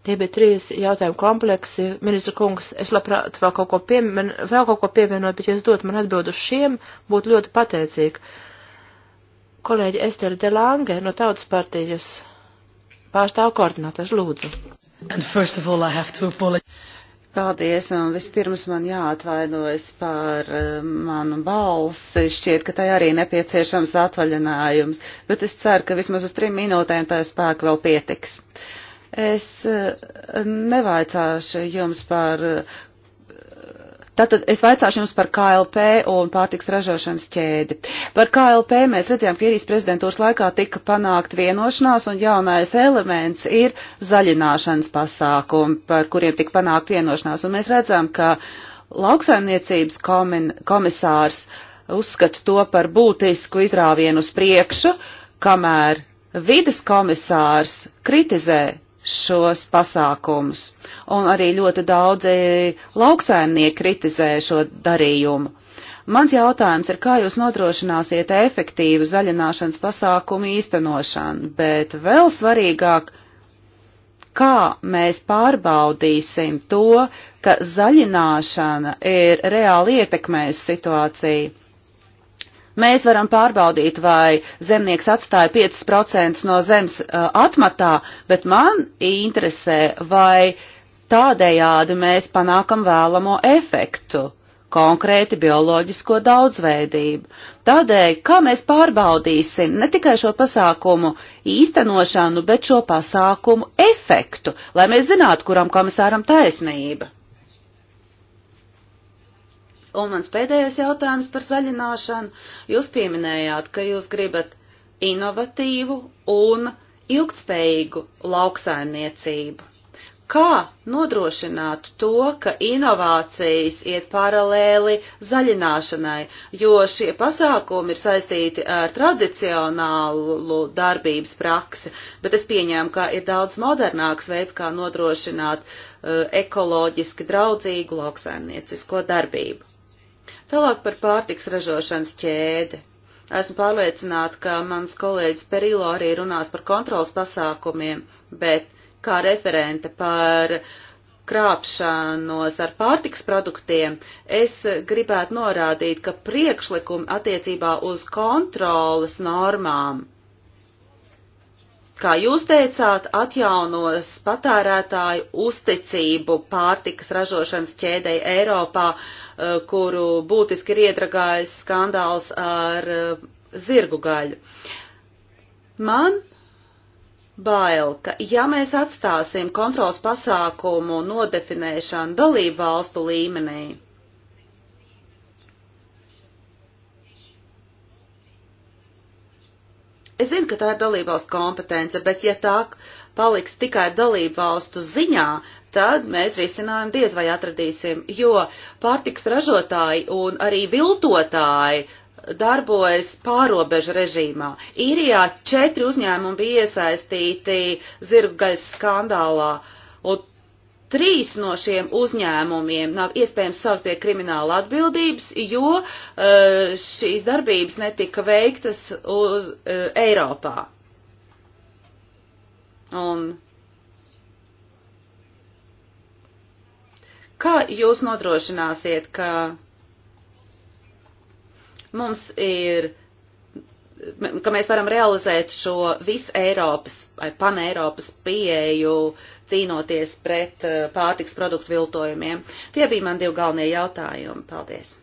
Tie bija trīs jautājumu kompleksi. Ministra kungs, es labprāt vēl kaut ko, piemin, vēl kaut ko pievienot, bet, ja jūs dot man atbildu uz šiem, būtu ļoti pateicīgi Kolēģi Estera de Lange no Tautas partijas pārstāv koordinators lūdzu. All, Paldies, un vispirms man jāatvainojas par uh, manu balsi. Šķiet, ka tai arī nepieciešams atvaļinājums, bet es ceru, ka vismaz uz trim minūtēm tā spēka vēl pietiks. Es uh, nevaicāšu jums par uh, Tātad es vaicāšu jums par KLP un pārtiks ražošanas ķēdi. Par KLP mēs redzējām, ka īrijas prezidentūras laikā tika panākt vienošanās, un jaunais elements ir zaļināšanas pasākumi, par kuriem tika panākt vienošanās. Un mēs redzam, ka lauksaimniecības komisārs uzskata to par būtisku izrāvienu uz priekšu, kamēr vides komisārs kritizē šos pasākumus. Un arī ļoti daudzi lauksaimnieki kritizē šo darījumu. Mans jautājums ir, kā jūs nodrošināsiet efektīvu zaļināšanas pasākumu īstenošanu, bet vēl svarīgāk, kā mēs pārbaudīsim to, ka zaļināšana ir reāli ietekmējusi situāciju. Mēs varam pārbaudīt, vai zemnieks atstāja 5% no zemes uh, atmatā, bet man interesē, vai tādējādi mēs panākam vēlamo efektu, konkrēti bioloģisko daudzveidību. Tādēļ, kā mēs pārbaudīsim ne tikai šo pasākumu īstenošanu, bet šo pasākumu efektu, lai mēs zinātu, kuram komisāram taisnība. Un mans pēdējais jautājums par zaļināšanu. Jūs pieminējāt, ka jūs gribat inovatīvu un ilgtspējīgu lauksaimniecību. Kā nodrošināt to, ka inovācijas iet paralēli zaļināšanai, jo šie pasākumi ir saistīti ar tradicionālu darbības praksi, bet es pieņēmu, ka ir daudz modernāks veids, kā nodrošināt uh, ekoloģiski draudzīgu lauksaimniecisko darbību. Tālāk par pārtiks ražošanas ķēdi. Esmu pārliecināta, ka mans kolēģis Perilo arī runās par kontrolas pasākumiem, bet kā referente par krāpšanos ar pārtiks produktiem, es gribētu norādīt, ka priekšlikumi attiecībā uz kontrolas normām, kā jūs teicāt, atjaunos patērētāju uzticību pārtikas ražošanas ķēdei Eiropā, uh, Eh, kuru būtiski ir iedragājis skandāls ar eh, zirgu gaļu. Man bail, ka ja mēs atstāsim kontrols pasākumu nodefinēšanu dalību valstu līmenī, Es zinu, ka tā ir dalībvalsts kompetence, bet ja tā paliks tikai dalību valstu ziņā, tad mēs risinājumu diez vai atradīsim, jo pārtiks ražotāji un arī viltotāji darbojas pārobežu režīmā. Īrijā četri uzņēmumi bija iesaistīti zirgu gaisa skandālā, un trīs no šiem uzņēmumiem nav iespējams saukt pie krimināla atbildības, jo eh, šīs darbības netika veiktas uz uh, Eiropā. Un kā jūs nodrošināsiet, ka mums ir, ka mēs varam realizēt šo visu Eiropas vai paneiropas pieeju cīnoties pret eh, pārtiks produktu viltojumiem? Tie bija man divi galvenie jautājumi. Paldies!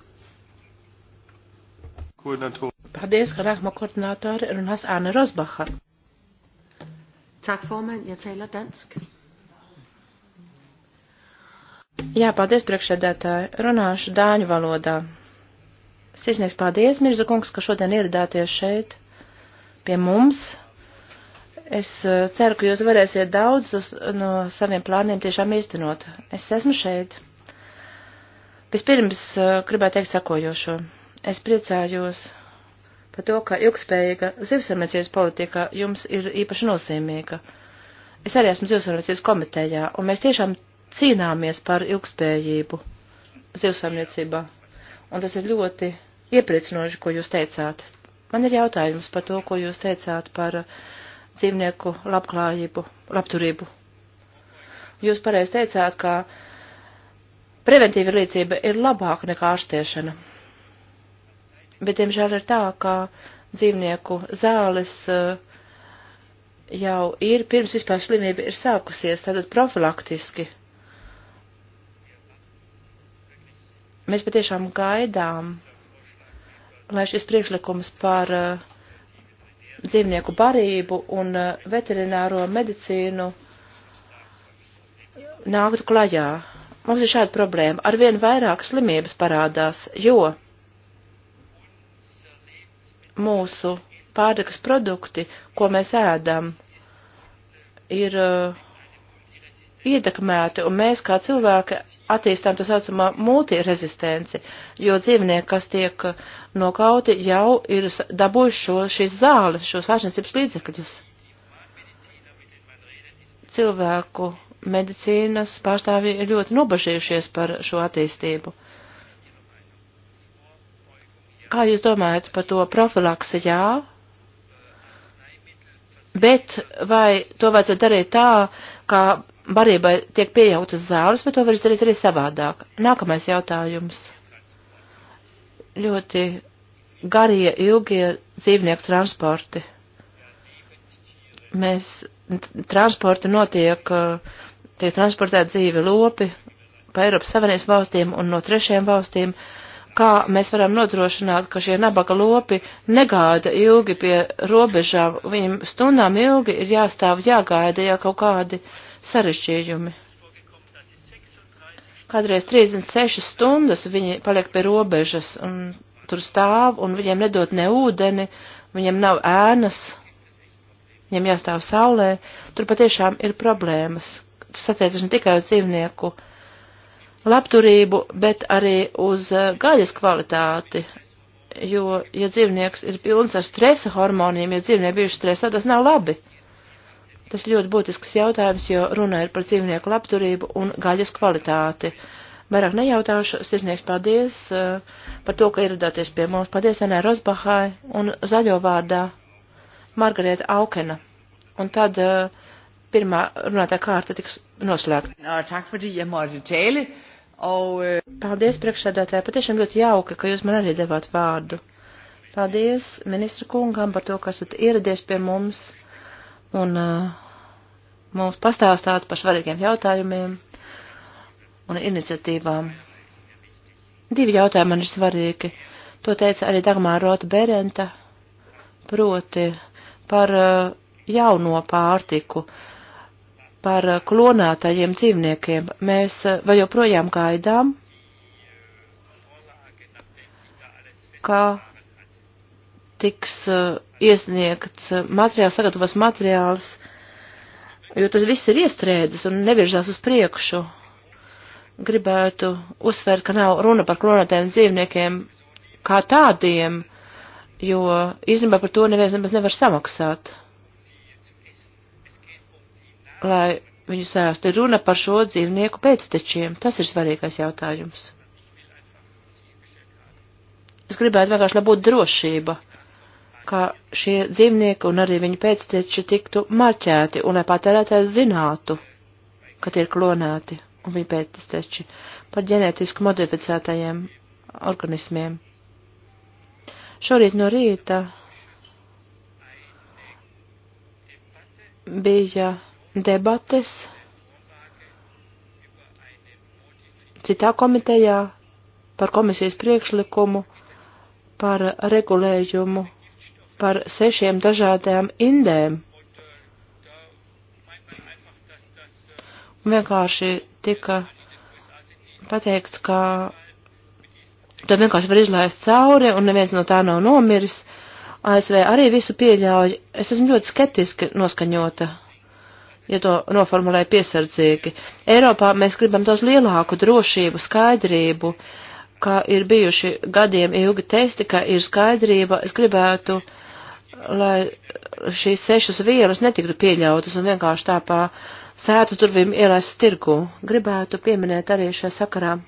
Paldies, ka Rākma koordinātori runās Āna Rosbaha. Tak, formand. Jeg taler dansk. Jā, paldies, priekšsēdētāji. Runāšu dāņu valodā. Sirsnieks, paldies, Mirza kungs, ka šodien ieradāties šeit pie mums. Es eh, ceru, ka jūs varēsiet daudzus no saviem plāniem tiešām īstenot. Es esmu šeit. Vispirms eh, gribētu teikt sakojošo. Es priecājos par to, ka ilgspējīga zivsarmēcības politika jums ir īpaši nozīmīga. Es arī esmu zivsarmēcības komitejā, un mēs tiešām cīnāmies par ilgspējību zivsarmēcībā. Un tas ir ļoti iepriecinoši, ko jūs teicāt. Man ir jautājums par to, ko jūs teicāt par dzīvnieku labklājību, labturību. Jūs pareizi teicāt, ka preventīva rīcība ir labāka nekā ārstiešana. Bet, diemžēl, ir tā, ka dzīvnieku zāles eh, jau ir, pirms vispār slimība ir sākusies, tātad profilaktiski. Mēs patiešām gaidām, lai šis priekšlikums par eh, dzīvnieku barību un eh, veterināro medicīnu nāktu klajā. Mums ir šāda problēma. Arvien vairāk slimības parādās, jo mūsu pārtikas produkti, ko mēs ēdam, ir uh, ietekmēti, un mēs kā cilvēki attīstām tā saucamā multirezistenci, jo dzīvnieki, kas tiek uh, nokauti, jau ir dabūjuši šo, šīs zāles, šos ārstniecības līdzekļus. Cilvēku medicīnas pārstāvji ir ļoti nobažījušies par šo attīstību. Kā jūs domājat par to profilakse? Jā. Bet vai to vajadzētu darīt tā, ka barībai tiek piejauktas zāles, vai to var izdarīt arī savādāk? Nākamais jautājums. Ļoti garie, ilgie dzīvnieku transporti. Mēs transporti notiek, tiek transportēti dzīvi lopi pa Eiropas Savienības valstīm un no trešajām valstīm. Uh, kā mēs varam nodrošināt, ka šie nabaga lopi negāda ilgi pie robežām, viņiem stundām ilgi ir jāstāv jāgaida, ja kaut kādi sarežģījumi. Kādreiz 36 stundas viņi paliek pie robežas un tur stāv, un viņiem nedod ne ūdeni, viņiem nav ēnas, viņiem jāstāv saulē. Tur patiešām ir problēmas. Tas attiecas ne tikai uz dzīvnieku labturību, bet arī uz eh, gaļas kvalitāti. Jo, ja dzīvnieks ir pilns ar stresa hormoniem, ja dzīvnieki bijuši stresā, tas nav labi. Tas ir ļoti būtisks jautājums, jo runa ir par dzīvnieku labturību un gaļas kvalitāti. Vairāk nejautāšu, sirsnieks paldies uh, par to, ka ieradāties pie mums. Paldies Anē Rozbahai un zaļo vārdā Margarēta Aukena. Un tad uh, pirmā runātā kārta tiks noslēgta. Nā, tak, fordi jeg måtte tale. Oh, e... Paldies, priekšsēdētāji. Patiešām ļoti jauka, ka jūs man arī devāt vārdu. Paldies ministra kungam par to, ka esat ieradies pie mums un uh, mums pastāstāt par svarīgiem jautājumiem un iniciatīvām. Divi jautājumi man ir svarīgi. To teica arī Dagmāra Rota Berenta, proti par uh, jauno pārtiku. Uh, par eh, klonētajiem dzīvniekiem. Mēs eh, vai joprojām gaidām, kā tiks eh, iesniegts materiāls, sagatavos materiāls, jo tas viss ir iestrēdzis un nevirzās uz priekšu. Gribētu uzsvērt, ka nav runa par klonētajiem dzīvniekiem kā tādiem, jo īstenībā par to neviens nemaz nevar samaksāt lai viņu sēst. Ir runa par šo dzīvnieku pēctečiem. Tas ir svarīgais jautājums. Es gribētu vienkārši, lai būtu drošība, ka šie dzīvnieki un arī viņu pēcteči tiktu marķēti un lai patērētājs zinātu, ka tie ir klonēti un viņa pēcteči par ģenētiski modificētajiem organismiem. Šorīt no rīta bija debates citā komitejā par komisijas priekšlikumu par regulējumu par sešiem dažādajām indēm. Un vienkārši tika pateikts, ka to vienkārši var izlaist cauri un neviens no tā nav nomiris. ASV arī visu pieļauj. Es esmu ļoti skeptiski noskaņota ja to noformulē piesardzīgi. Eiropā mēs gribam daudz lielāku drošību, skaidrību, kā ir bijuši gadiem ilgi testi, ka ir skaidrība. Es gribētu, lai šīs sešas vielas netiktu pieļautas un vienkārši tāpā sētu durvīm ielaist tirgu. Gribētu pieminēt arī šajā sakarā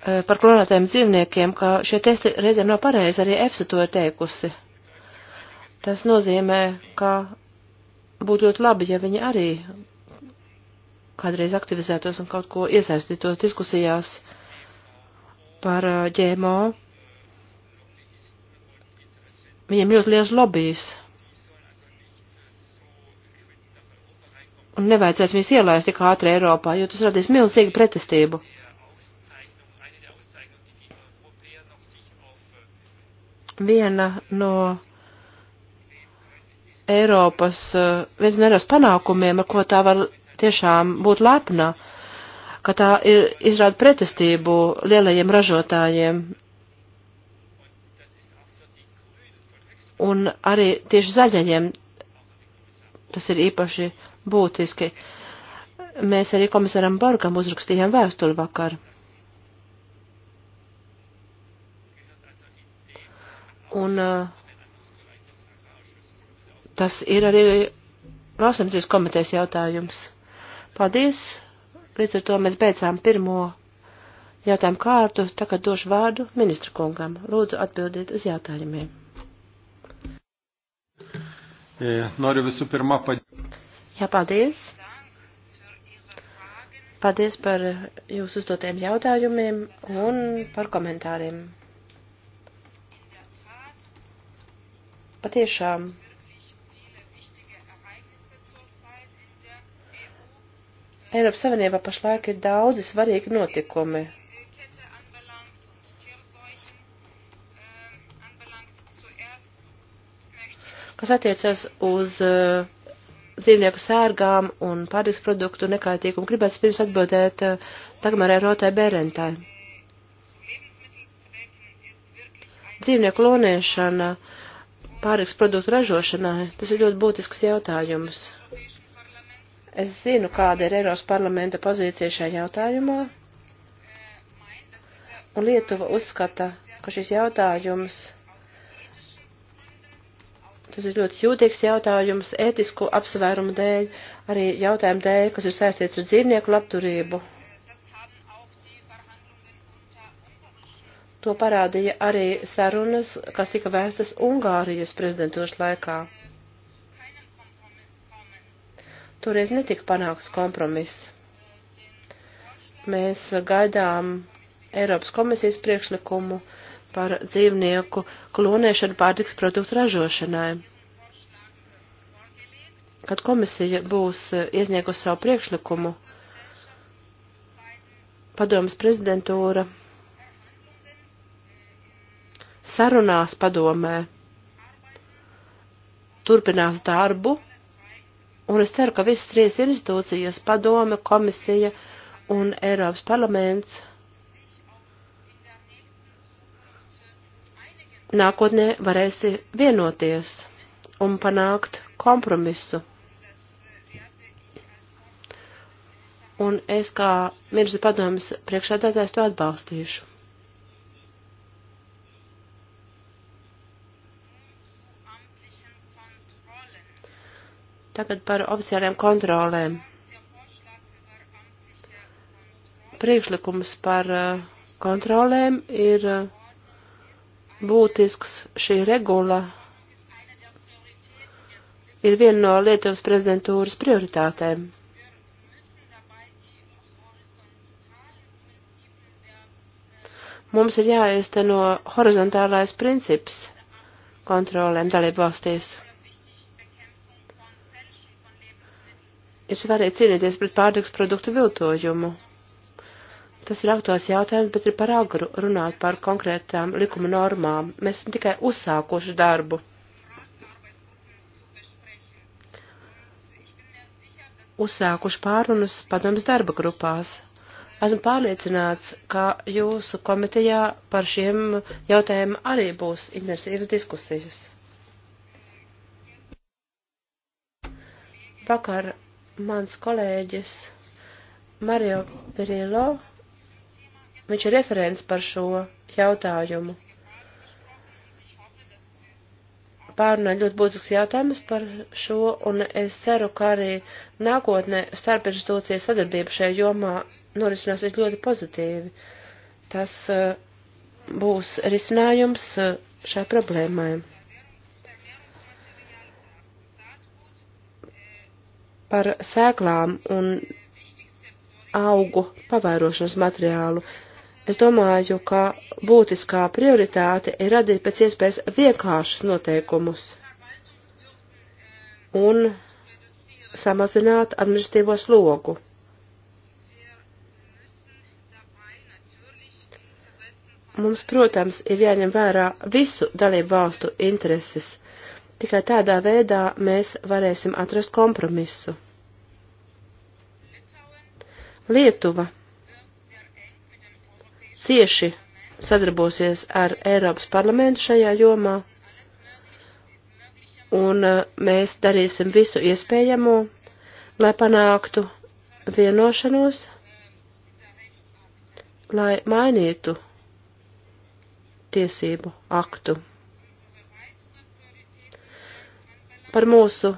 Eh, par klonētiem dzīvniekiem, ka šie testi reizēm nav pareizi, arī EFSA to ir teikusi. Tas nozīmē, ka būtu ļoti labi, ja viņi arī kādreiz aktivizētos un kaut ko iesaistītos diskusijās par eh, ģēmo. Viņiem ļoti liels lobijs. Un nevajadzētu viņus ielaist tik ātri Eiropā, jo tas radīs milzīgu pretestību. viena no Eiropas, eh, viens no Eiropas panākumiem, ar ko tā var tiešām būt lepna, ka tā ir izrāda pretestību lielajiem ražotājiem. Un arī tieši zaļajiem tas ir īpaši būtiski. Mēs arī komisaram Borgam uzrakstījām vēstuli vakar. Un tas ir arī Lauksaimniecības komitejas jautājums. Paldies! Līdz ar to mēs beidzām pirmo jautājumu kārtu. Tagad došu vārdu ministra kungam. Lūdzu atbildiet uz jautājumiem. E, noriu visu pirmā paģi. Jā, paldies. Paldies par jūsu uzdotajiem jautājumiem un par komentāriem. Patiešām Eiropas Savienībā pašlaik ir daudzi svarīgi notikumi. kas attiecas uz uh, dzīvnieku sērgām un pārtiks produktu nekaitīgumu. Gribētu pirms atbildēt uh, eh, Dagmarai Rotai Bērentai. Dzīvnieku klonēšana uh, pāriks produktu ražošanai, tas ir ļoti būtisks jautājums. Es zinu, kāda ir Eiropas parlamenta pozīcija šajā jautājumā, un Lietuva uzskata, ka šis jautājums, tas ir ļoti jūtīgs jautājums, ētisku apsvērumu dēļ, arī jautājumu dēļ, kas ir saistīts ar dzīvnieku labturību To parādīja arī sarunas, kas tika vēstas Ungārijas prezidentūras laikā. Toreiz netika panāks kompromiss. Mēs gaidām Eiropas komisijas priekšlikumu par dzīvnieku klonēšanu pārtiks produktu ražošanai. Kad komisija būs iesniegusi savu priekšlikumu, padomas prezidentūra sarunās padomē turpinās darbu, un es ceru, ka visas trīs institūcijas, padome, komisija un Eiropas parlaments nākotnē varēs vienoties un panākt kompromisu. Un es kā mirža padomas priekšādātājs to atbalstīšu. Tagad par oficiālajām kontrolēm. Priekšlikums par uh, kontrolēm ir uh, būtisks šī regula. Ir viena no Lietuvas prezidentūras prioritātēm. mums ir jāiesteno horizontālais princips kontrolēm dalībvalstīs. ir svarīgi cīnīties pret pārtiks produktu viltojumu. Tas ir aktuāls jautājums, bet ir par agru runāt par konkrētām likuma normām. Mēs esam tikai uzsākuši darbu. Uzsākuši pārunas padomas darba grupās. Esmu pārliecināts, ka jūsu komitejā par šiem jautājumiem arī būs intensīvas diskusijas. Vakar mans kolēģis Mario Pirillo, viņš ir referents par šo jautājumu. Pārunā ļoti būtisks jautājums par šo, un es ceru, ka arī nākotnē starp institūcijas sadarbība šajā jomā norisināsies ļoti pozitīvi. Tas uh, būs risinājums uh, šai problēmai. par sēklām un augu pavērošanas materiālu. Es domāju, ka būtiskā prioritāte ir radīt pēc iespējas vienkāršus noteikumus un samazināt administratīvo slogu. Mums, protams, ir jāņem vērā visu dalību valstu intereses Tikai tādā veidā mēs varēsim atrast kompromisu. Lietuva cieši sadarbosies ar Eiropas parlamentu šajā jomā, un uh, mēs darīsim visu iespējamo, lai panāktu vienošanos, lai mainītu tiesību aktu. Par mūsu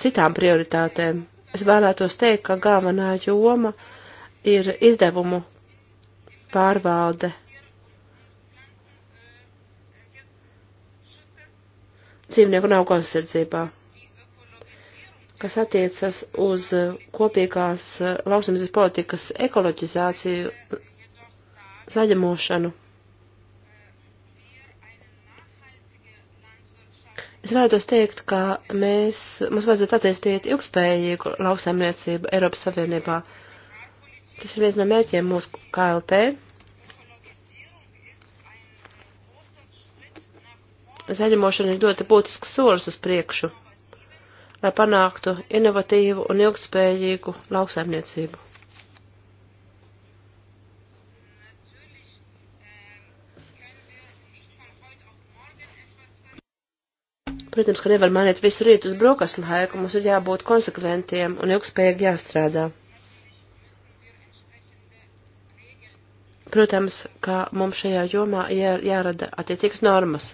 citām prioritātēm es vēlētos teikt, ka galvenā joma ir izdevumu pārvalde. Dzīvnieku nav konsardzībā, kas attiecas uz kopīgās lauksimzes politikas ekoloģizāciju, zaļamošanu. Es vēlētos teikt, ka mēs, mums vajadzētu attīstīt ilgspējīgu lauksaimniecību Eiropas Savienībā. Tas ir viens no mērķiem mūsu KLP. Zaļumošana ir ļoti būtisks solis uz priekšu, lai panāktu inovatīvu un ilgspējīgu lauksaimniecību. Protams, ka nevar mainīt visu rītu uz brokasmu haiku, mums ir jābūt konsekventiem un ilgspējīgi jāstrādā. Protams, ka mums šajā jomā jā, jārada attiecīgas normas.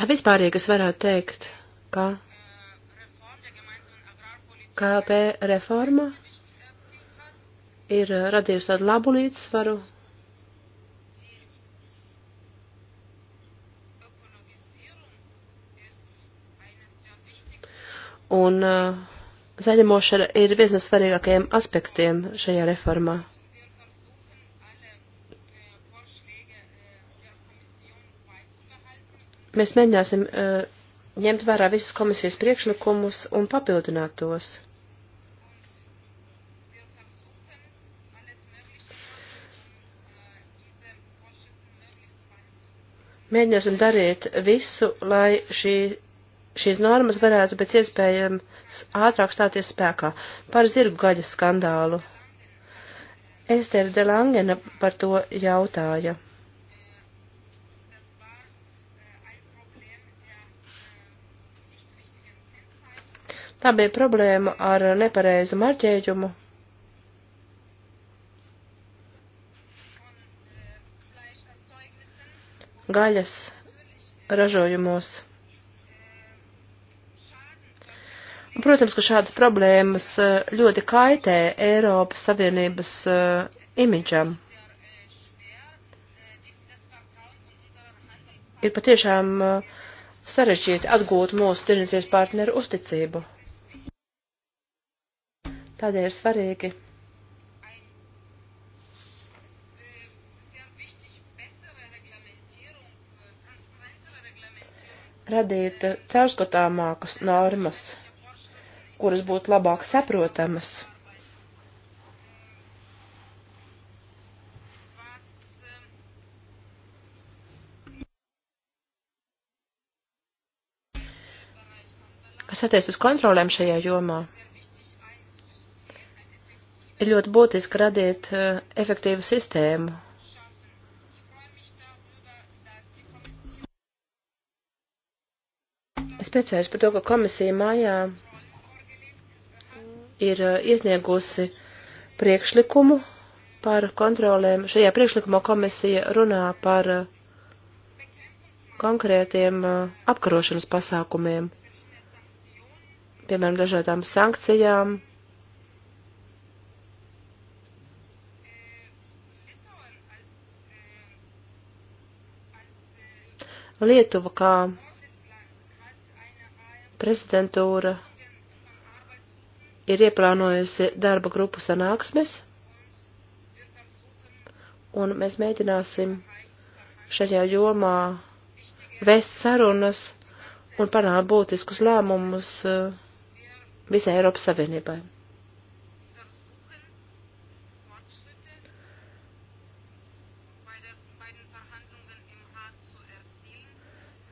Tā vispārīgi es varētu teikt, ka KLP reforma ir radījusi tādu labu līdzsvaru Un uh, zaļumošana ir viens no svarīgākajiem aspektiem šajā reformā. Mēs mēģināsim uh, ņemt vērā visus komisijas priekšlikumus un papildināt tos. Mēģināsim darīt visu, lai šī šīs normas varētu pēc iespējams ātrāk stāties spēkā par zirgu gaļas skandālu. Estere de Langena par to jautāja. Tā bija problēma ar nepareizu marķējumu. Gaļas ražojumos. Protams, ka šādas problēmas eh, ļoti kaitē Eiropas Savienības eh, imidžam. Ir patiešām eh, sarežģīti atgūt mūsu tirdzniecības partneru uzticību. Tādēļ ir svarīgi. radīt caurskatāmākas normas kuras būtu labāk saprotamas. Kas attiec uz kontrolēm šajā jomā? ir ļoti būtiski radīt uh, efektīvu sistēmu. Es priecājos par to, ka komisija mājā ir eh, iesniegusi priekšlikumu par kontrolēm. Šajā priekšlikumā komisija runā par eh, konkrētiem eh, apkarošanas pasākumiem, piemēram, dažādām sankcijām. Lietuva kā prezidentūra ir ieplānojusi darba grupu sanāksmes, un mēs mēģināsim šajā jomā vēst sarunas un panākt būtiskus lēmumus uh, visai Eiropas Savienībai.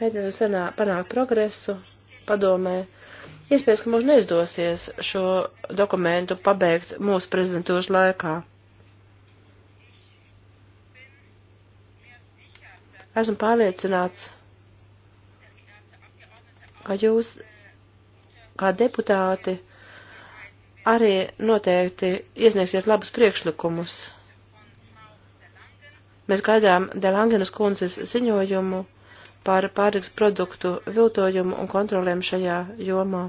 Mēģinām panākt progresu padomē Iespējams, ka mums neizdosies šo dokumentu pabeigt mūsu prezidentūras laikā. Esmu pārliecināts, ka jūs, kā deputāti, arī noteikti iesniegsiet labus priekšlikumus. Mēs gaidām Delangenas kundzes ziņojumu par pārtiks produktu viltojumu un kontrolēm šajā jomā.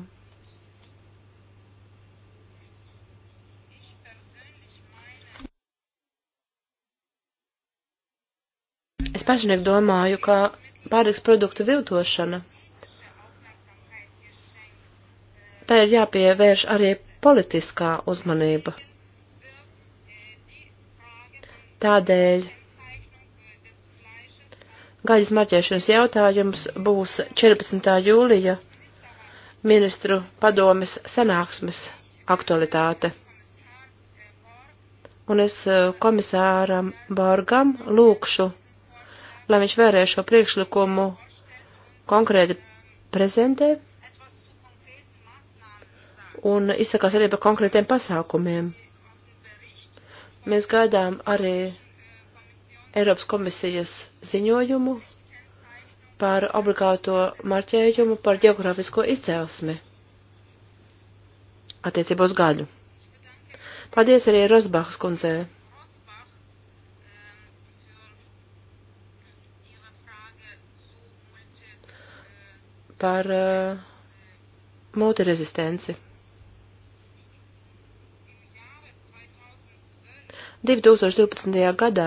Es personīgi domāju, ka pārtiks produktu viltošana tā ir jāpievērš arī politiskā uzmanība. Tādēļ Gaļas marķēšanas jautājums būs 14. jūlija ministru padomes sanāksmes aktualitāte. Un es e, komisāram Borgam lūkšu, lai viņš vērēs šo priekšlikumu konkrēti prezentē un izsakās arī par konkrētiem pasākumiem. Mēs gaidām arī Eiropas komisijas ziņojumu par obligāto marķējumu par geogrāfisko izcelsmi attiecībā uz gaļu. Paldies arī Rosbachas kundzē. par uh, multirezistenci. 2012. gadā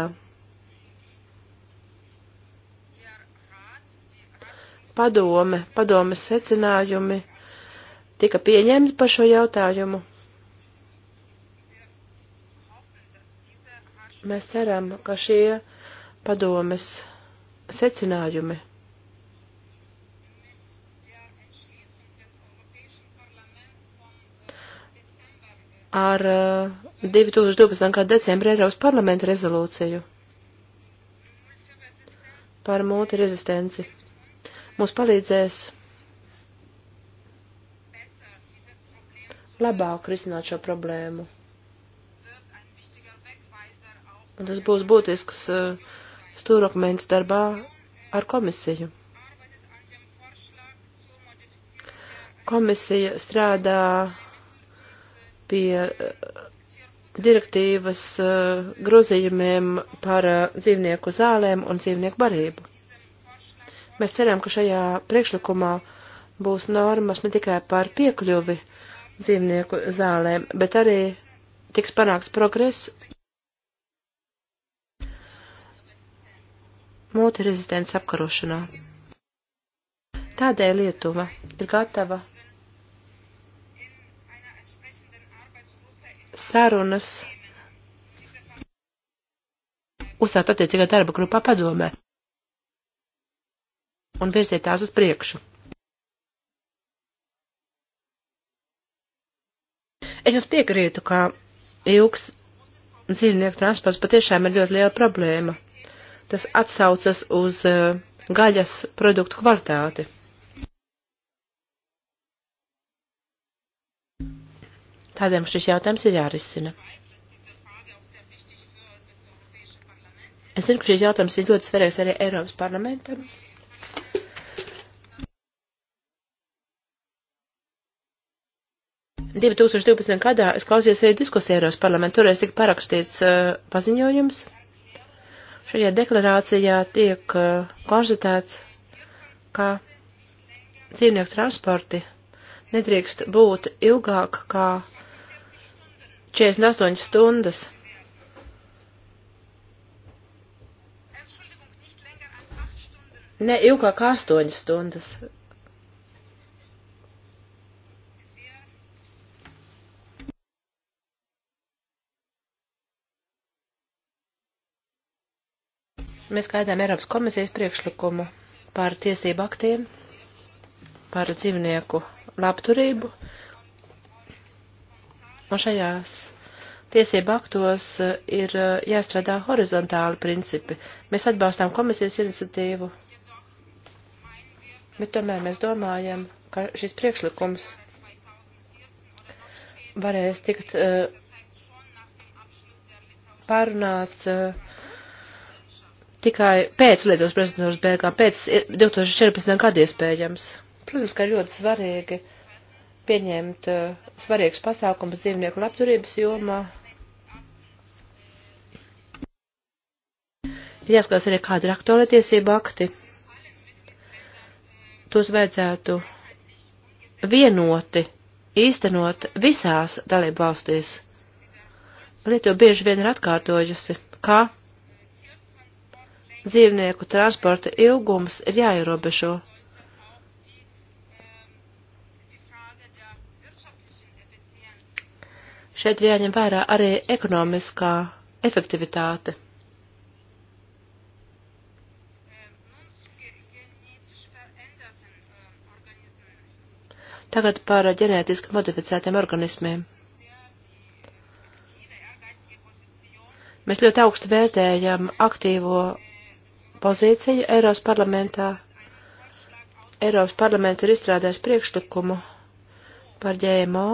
padome, padomes secinājumi tika pieņemti par šo jautājumu. Mēs ceram, ka šie padomes secinājumi ar 2012. Uh, gada decembra Eiropas parlamenta rezolūciju par multirezistenci mums palīdzēs labāk risināt šo problēmu. Un tas būs būtisks uh, stūrokmens darbā ar komisiju. Komisija strādā pie uh, direktīvas uh, grozījumiem par dzīvnieku zālēm un dzīvnieku barību. Mēs ceram, ka šajā priekšlikumā būs normas ne tikai par piekļuvi dzīvnieku zālēm, bet arī tiks panāks progress multirezistents apkarošanā. Tādēļ Lietuva ir gatava sarunas uzsākt attiecīgā darba grupā padomē un virziet tās uz priekšu. Es jums piekrītu, ka ilgs dzīvnieku transports patiešām ir ļoti liela problēma. Tas atsaucas uz eh, gaļas produktu kvalitāti. Tādēļ šis jautājums ir jārisina. Es zinu, ka šis jautājums ir ļoti svarīgs arī Eiropas parlamentam. 2012. gadā es klausījos arī diskusiju Eiros parlamentu, toreiz tika parakstīts uh, paziņojums. Šajā deklarācijā tiek uh, konstatēts, ka dzīvnieku transporti nedrīkst būt ilgāk kā 48 stundas. Ne ilgāk kā 8 stundas. mēs gaidām Eiropas komisijas priekšlikumu par tiesību aktiem, par dzīvnieku labturību. Un šajās tiesību aktos eh, ir eh, jāstrādā horizontāli principi. Mēs atbalstām komisijas iniciatīvu, bet tomēr mēs domājam, ka šis priekšlikums varēs tikt uh, pārunāts uh, tikai pēc Lietuvas prezidentūras beigām, pēc 2014. gada iespējams. Protams, ka ir ļoti svarīgi pieņemt uh, eh, svarīgus pasākumus dzīvnieku labturības jomā. Ir jāskatās arī, kāda ir aktuāla tiesība akti. Tos vajadzētu vienoti īstenot visās dalību valstīs. Lietuva bieži vien ir atkārtojusi, ka dzīvnieku transporta ilgums ir jāierobežo. Šeit ir jāņem vērā arī ekonomiskā efektivitāte. Tagad par ģenētiski modificētiem organismiem. Mēs ļoti augstu vērtējam aktīvo pozīciju Eiropas parlamentā. Eiropas parlaments ir izstrādājis priekšlikumu par ģēmo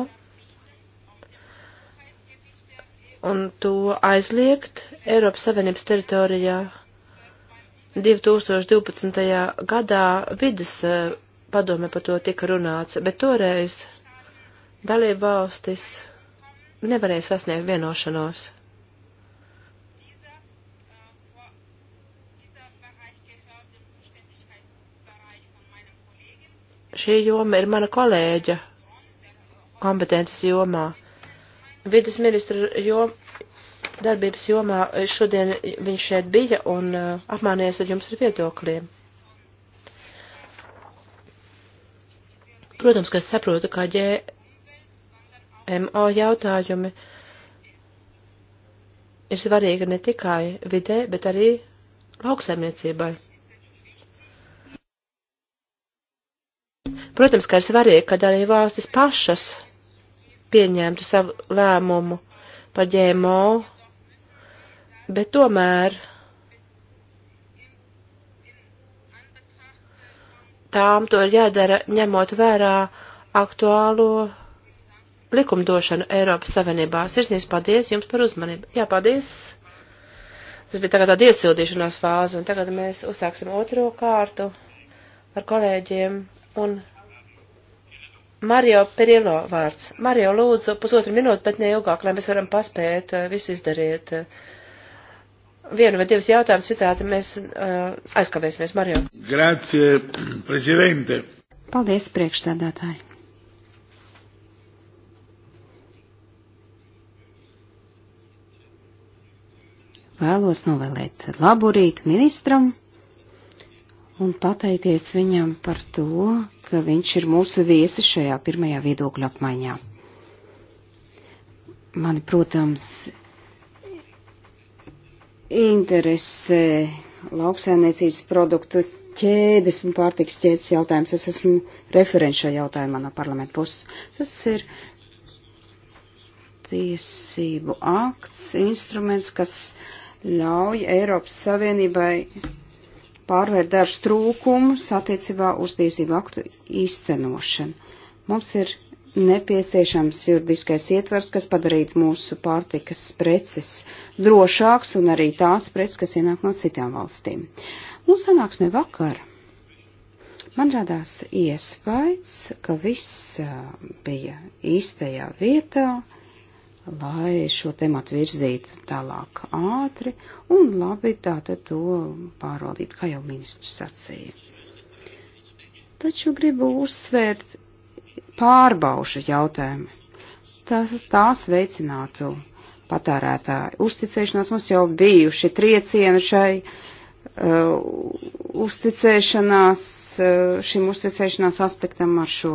un to aizliegt Eiropas Savienības teritorijā 2012. gadā vidas eh, padome par to tika runāts, bet toreiz dalība valstis nevarēja sasniegt vienošanos. šī joma ir mana kolēģa kompetences jomā. Vides ministra jom, darbības jomā šodien viņš šeit bija un uh, apmānījies ar jums ar viedokļiem. Protams, ka es saprotu, kā ģēmo jautājumi ir svarīgi ne tikai vidē, bet arī lauksaimniecībai. Protams, ka ir svarīgi, ka arī valstis pašas pieņemtu savu lēmumu par ģēmo, bet tomēr tām to ir jādara ņemot vērā aktuālo likumdošanu Eiropas Savienībā. Sirsnīgs paldies jums par uzmanību. Jā, paldies. Tas bija tagad tāda iesildīšanās fāze, un tagad mēs uzsāksim otro kārtu ar kolēģiem un Mario Perilo vārds. Mario, lūdzu, pusotru minūti, bet ne ilgāk, lai mēs varam paspēt eh, visu izdarīt. Eh, vienu vai divus jautājumus citādi mēs uh, aizkavēsimies, Mario. Grazie, prezidente. Paldies, priekšsēdētāji. Vēlos novēlēt labu rītu ministram un pateikties viņam par to, ka viņš ir mūsu viesis šajā pirmajā viedokļa apmaiņā. Mani, protams, interesē lauksainiecības produktu ķēdes un pārtiks ķēdes jautājums. Es esmu referents šajā jautājumā no parlamenta puses. Tas ir tiesību akts, instruments, kas ļauj Eiropas Savienībai pārvērt dažus trūkumus attiecībā uz tiesību aktu izcenošanu. Mums ir nepieciešams juridiskais ietvers, kas padarītu mūsu pārtikas preces drošāks un arī tās preces, kas ienāk no citām valstīm. Mūsu sanāksmē vakar man radās iespējas, ka viss bija īstajā vietā lai šo tematu virzītu tālāk ātri un labi tātad to pārvaldīt, kā jau ministrs sacīja. Taču gribu uzsvērt pārbaušu jautājumu. Tās, tās veicinātu patērētāju uzticēšanās. Mums jau bijuši triecieni šai uh, uzticēšanās, uh, šim uzticēšanās aspektam ar šo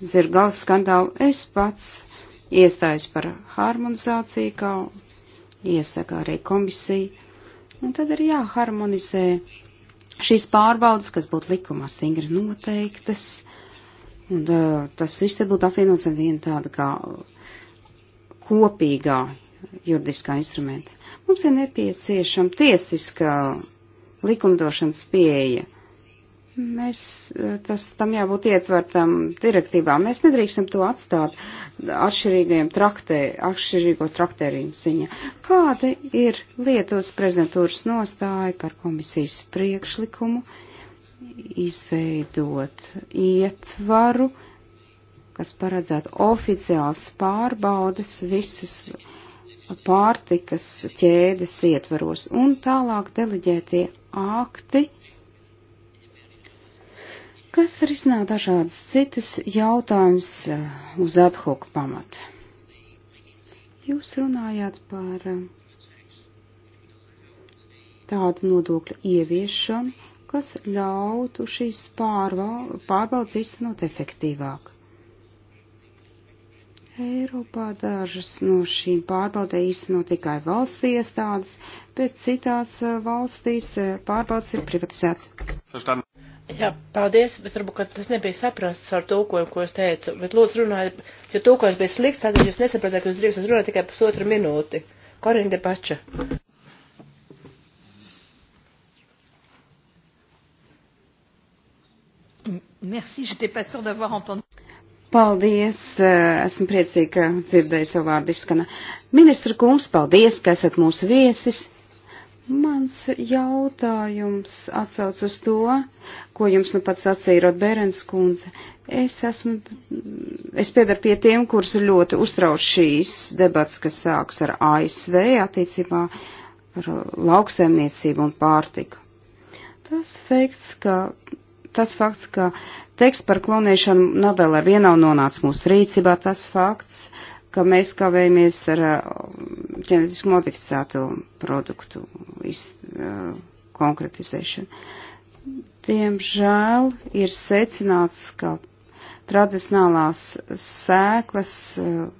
zirgals skandālu. Es pats iestājas par harmonizāciju, kā iesaka arī komisija. Un tad ir jāharmonizē šīs pārbaudas, kas būtu likumā stingri noteiktas. Un, uh, tas viss te būtu apvienots ar vienu tādu kā kopīgā juridiskā instrumenta. Mums ir nepieciešama tiesiska likumdošanas pieeja Mēs, eh, tas tam jābūt ietvertam direktīvā. Mēs nedrīkstam to atstāt atšķirīgajiem traktē, atšķirīgo traktēriju ziņā. Kāda ir Lietuvas prezidentūras nostāja par komisijas priekšlikumu izveidot ietvaru, kas paredzētu oficiāls pārbaudes visas pārtikas ķēdes ietvaros un tālāk deleģētie akti kas risinā dažādas citas jautājumas eh, uz ad hoc pamata. Jūs runājāt par eh, tādu nodokļu ieviešanu, kas ļautu šīs pārbaudas iztenot efektīvāk. Eiropā dažas no šīm pārbaudē īsteno tikai valsts iestādes, bet citās eh, valstīs pārbaudas ir privatizētas. Verstanden. Jā, paldies, bet varbūt, ka tas nebija saprasts ar tūkojumu, ko es teicu, bet lūdzu runājiet, jo tūkojums bija slikts, tad jūs nesapratāt, ka jūs drīkstat runāt tikai pusotru minūti. Korina de Pača. Merci, j'étais pas sûre d'avoir entendu. Paldies, eh, esmu priecīga, ka dzirdēju savu vārdu izskana. Ministra kungs, paldies, ka esat mūsu viesis. Mans jautājums atsauc uz to, ko jums nu pats sacīja Rodberens kundze. Es esmu, es piedaru pie tiem, kurus ļoti uztrauc šīs debats, kas sāks ar ASV attiecībā par lauksēmniecību un pārtiku. Tas fakts, ka, tas fakts, ka teksts par klonēšanu nav vēl ar vienu nonācis mūsu rīcībā, tas fakts, uh, ka mēs kavējamies ar uh, ģenetiski modificēto produktu iz, uh, konkretizēšanu. Diemžēl ir secināts, ka tradicionālās sēklas uh,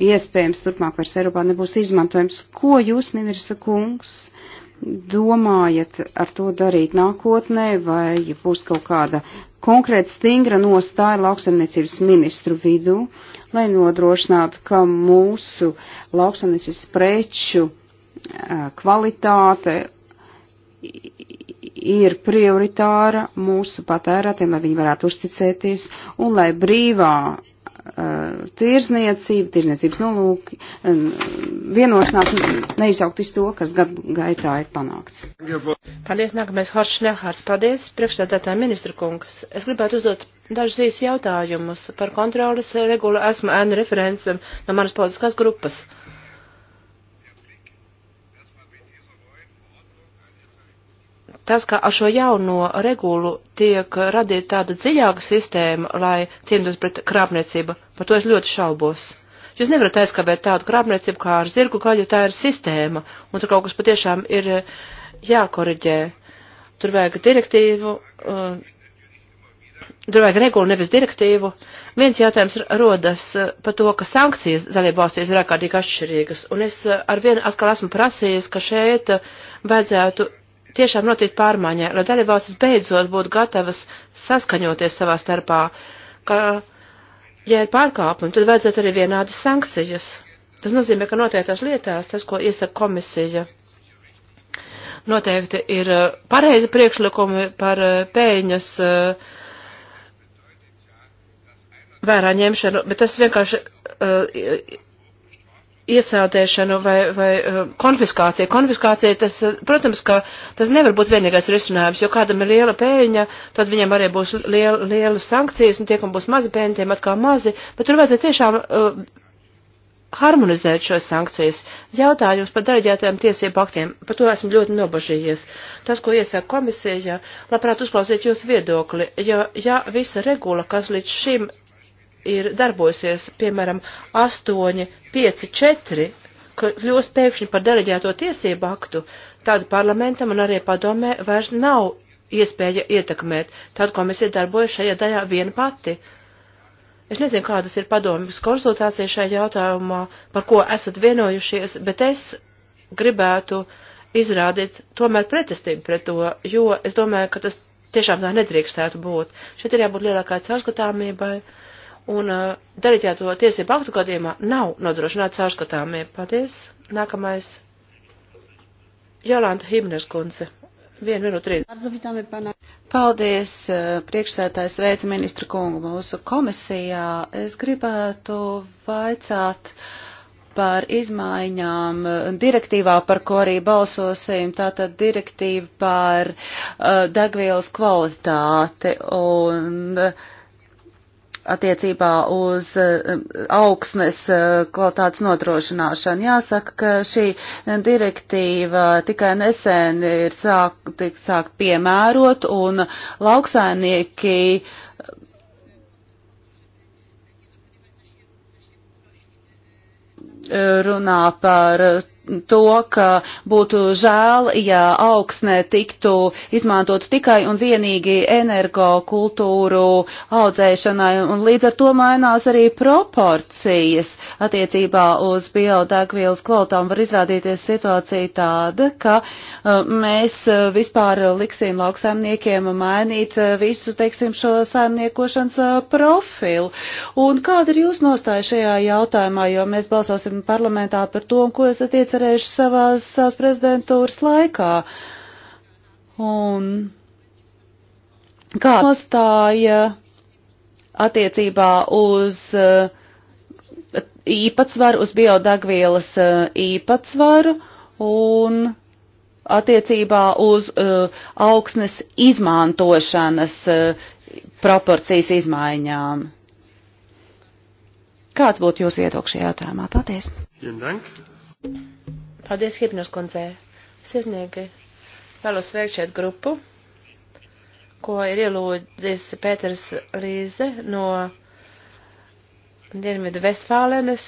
iespējams turpmāk vairs Eiropā nebūs izmantojams. Ko jūs, ministra kungs, domājat ar to darīt nākotnē, vai būs kaut kāda konkrēta stingra nostāja lauksaimniecības ministru vidū, lai nodrošinātu, ka mūsu lauksanisīs preču kvalitāte ir prioritāra mūsu patērētiem, lai viņi varētu uzticēties un lai brīvā Eh, tirzniecība, tirzniecības nolūki, eh, vienošanās neizauktīs to, kas gadu gaitā ir panākts. Paldies, nākamais Horšs Nehārds. Paldies, priekšstādātāja ministra kungs. Es gribētu uzdot dažus īsi jautājumus par kontrolas regulu. Esmu ēnu referents no manas politiskās grupas. Uh, tas, ka ar šo jauno regulu tiek radīta tāda dziļāka sistēma, lai cīnītos pret krāpniecību, par to es ļoti šaubos. Jūs nevarat aizskavēt tādu krāpniecību kā ar zirgu gaļu, tā ir sistēma, un tur kaut kas patiešām ir eh, jākoriģē. Tur vajag direktīvu, eh, tur vajag regulu, nevis direktīvu. Viens jautājums rodas eh, par to, ka sankcijas dalībvalstīs ir ārkārtīgi atšķirīgas, un es ar vienu atkal esmu prasījis, ka šeit vajadzētu tiešām notiek pārmaiņa, lai dalībvalstis beidzot būtu gatavas saskaņoties savā starpā, ka, ja ir pārkāpumi, tad vajadzētu arī vienādas sankcijas. Tas nozīmē, ka noteiktās lietās tas, ko iesaka komisija, noteikti ir eh, pareizi priekšlikumi par eh, pēļņas eh, vērā ņemšanu, bet tas vienkārši iesaldēšanu vai, vai eh, konfiskāciju. Konfiskācija, tas, eh, protams, ka tas nevar būt vienīgais risinājums, jo kādam ir liela pēļņa, tad viņam arī būs liela, liela sankcijas, un tie, kam būs mazi pēļņi, tiem atkal mazi, bet tur vajadzētu tiešām uh, harmonizēt šos sankcijas. Jautājums par deleģētajiem tiesību aktiem, par to esmu ļoti nobažījies. Tas, ko iesaka komisija, labprāt uzklausīt jūsu viedokli, jo, ja visa regula, kas līdz šim ir darbojusies, piemēram, 8, 5, 4, kļūst pēkšņi par deleģēto tiesību aktu, tad parlamentam un arī padomē vairs nav iespēja ietekmēt, tad komisija darbojas šajā daļā viena pati. Es nezinu, kādas ir padomjas konsultācijas šajā jautājumā, par ko esat vienojušies, bet es gribētu izrādīt tomēr pretestību pret to, jo es domāju, ka tas tiešām tā nedrīkstētu būt. Šeit ir jābūt lielākai caurskatāmībai. Uh, Un uh, deleģēto tiesību aktu gadījumā nav nodrošināta caurskatāmība. Paldies. Nākamais. Jolanta Himners kundze. 1 minūte 3. Paldies, priekšsētājs veica ministra kungu mūsu komisijā. Es gribētu vaicāt par izmaiņām direktīvā, par ko arī balsosim, tātad direktīva par uh, degvielas kvalitāti un uh, attiecībā uz um, augsnes uh, kvalitātes nodrošināšanu. Jāsaka, ka šī direktīva tikai nesen ir sāk, tik sākt piemērot un lauksainieki uh, runā par to, ka būtu žēl, ja augsnē tiktu izmantot tikai un vienīgi energo kultūru audzēšanai, un līdz ar to mainās arī proporcijas attiecībā uz biodegvielas kvalitām. Var izrādīties situācija tāda, ka uh, mēs uh, vispār liksim lauksaimniekiem mainīt uh, visu, teiksim, šo saimniekošanas profilu. Un kāda ir jūsu nostāja šajā jautājumā, jo mēs balsosim parlamentā par to, un ko es attiec ar izcerējuši savās, savās prezidentūras laikā. Un kā nostāja attiecībā uz uh, īpatsvaru, uz biodegvielas uh, īpatsvaru un attiecībā uz uh, augsnes izmantošanas proporcijas izmaiņām. Kāds būtu jūsu ietok šajā jautājumā? Paldies! Vielen Dank! Paldies, Hipnos kundzē. Sirsniegi vēlos sveikt šeit grupu, ko ir ielūdzis Pēters Līze no Dienvidu Vestfālenes.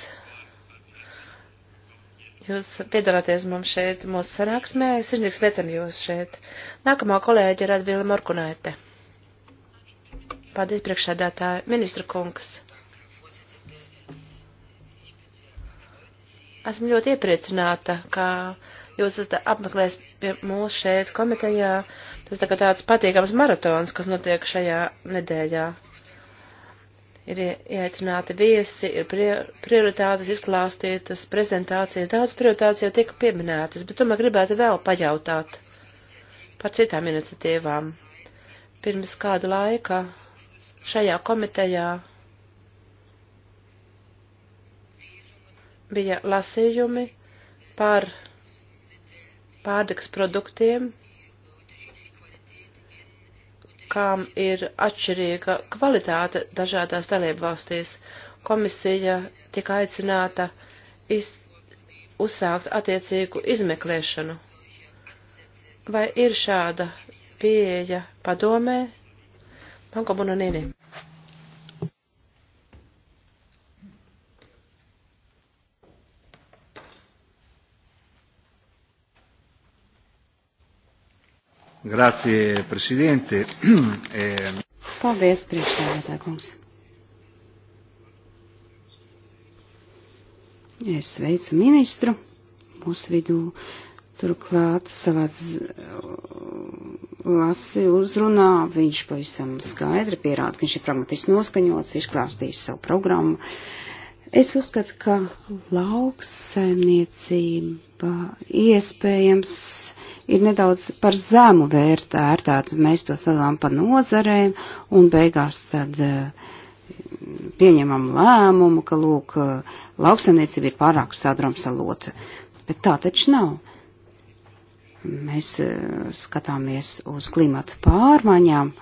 Jūs piedalāties mums šeit mūsu sanāksmē. Sirdnieks veicam jūs šeit. Nākamā kolēģa ir Advila Morkunaite. Paldies, priekšādātāji. Ministra kungs. Esmu ļoti iepriecināta, ka jūs esat apmeklējis pie mūs šeit komitejā. Tas tā kā tāds patīkams maratons, kas notiek šajā nedēļā. Ir ieaicināti viesi, ir prioritātes izklāstītas, prezentācijas, daudz prioritātes jau tika pieminētas, bet tomēr gribētu vēl pajautāt par citām iniciatīvām. Pirms kāda laika šajā komitejā bija lasījumi par pārtiks produktiem, kām ir atšķirīga kvalitāte dažādās dalību valstīs. Komisija tika aicināta iz, uzsākt attiecīgu izmeklēšanu. Vai ir šāda pieeja padomē? Panko Bunanini. Grazie, prezidente. (clears throat) Eh, Paldies, priekšsēdētā kungs. Es sveicu ministru mūsu vidū. Turklāt savā uh, lasi uzrunā viņš pavisam skaidri pierāda, ka viņš ir pragmatiski noskaņots, izklāstījis savu programmu. Uh, Es uzskatu, ka lauksaimniecība iespējams ir nedaudz par zemu vērtētāta. Mēs to sadalām pa nozarēm un beigās tad eh, pieņemam lēmumu, ka lūk, lauksaimniecība ir pārāk sadrumsalota. Bet tā taču nav. Mēs eh, skatāmies uz klimatu pārmaiņām,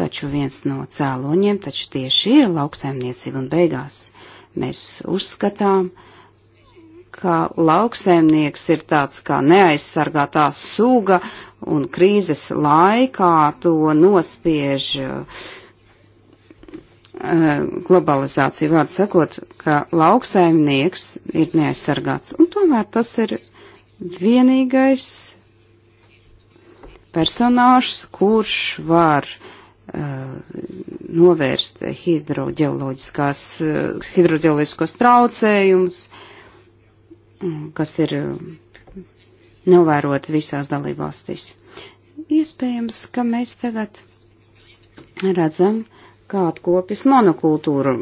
taču viens no cēloņiem taču tieši ir lauksaimniecība un beigās Mēs uzskatām, ka lauksēmnieks ir tāds kā neaizsargātā suga un krīzes laikā to nospiež eh, globalizācija vārdu sakot, ka lauksaimnieks ir neaizsargāts. Un tomēr tas ir vienīgais personāžs, kurš var uh, Uh, novērst hidroģeoloģiskās, uh, hidroģeoloģiskos traucējumus, mm, kas ir uh, novērot visās dalībvalstīs. Iespējams, ka mēs tagad redzam, kā atkopjas monokultūra.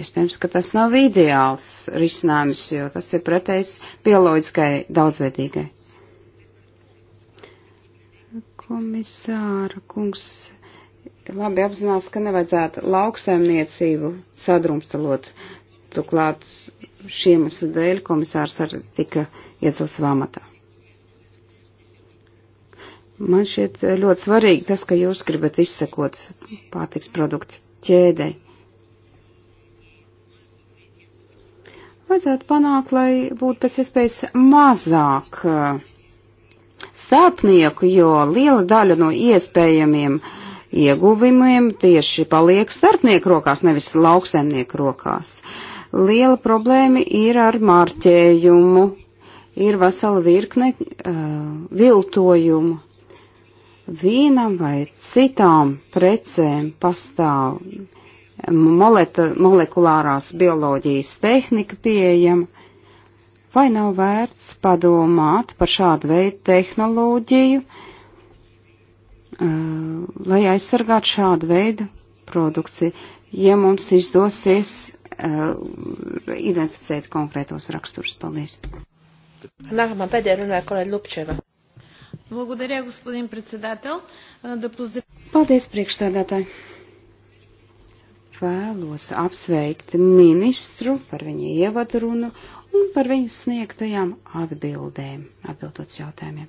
Iespējams, ka tas nav ideāls risinājums, jo tas ir pretējs bioloģiskai daudzveidīgai. Komisāra kungs labi apzinās, ka nevajadzētu lauksaimniecību sadrumstalot. Turklāt šiem dēļ komisārs arī tika iecels vamatā. Man šķiet ļoti svarīgi tas, ka jūs gribat izsekot pārtiks produktu ķēdei. Vajadzētu panākt, lai būtu pēc iespējas mazāk uh, starpnieku, jo liela daļa no iespējamiem ieguvumiem tieši paliek starpnieku rokās, nevis lauksaimnieku rokās. Liela problēma ir ar mārķējumu, ir vesela virkne uh, viltojumu. Vīnam vai citām precēm pastāv molekulārās bioloģijas tehnika pieejama, Vai nav vērts padomāt par šādu veidu tehnoloģiju, uh, lai aizsargātu šādu veidu produkciju, ja mums izdosies uh, identificēt konkrētos raksturus? Paldies! Nākamā pēdējā runāja kolēģi Lupčeva. Благодаря, господин председател. Да поздравя... Paldies, priekšsēdētāji! Vēlos apsveikt ministru par viņa ievadrunu un par viņu sniegtajām atbildēm, atbildot jautājumiem.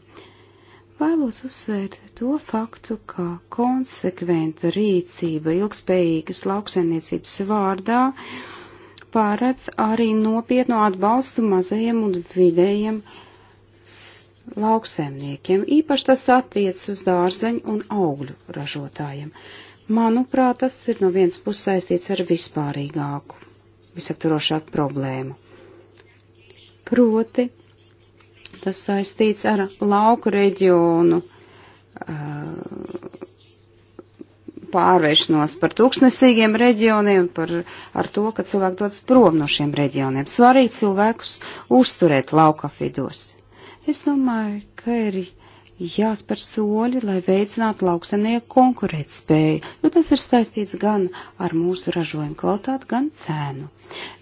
Vēlos uzsvērt to faktu, ka konsekventa rīcība ilgspējīgas lauksaimniecības vārdā pārēc arī nopietnu atbalstu mazajiem un vidējiem lauksaimniekiem, īpaši tas attiec uz dārzeņu un augļu ražotājiem. Manuprāt, tas ir no vienas puses saistīts ar vispārīgāku, visaptvarošāku problēmu. Proti, tas saistīts ar lauku reģionu pārvēršanos par tūkstnesīgiem reģioniem, par, ar to, ka cilvēki dodas prom no šiem reģioniem. Svarīgi cilvēkus uzturēt lauka vidos. Es domāju, ka ir jāspēr soļi, lai veicinātu lauksaimnieku konkurētspēju, jo tas ir saistīts gan ar mūsu ražojumu kvalitāti, gan cēnu.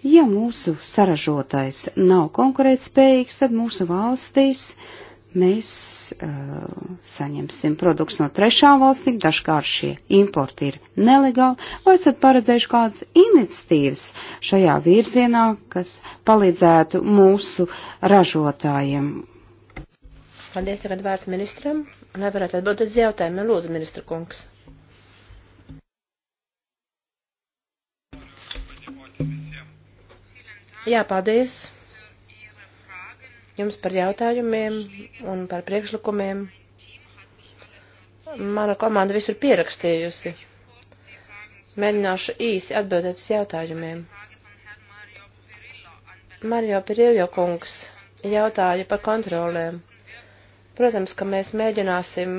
Ja mūsu saražotais nav konkurētspējīgs, tad mūsu valstīs mēs uh, saņemsim produktus no trešām valstīm, dažkārt šie importi ir nelegāli, vai esat paredzējuši kādas iniciatīvas šajā virzienā, kas palīdzētu mūsu ražotājiem Paldies tagad vārds ministram, lai varētu atbildēt uz jautājumiem. Lūdzu, ministra kungs. Jā, paldies jums par jautājumiem un par priekšlikumiem. Mana komanda visu ir pierakstījusi. Mēģināšu īsi atbildēt uz jautājumiem. Mario Pirillo kungs jautāja par kontrolēm. Protams, ka mēs mēģināsim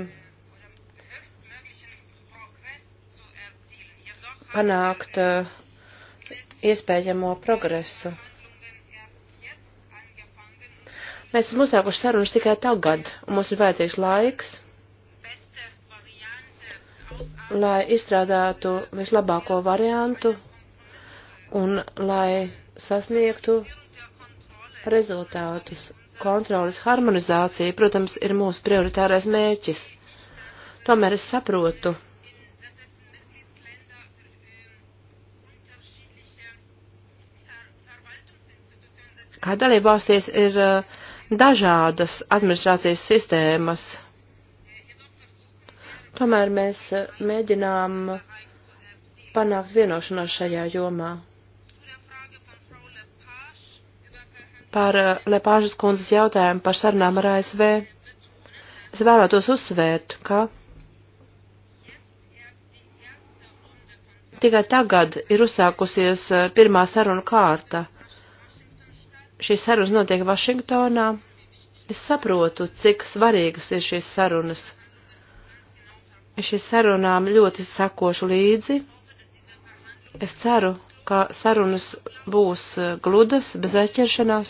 panākt uh, iespējamo progresu. Mēs esam uzsākuši sarunas tikai tagad, un mums ir vajadzīgs laiks, lai izstrādātu vislabāko variantu un lai sasniegtu rezultātus kontrolas harmonizācija, protams, ir mūsu prioritārais mērķis. Tomēr es saprotu, kā dalībvalstīs ir uh, dažādas administrācijas sistēmas. Tomēr mēs uh, mēģinām panākt vienošanos šajā jomā. par eh, Lepāžas kundzes jautājumu par sarunām ar ASV. Es vēlētos uzsvērt, ka tikai tagad ir uzsākusies eh, pirmā saruna kārta. Šīs sarunas notiek Vašingtonā. Es saprotu, cik svarīgas ir šīs sarunas. Es šīs sarunām ļoti sakošu līdzi. Es ceru, ka sarunas būs e, gludas, bez aizķeršanās?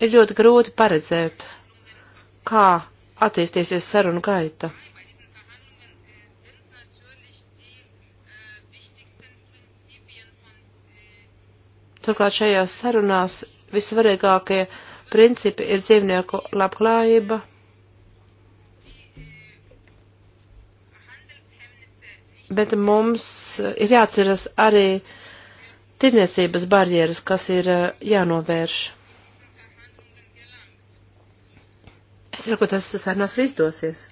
Ir ļoti grūti paredzēt, kā attīstīsies sarunu gaita. Turklāt šajās sarunās visvarīgākie principi ir dzīvnieku labklājība, bet mums ir jāatceras arī tirniecības barjeras, kas ir eh, jānovērš. Es ceru, ka tas sarunās izdosies.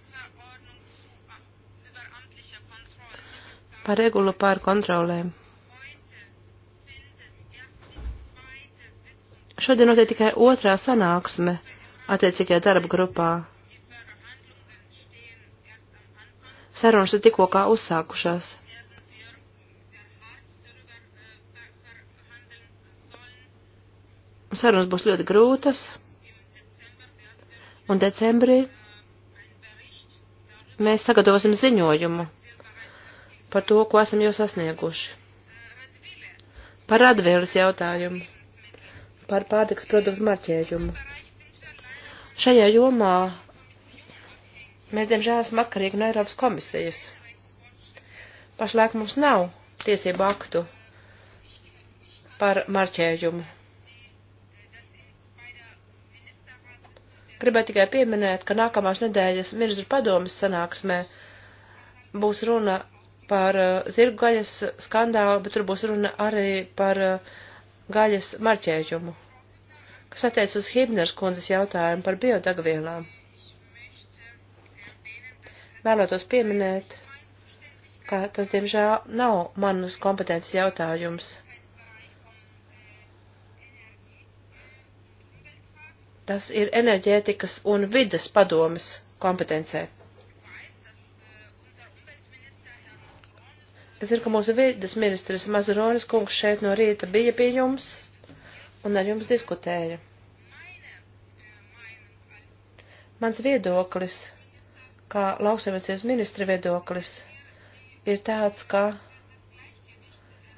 Par regulu pār kontrolēm. Šodien notiek tikai otrā sanāksme attiecīgajā darba grupā Sarunas ir tikko kā uzsākušās. Sarunas būs ļoti grūtas. Un decembrī mēs sagatavosim ziņojumu par to, ko esam jau sasnieguši. Par atvēles jautājumu, par pārtiks produktu marķējumu. Šajā jomā Mēs, diemžēl, esam atkarīgi no Eiropas komisijas. Pašlaik mums nav tiesību aktu par marķējumu. Gribētu tikai pieminēt, ka nākamās nedēļas mirzru padomas sanāksmē būs runa par uh, zirgu gaļas skandālu, bet tur būs runa arī par uh, gaļas marķējumu, kas attiec uz Hibners kundzes jautājumu par biodagvielām vēlētos pieminēt, ka tas, diemžēl, nav manas kompetences jautājums. Tas ir enerģētikas un vidas padomas kompetencē. Es zinu, ka mūsu vidas ministrs Mazuronis kungs šeit no rīta bija pie jums un ar jums diskutēja. Mans viedoklis kā lauksaimniecības ministra viedoklis ir tāds, ka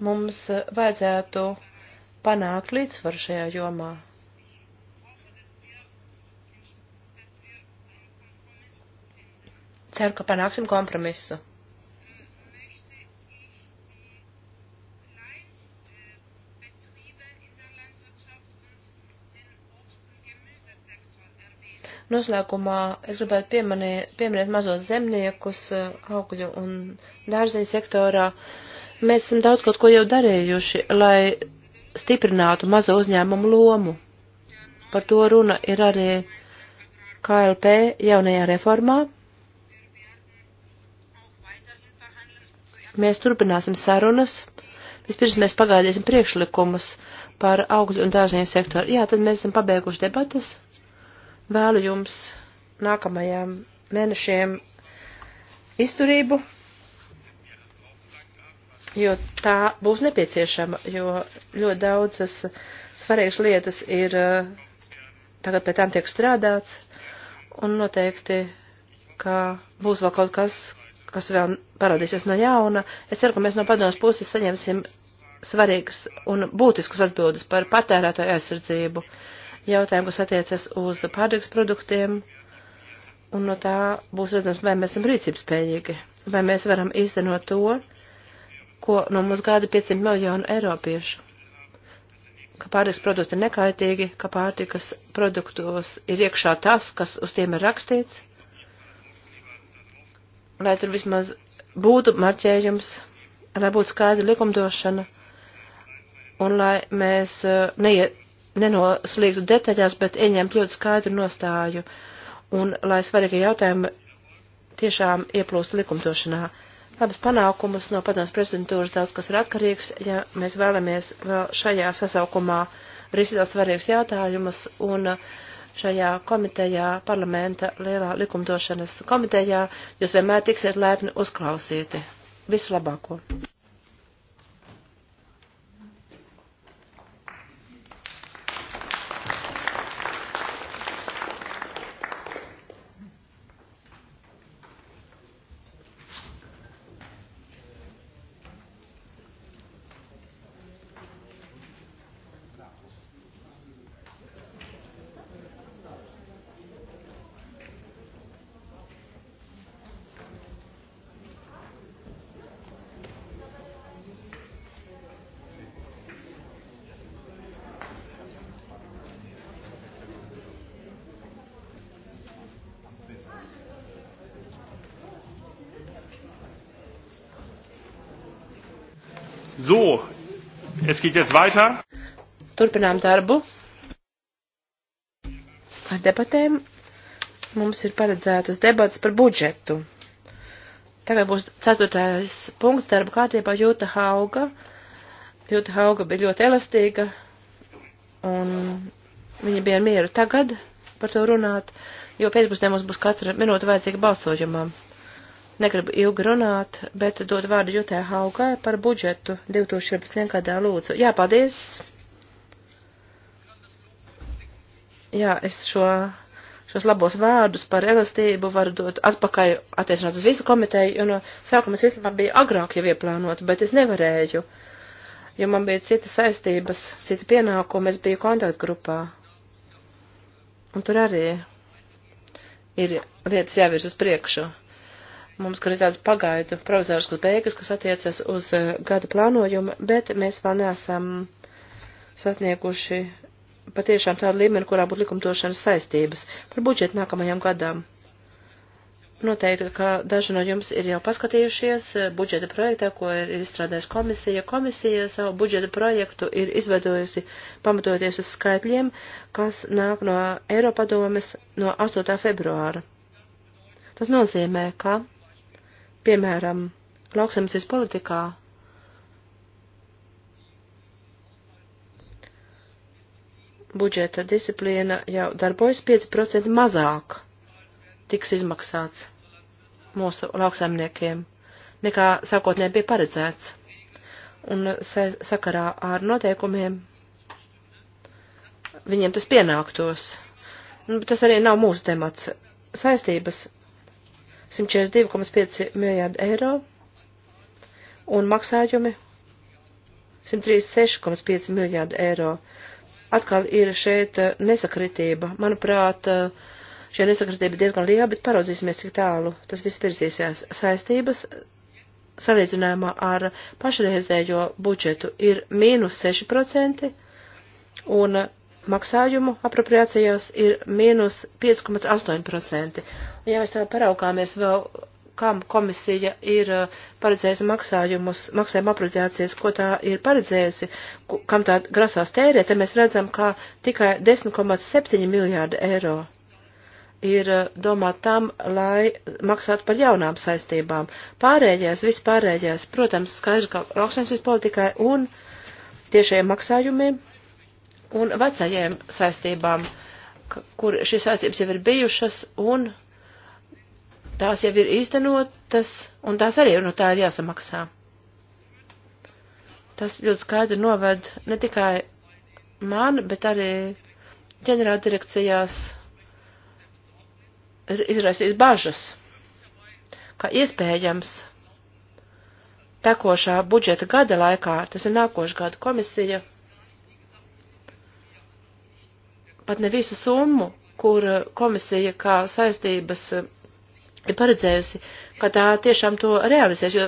mums vajadzētu panākt līdzsvaru šajā jomā. Ceru, ka panāksim kompromisu. Noslēgumā es gribētu piemanīt, pieminēt mazos zemniekus eh, augļu un dārzeņu sektorā. Mēs esam daudz kaut ko jau darījuši, lai stiprinātu mazo uzņēmumu lomu. Par to runa ir arī KLP jaunajā reformā. Mēs turpināsim sarunas. Vispirms mēs pagaidīsim priekšlikumus par augļu un dārzeņu sektoru. Jā, tad mēs esam pabeiguši debatas. Vēlu jums nākamajām mēnešiem izturību, jo tā būs nepieciešama, jo ļoti daudzas svarīgas lietas ir eh, tagad pēc tām tiek strādāts, un noteikti, ka būs vēl kaut kas, kas vēl parādīsies no jauna. Es ceru, ka mēs no padomas puses saņemsim svarīgas un būtiskas atbildes par patērētāju aizsardzību. Uh, jautājumu, kas attiecas uz pārtiks produktiem, un no tā būs redzams, vai mēs esam rīcības spējīgi, vai mēs varam īstenot to, ko no mums gada 500 miljonu eiropiešu, ka pārtiks produkti ir nekaitīgi, ka pārtikas produktos ir iekšā tas, kas uz tiem ir rakstīts, lai tur vismaz būtu marķējums, lai būtu skaidra likumdošana un lai mēs eh, neiet nenoslīgtu detaļās, bet ieņemt ļoti skaidru nostāju un lai svarīgie jautājumi tiešām ieplūst likumdošanā. Labas panākumus no padomus prezidentūras daudz kas ir atkarīgs, ja mēs vēlamies vēl šajā sasaukumā risināt svarīgus jautājumus un šajā komitejā, parlamenta lielā likumdošanas komitejā, jūs vienmēr tiksiet laipni uzklausīti. Visu labāko! Es geht jetzt weiter. Turpinām darbu ar debatēm. Mums ir paredzētas debatas par budžetu. Tagad būs ceturtais punkts darba kārtībā Jūta Hauga. Jūta Hauga bija ļoti elastīga, un viņa bija mieru tagad par to runāt, jo pēcpusdienā mums būs katra minūte vajadzīga balsojumam. Negribu ilgi runāt, bet dod vārdu Jutē Haugai par budžetu 2011. gadā lūdzu. Jā, paldies. Jā, es šo, šos labos vārdus par elastību varu dot atpakaļ attiecināt uz visu komiteju, jo no sākuma es īstenībā biju agrāk jau ieplānot, bet es nevarēju, jo man bija citas saistības, citi pienākumi, es biju kontaktgrupā. Un tur arī ir lietas jāvirz uz priekšu. Mums gan ir tāds pagaidu provizoriskas beigas, kas attiecas uz eh, gada plānojumu, bet mēs vēl neesam sasnieguši patiešām tādu līmeni, kurā būtu likumdošanas saistības par budžetu nākamajam gadam. Noteikti, ka daži no jums ir jau paskatījušies eh, budžeta projektā, ko ir izstrādājusi komisija. Komisija savu budžeta projektu ir izveidojusi pamatoties uz skaitļiem, kas nāk no Eiropadomes no 8. februāra. Tas nozīmē, ka Piemēram, lauksemniecības politikā budžeta disciplīna jau darbojas 5% mazāk tiks izmaksāts mūsu lauksaimniekiem, nekā sākotnēji bija paredzēts. Un sakarā ar noteikumiem viņiem tas pienāktos. Nu, tas arī nav mūsu temats. Saistības 142,5 miljārdi eiro un maksājumi 136,5 miljārdi eiro. Atkal ir šeit eh, nesakritība. Manuprāt, eh, šī nesakritība ir diezgan liela, bet paraudzīsimies, cik tālu tas viss virzīsies. Saistības salīdzinājumā ar pašreizējo budžetu ir mīnus 6% un maksājumu apropriācijās ir mīnus 5,8% ja mēs tā paraugāmies vēl, kam komisija ir uh, paredzējusi maksājumus, maksājuma apreciācijas, ko tā ir paredzējusi, kam tā grasās tērēt, tad mēs redzam, ka tikai 10,7 miljārdi eiro ir uh, domāt tam, lai maksātu par jaunām saistībām. Pārējais, vispārējais, protams, skaidrs, ka lauksaimniecības politikai un tiešajiem maksājumiem un vecajiem saistībām, kur šīs saistības jau ir bijušas un Tās jau ir īstenotas, un tās arī no tā ir jāsamaksā. Tas ļoti skaidri noved ne tikai mani, bet arī ģenerāldirekcijās ir izraisījis bažas, ka iespējams tekošā budžeta gada laikā, tas ir nākošā gada komisija, pat ne visu summu, kur komisija kā saistības ir paredzējusi, ka tā tiešām to realizēs, jo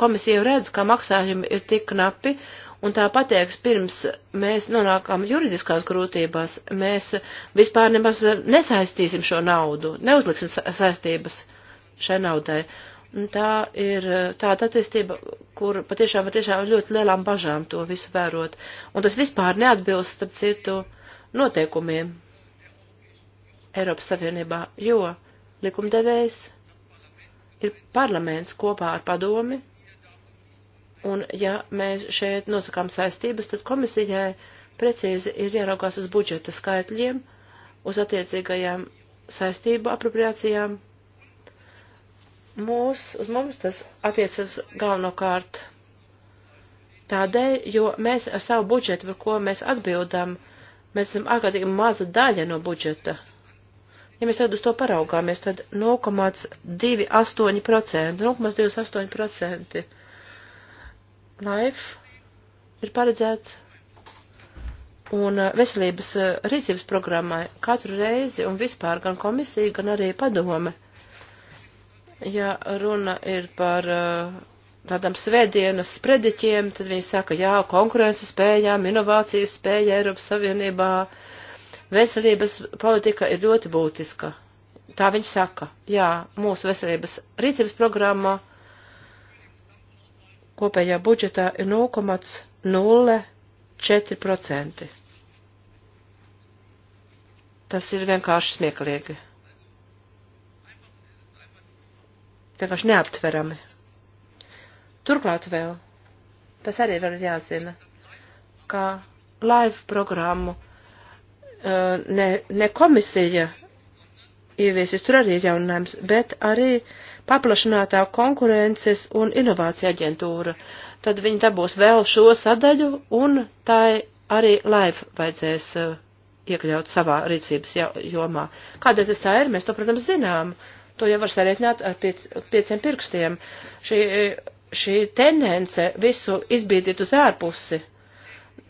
komisija jau redz, ka maksājumi ir tik knapi, un tā pateiks, pirms mēs nonākam juridiskās grūtībās, mēs vispār nemaz nesaistīsim šo naudu, neuzliksim saistības šai naudai. Un tā ir tāda attīstība, kur patiešām, patiešām ļoti lielām bažām to visu vērot. Un tas vispār neatbilst, starp citu, noteikumiem Eiropas Savienībā, jo likumdevējs ir parlaments kopā ar padomi, un ja mēs šeit nosakām saistības, tad komisijai precīzi ir jāraugās uz budžeta skaitļiem, uz attiecīgajām saistību apropriācijām. Mūs, uz mums tas attiecas galvenokārt tādēļ, jo mēs ar savu budžetu, par ko mēs atbildam, mēs esam ārkārtīgi maza daļa no budžeta ja mēs tagad uz to paraugāmies, tad 0,28%, 0,28% life ir paredzēts un eh, veselības eh, rīcības programmai katru reizi un vispār gan komisija, gan arī padome. Ja runa ir par eh, tādām svētdienas sprediķiem, tad viņi saka, jā, konkurences spējām, inovācijas spēja Eiropas Savienībā. Uh, Veselības politika ir ļoti būtiska. Tā viņš saka. Jā, mūsu veselības rīcības programmā kopējā budžetā ir 0,04%. Tas ir vienkārši smieklīgi. Vienkārši neaptverami. Turklāt vēl, tas arī vēl ir jāzina, kā live programmu Eh, ne, ne komisija ieviesīs, tur arī ir jauninājums, bet arī paplašinātā konkurences un inovācija aģentūra. Tad viņi dabūs vēl šo sadaļu un tai arī live vajadzēs eh, iekļaut savā rīcības jomā. Kādēļ tas tā ir, mēs to, protams, zinām. To jau var sarēķināt ar piec, pieciem pirkstiem. Šī, šī tendence visu izbīdīt uz ārpusi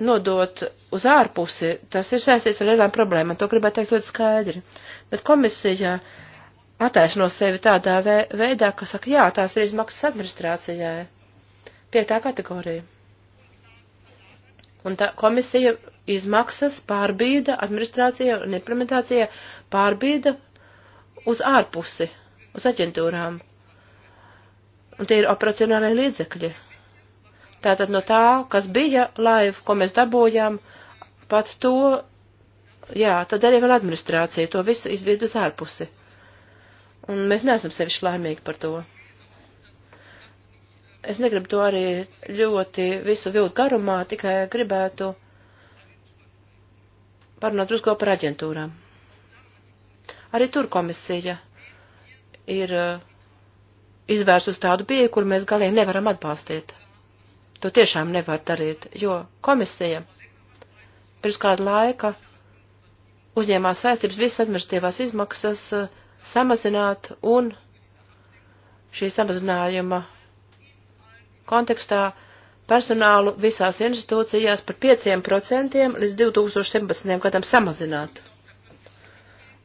nodot uz ārpusi, tas ir saistīts ar lielām problēmām. To gribētu teikt ļoti skaidri. Bet komisija attaisno sevi tādā vē veidā, ka saka, jā, tās ir izmaksas administrācijai. Piektā kategorija. Un tā komisija izmaksas pārbīda administrācija un implementācija pārbīda uz ārpusi, uz aģentūrām. Un tie ir operacionālai līdzekļi. Tātad no tā, kas bija laiva, ko mēs dabūjām, pat to, jā, tad arī vēl administrācija to visu izvied uz ārpusi. Un mēs neesam sevišķi laimīgi par to. Es negribu to arī ļoti visu vilkt garumā, tikai gribētu parunāt drusku par aģentūrām. Arī tur komisija ir uh, izvērsus tādu pieeju, kur mēs galīgi nevaram atbalstīt to tiešām nevar darīt, jo komisija pirms kāda laika uzņēmās saistības visas administratīvās izmaksas eh, samazināt un šī samazinājuma kontekstā personālu visās institūcijās par 5% līdz 2017. gadam samazināt.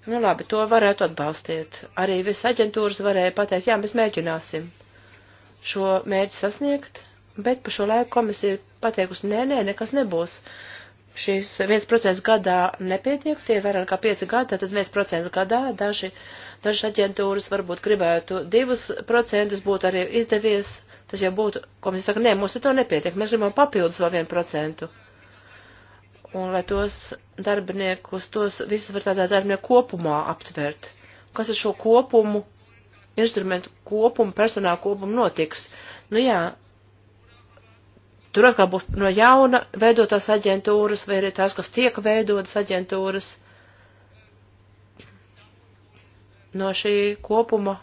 Nu labi, to varētu atbalstīt. Arī visas aģentūras varēja pateikt, jā, mēs mēģināsim šo mērķi sasniegt bet pa šo laiku komisija ir pateikusi, nē, nē, nekas nebūs. Šīs 1% gadā nepietiek, tie ir vairāk kā 5 gadi, tad 1% gadā daži, dažas aģentūras varbūt gribētu 2% būtu arī izdevies, tas jau būtu, komisija saka, nē, mums ar to nepietiek, mēs gribam papildus vēl 1%. Un lai tos darbiniekus, tos visus var tādā darbinieku kopumā aptvert. Kas ar šo kopumu, instrumentu kopumu, personāla kopumu notiks? Nu jā, Tur atkal būs no jauna veidotās aģentūras vai arī tās, kas tiek veidotas aģentūras no šī kopuma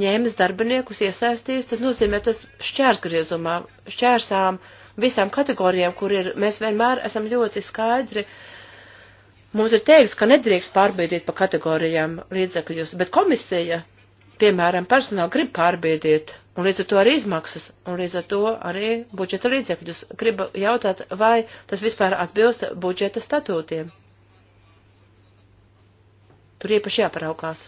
ņēmis darbiniekus iesaistīs, tas nozīmē tas šķērsgriezumā, šķērsām visām kategorijām, kur ir, mēs vienmēr esam ļoti skaidri. Mums ir teikts, ka nedrīkst pārbīdīt pa kategorijām līdzekļus, bet komisija piemēram, personāli grib pārbiediet, un līdz ar to arī izmaksas, un līdz ar to arī budžeta līdzekļus. Gribu jautāt, vai tas vispār atbilst budžeta statūtiem. Tur īpaši jāparaukās.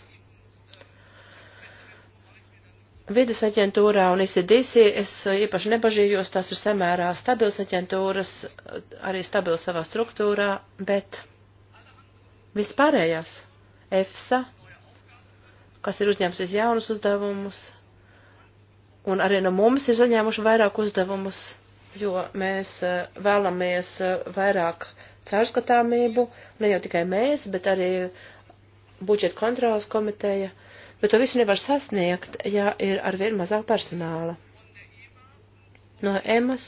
Vides aģentūrā un ICDC es īpaši nebažījos, tās ir samērā stabils aģentūras, arī stabils savā struktūrā, bet vispārējās EFSA kas ir uzņēmusies jaunus uzdevumus, un arī no mums ir saņēmuši vairāk uzdevumus, jo mēs eh, vēlamies eh, vairāk caurskatāmību, ne jau tikai mēs, bet arī budžeta kontrolas komiteja, bet to visu nevar sasniegt, ja ir arvien mazāk personāla. No EMAS,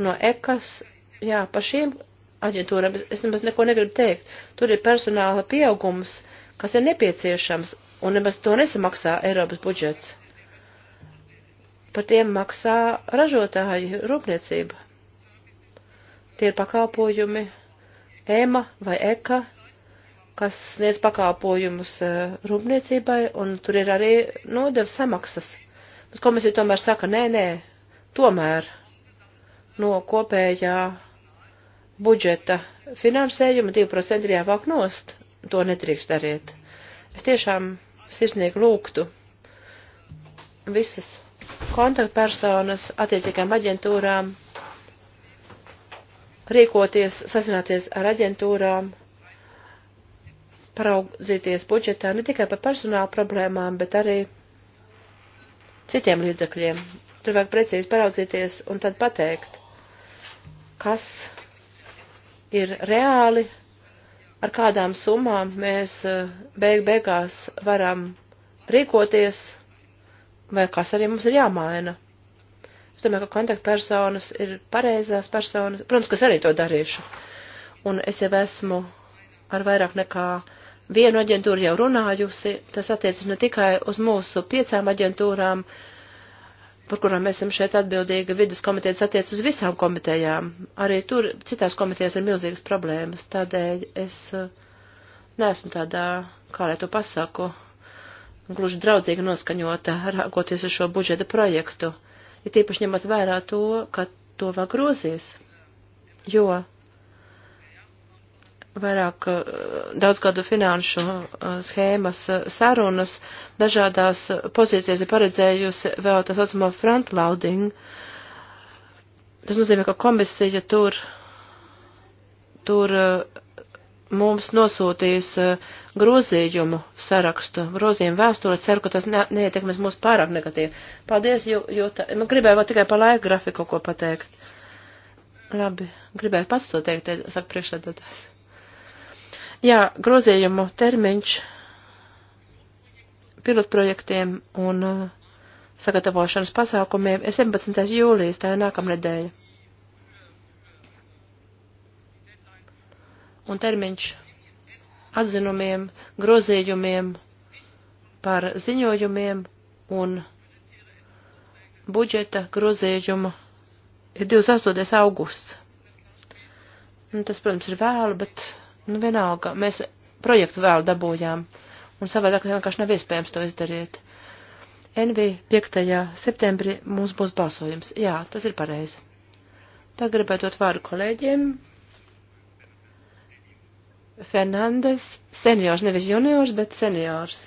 no EKAS, jā, par šīm aģentūrām es nemaz neko negribu teikt. Tur ir personāla pieaugums kas ir nepieciešams, un nemaz to nesamaksā Eiropas budžets. Par tiem maksā ražotāji rūpniecība. Tie ir pakalpojumi EMA vai EKA, kas sniedz pakalpojumus e, rūpniecībai, un tur ir arī nodevs samaksas. Bet komisija tomēr saka, nē, nē, tomēr no kopējā budžeta finansējuma 2% ir jāvāk nost to nedrīkst darīt. Es tiešām sirsnīgi lūgtu visas kontaktpersonas attiecīgām aģentūrām rīkoties, sazināties ar aģentūrām, paraudzīties budžetā ne tikai par personāla problēmām, bet arī citiem līdzekļiem. Tur vajag precīzi paraudzīties un tad pateikt, kas ir reāli ar kādām summām mēs eh, beig beigās varam rīkoties, vai kas arī mums ir jāmaina. Es domāju, ka kontaktpersonas ir pareizās personas, protams, kas arī to darīšu. Un es jau esmu ar vairāk nekā vienu aģentūru jau runājusi, tas attiecas ne tikai uz mūsu piecām aģentūrām, uh, par kurām mēs esam šeit atbildīgi, vidas komitejas attiec uz visām komitejām. Arī tur citās komitejās ir milzīgas problēmas, tādēļ es eh, neesmu tādā, kā lai to pasaku, gluži draudzīgi noskaņota, rāgoties uz šo budžeta projektu, ir ja tīpaši ņemot vērā to, ka to vēl grozīs, jo vairāk eh, daudzgadu finanšu eh, schēmas eh, sarunas dažādās pozīcijās ir paredzējusi vēl tā saucamo frontloading. Tas nozīmē, ka komisija tur, tur mums nosūtīs grozījumu sarakstu, grozījumu vēstuli. Ceru, ka tas ne, neietekmēs mūs pārāk negatīvi. Paldies, Jūta. Man nu, gribēja vēl tikai par laika grafiku ko pateikt. Labi, gribēju pats to teikt, saka priekšsēdētājs. Jā, grozījumu termiņš pilotprojektiem un uh, sagatavošanas pasākumiem ir 17. jūlijas, tā ir nākamnedēļa. Un termiņš atzinumiem, grozījumiem par ziņojumiem un budžeta grozījumu ir 28. augusts. Un nu, tas, protams, ir vēlu, bet Nu, vienalga, mēs projektu vēl dabūjām, un savādāk vienkārši nav iespējams to izdarīt. NV 5. septembrī mums būs balsojums. Jā, tas ir pareizi. Tā gribētu dot vārdu kolēģiem. Fernandes, seniors, nevis juniors, bet seniors.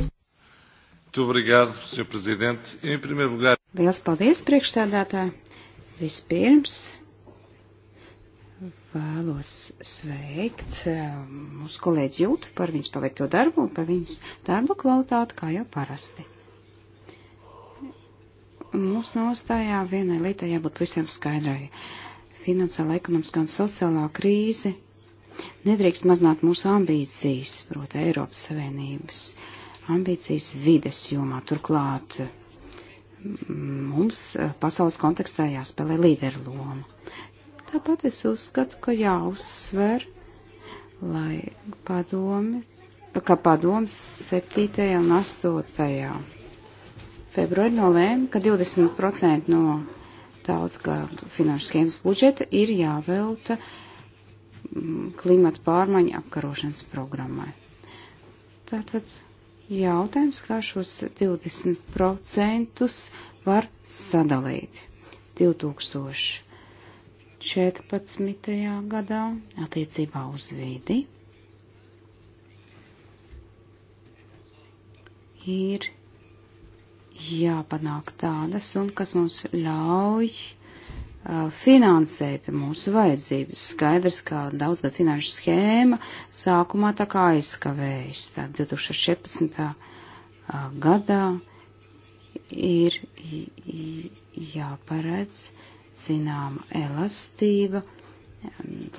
Tu, obrigado, senhor presidente. Em primeiro lugar. Liels paldies, priekšsēdētāji. Vispirms vēlos sveikt um, mūsu kolēģi Jūtu par viņas paveikto darbu un par viņas darba kvalitāti, kā jau parasti. Mūsu nostājā vienai lietai jābūt visiem skaidrai. Finansiāla, ekonomiskā un sociālā krīze nedrīkst mazināt mūsu ambīcijas, proti Eiropas Savienības ambīcijas vides jomā. Turklāt mm, mums eh, pasaules kontekstā jāspēlē līderu loma. Tāpat es uzskatu, ka jāuzsver, lai padomi, ka padoms 7. un 8. februārī nolēma, ka 20% no daudzgādu finanšu schēmas budžeta ir jāvelta mm, klimata pārmaiņu apkarošanas programmai. Tātad jautājums, kā šos 20% var sadalīt 2000. 14. gadā attiecībā uz vidi ir jāpanāk tāda summa, kas mums ļauj uh, finansēt mūsu vajadzības. Skaidrs, ka daudzgad finanšu schēma sākumā tā kā aizskavējas. Tad 2017. Uh, gadā ir jāparedz zināma elastība.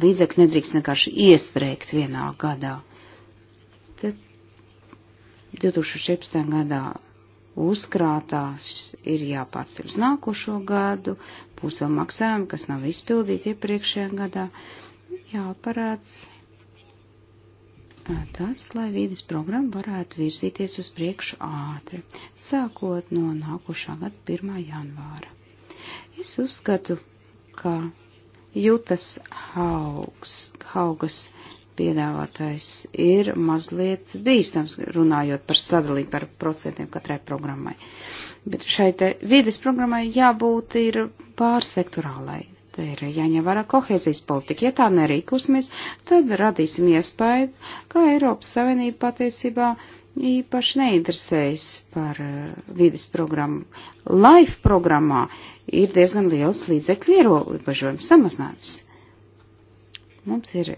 Līdzekļi nedrīkst vienkārši iestrēgt vienā gadā. Tad 2017. gadā uzkrātās ir jāpārceļ uz nākošo gadu, būs vēl maksājumi, kas nav izpildīti iepriekšējā gadā, jāparāds tāds, lai vīdes programma varētu virzīties uz priekšu ātri, sākot no nākošā gada 1. janvāra. Es uzskatu, ka jūtas haugs, haugas piedāvātais ir mazliet bīstams, runājot par sadalību par procentiem katrai programmai. Bet šai te vides programmai jābūt ir pārsektorālai. Te ir jāņem vērā kohēzijas politika. Ja tā nerīkosimies, tad radīsim iespēju, ka Eiropas Savienība patiesībā uh, īpaši neinteresējas par eh, vides programmu. LIFE programmā ir diezgan liels līdzekļu ierobežojums samazinājums. Mums ir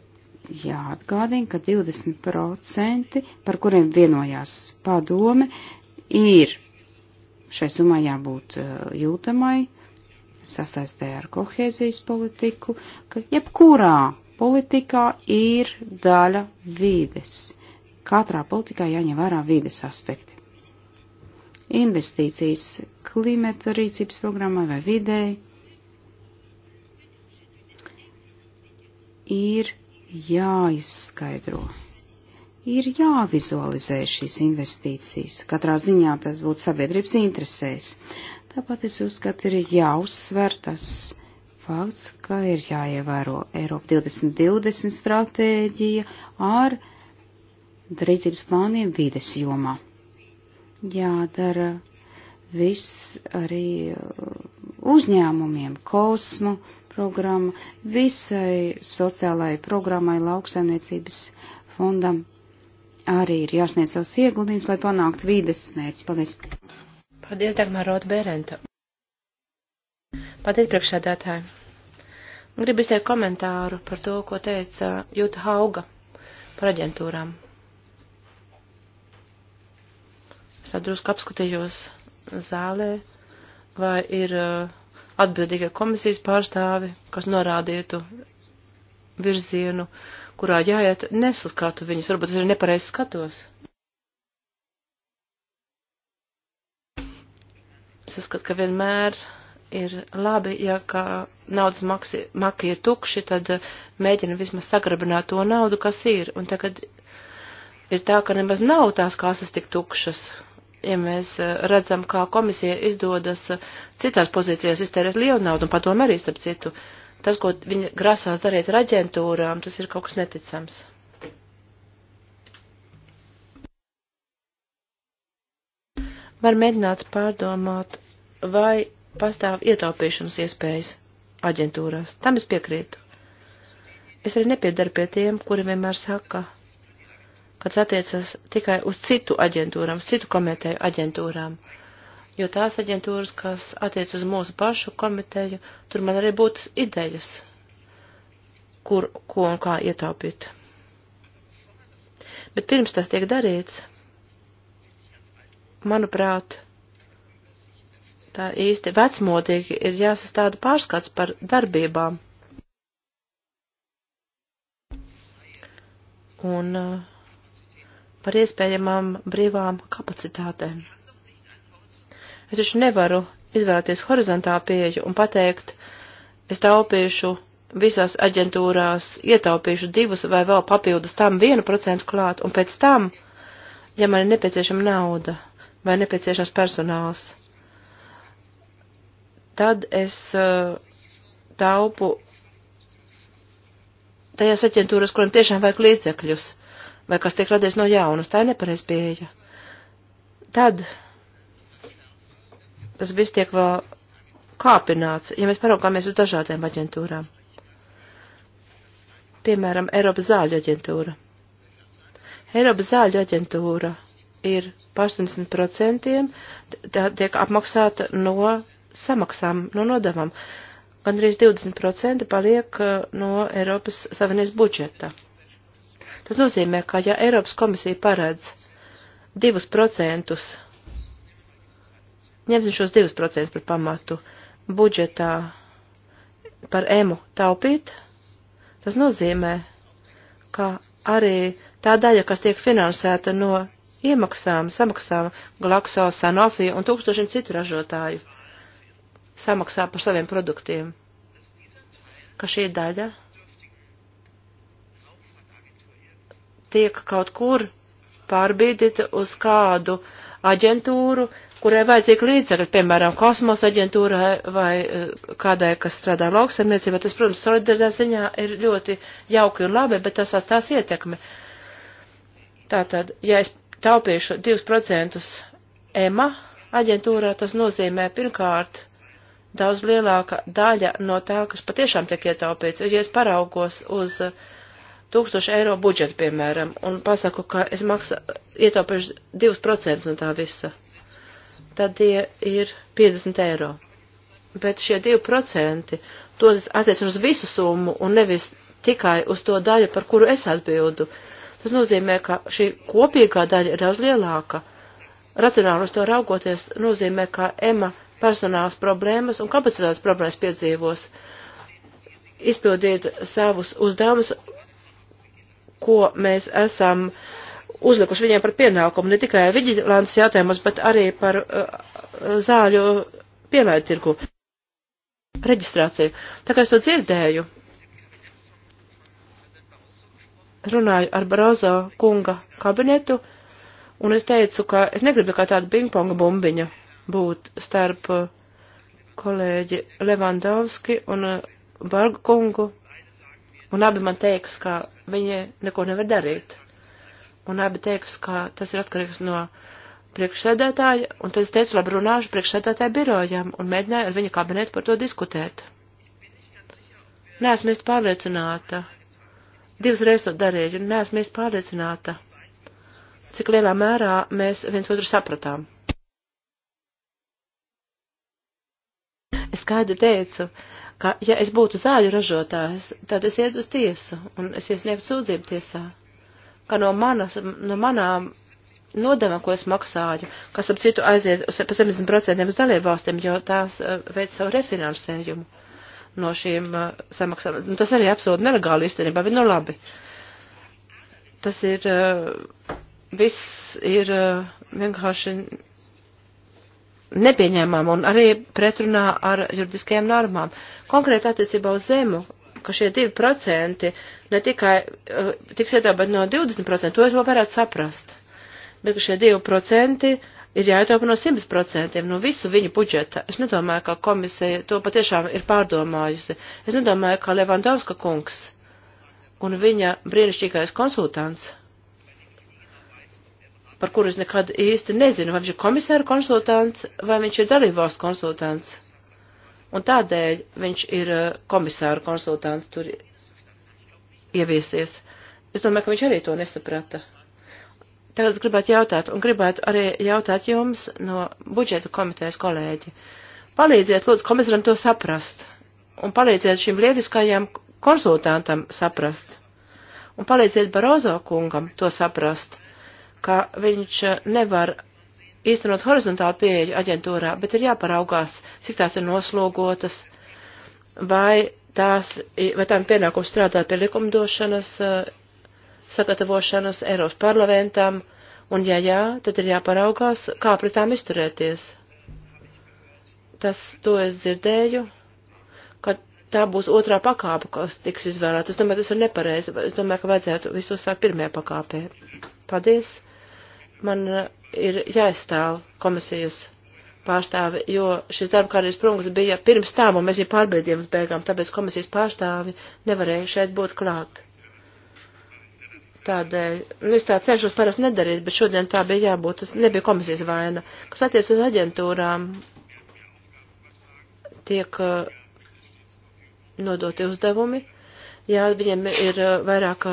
jāatgādina, ka 20%, par kuriem vienojās padome, ir šai summai jābūt eh, jūtamai, sasaistē ar kohēzijas politiku, ka jebkurā politikā ir daļa vides katrā politikā jāņem vērā vides aspekti. Investīcijas klimata rīcības programmai vai videi ir jāizskaidro. Ir jāvizualizē šīs investīcijas. Katrā ziņā tas būtu sabiedrības interesēs. Tāpat es uzskatu, ir jāuzsver tas fakts, ka ir jāievēro Eiropa 2020 stratēģija ar rīcības plāniem vides jomā. Jādara viss arī uh, uzņēmumiem, kosmu programma, visai sociālajai programmai, lauksaimniecības fondam arī ir jāsniedz savus ieguldījumus, lai panāktu vides mērķus. Paldies! Paldies, Dagmar Rota Bērenta! Paldies, priekšsēdētāji! Gribu izteikt komentāru par to, ko teica Jūta Hauga par aģentūrām. Tad drusku apskatījos zālē, vai ir uh, atbildīgie komisijas pārstāvi, kas norādītu virzienu, kurā jāiet, nesaskatu viņus, varbūt es arī nepareizi skatos. Es uzskatu, ka vienmēr ir labi, ja kā naudas maksi, maki ir tukši, tad uh, mēģina vismaz sagrabināt to naudu, kas ir. Un tagad ir tā, ka nemaz nav tās kāsas tik tukšas ja mēs eh, redzam, kā komisija izdodas eh, citās pozīcijās iztērēt lielu naudu, un padomu arī starp citu, tas, ko viņi grasās darīt ar aģentūrām, tas ir kaut kas neticams. Var mēģināt pārdomāt, vai pastāv ietaupīšanas iespējas aģentūrās. Tam es piekrītu. Es arī nepiedaru pie tiem, kuri vienmēr saka, kas attiecas tikai uz citu aģentūram, citu komiteju aģentūrām. Jo tās aģentūras, kas attiec uz mūsu pašu komiteju, tur man arī būtu idejas, kur, ko un kā ietaupīt. Bet pirms tas tiek darīts, manuprāt, tā īsti vecmodīgi ir jāsastāda pārskats par darbībām. Un uh, par iespējamām brīvām kapacitātēm. Es taču nevaru izvēlēties horizontālu pieeju un pateikt, es taupīšu visās aģentūrās, ietaupīšu divus vai vēl papildus tam vienu procentu klāt, un pēc tam, ja man ir nepieciešama nauda vai nepieciešams personāls, tad es uh, taupu tajās aģentūras, kurām tiešām vajag līdzekļus vai kas tiek radies no jaunas. Tā ir nepareiz pieeja. Tad tas viss tiek vēl kāpināts, ja mēs paraugāmies uz dažādiem aģentūrām. Piemēram, Eiropas zāļu aģentūra. Eiropas zāļu aģentūra ir pa 80% tā tiek apmaksāta no samaksām, no nodavam. Gan arī 20% paliek eh, no Eiropas Savienības budžeta. Tas nozīmē, ka ja Eiropas komisija paredz divus procentus, ņemsim šos divus procentus par pamatu budžetā par emu taupīt, tas nozīmē, ka arī tā daļa, kas tiek finansēta no iemaksām, samaksām Glaxo, Sanofi un tūkstošiem citu ražotāju, samaksā par saviem produktiem, ka šī daļa tiek kaut kur pārbīdīta uz kādu aģentūru, kurai vajadzīgi līdzekļi, piemēram, kosmosa aģentūrai vai eh, kādai, kas strādā lauksaimniecībā. Tas, protams, solidaritātes ziņā ir ļoti jauki un labi, bet tas atstās ietekmi. Tātad, ja es taupīšu 2% EMA aģentūrā, tas nozīmē pirmkārt daudz lielāka daļa no tā, kas patiešām tiek ietaupīts. Ja es paraugos uz uh, tūkstoši eiro budžetu, piemēram, un pasaku, ka es maksa, ietaupīšu 2% no tā visa, tad tie ir 50 eiro. Bet šie 2% tos attiecas uz visu summu un nevis tikai uz to daļu, par kuru es atbildu. Tas nozīmē, ka šī kopīgā daļa ir daudz lielāka. Racionāli uz to raugoties nozīmē, ka Ema personāls problēmas un kapacitātes problēmas piedzīvos. Izpildīt savus uzdevumus ko mēs esam uzlikuši viņiem par pienākumu, ne tikai viģilants jautājumus, bet arī par uh, zāļu pielaidu tirgu reģistrāciju. Tā kā es to dzirdēju, runāju ar Barozo kunga kabinetu, un es teicu, ka es negribu kā tāda pingponga bumbiņa būt starp uh, kolēģi Levandovski un uh, Bargu kungu, un abi man teiks, ka viņi neko nevar darīt. Un abi teiks, ka tas ir atkarīgs no priekšsēdētāja, un tad es teicu, labi, runāšu priekšsēdētāja birojam un mēģināju ar viņa kabinetu par to diskutēt. Neesmu īsti pārliecināta. Divas reizes to darīju, un neesmu īsti pārliecināta, cik lielā mērā mēs viens otru sapratām. Es skaidri teicu, uh, ka, ja es būtu zāļu ražotājs, tad es iet uz tiesu un es iesniegtu sūdzību tiesā, ka no, manas, no manām nodeva, ko es maksāju, kas ap citu aiziet uz 70% uz dalībvalstīm, jo tās uh, veic savu refinansējumu no šīm uh, samaksām. Nu, tas arī absolūti nelegāli īstenībā, bet nu labi. Tas ir, uh, viss ir vienkārši nepieņēmām un arī pretrunā ar juridiskajām normām. Konkrēti attiecībā uz zemu, ka šie 2% ne tikai uh, tiks ietaupīti no 20%, to es vēl varētu saprast, bet ka šie 2% ir jāietaupa no 100% no visu viņu budžeta. Es nedomāju, ka komisija to patiešām ir pārdomājusi. Es nedomāju, ka Levandovska kungs un viņa brīnišķīgais konsultants par kuru es nekad īsti nezinu, vai viņš ir komisāra konsultants vai viņš ir dalībvalsts konsultants. Un tādēļ viņš ir eh, komisāra konsultants tur ieviesies. Es domāju, ka viņš arī to nesaprata. Tagad es gribētu jautāt, un gribētu arī jautāt jums no budžeta komitejas kolēģi. Palīdziet, lūdzu, komisaram to saprast, un palīdziet šim lieliskajam konsultantam saprast, un palīdziet Barozo kungam to saprast, ka viņš eh, nevar īstenot horizontālu pieeju aģentūrā, bet ir jāparaugās, cik tās ir noslogotas, vai tās, vai tām pienākums strādāt pie likumdošanas, eh, sagatavošanas Eiropas parlamentam, un ja jā, tad ir jāparaugās, kā pret tām izturēties. Tas, to es dzirdēju, ka tā būs otrā pakāpe, kas tiks izvēlēta. Es domāju, tas ir nepareizi. Es domāju, ka vajadzētu visu sākt pirmajā pakāpē. Paldies! man uh, ir jāizstāv komisijas pārstāvi, jo šis darba kārtības prungas bija pirms tām, un mēs jau pārbīdījām uz beigām, tāpēc komisijas pārstāvi nevarēja šeit būt klāt. Tādēļ, nu es tā cenšos parasti nedarīt, bet šodien tā bija jābūt, tas nebija komisijas vaina. Kas attiec uz aģentūrām, tiek uh, nodoti uzdevumi, jā, viņiem ir uh, vairāk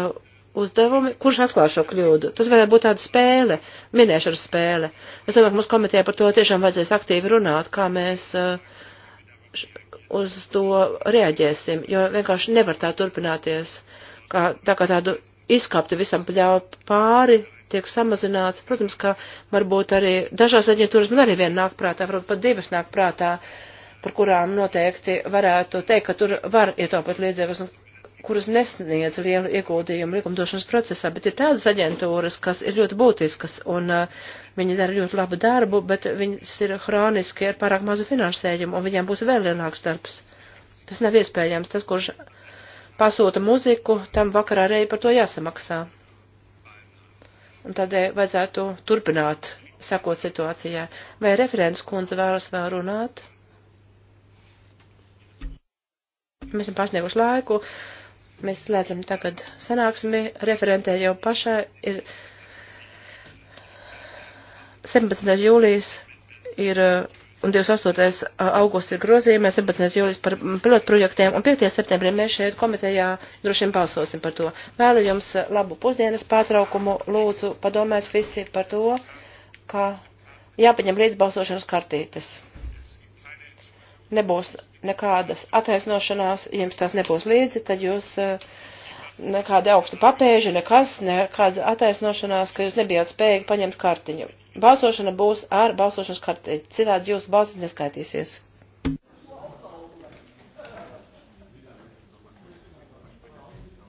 uzdevumi, kurš atklās šo kļūdu. Tas varētu būt tāda spēle, minēšanas spēle. Es domāju, ka mums komitē par to tiešām vajadzēs aktīvi runāt, kā mēs uh, uz to reaģēsim, jo vienkārši nevar tā turpināties, kā, tā kā tādu izkapti visam pļauj pāri, tiek samazināts. Protams, ka varbūt arī dažās aģentūras man arī viena nāk prātā, varbūt pat divas nāk prātā, par kurām noteikti varētu teikt, ka tur var ietaupīt līdzekļus un kuras nesniedz lielu ieguldījumu likumdošanas procesā, bet ir tādas aģentūras, kas ir ļoti būtiskas, un uh, viņi dara ļoti labu darbu, bet viņas ir hroniski ar pārāk mazu finansējumu, un viņām būs vēl lielāks darbs. Tas nav iespējams. Tas, kurš pasūta muziku, tam vakarā arī par to jāsamaksā. Un tādēļ vajadzētu turpināt, sakot situācijai. Vai referents kundze vēlas vēl runāt? Mēs esam pārsnieguši laiku. Uh, Mēs slēdzam tagad sanāksmi. Referentē jau pašai ir 17. jūlijas ir uh, un 28. Uh, augusts ir grozījumā, 17. jūlijas par pilotprojektiem, un 5. septembrī mēs šeit komitejā droši vien balsosim par to. Vēlu jums uh, labu pusdienas pārtraukumu, lūdzu padomēt visi par to, ka jāpaņem līdz balsošanas kartītes nebūs nekādas attaisnošanās, jums tās nebūs līdzi, tad jūs eh, nekāda augsta papēža, nekas, nekāda attaisnošanās, ka jūs nebijāt spējīgi paņemt kartiņu. Balsošana būs ar balsošanas kartiņu, citādi jūsu balsis neskaitīsies.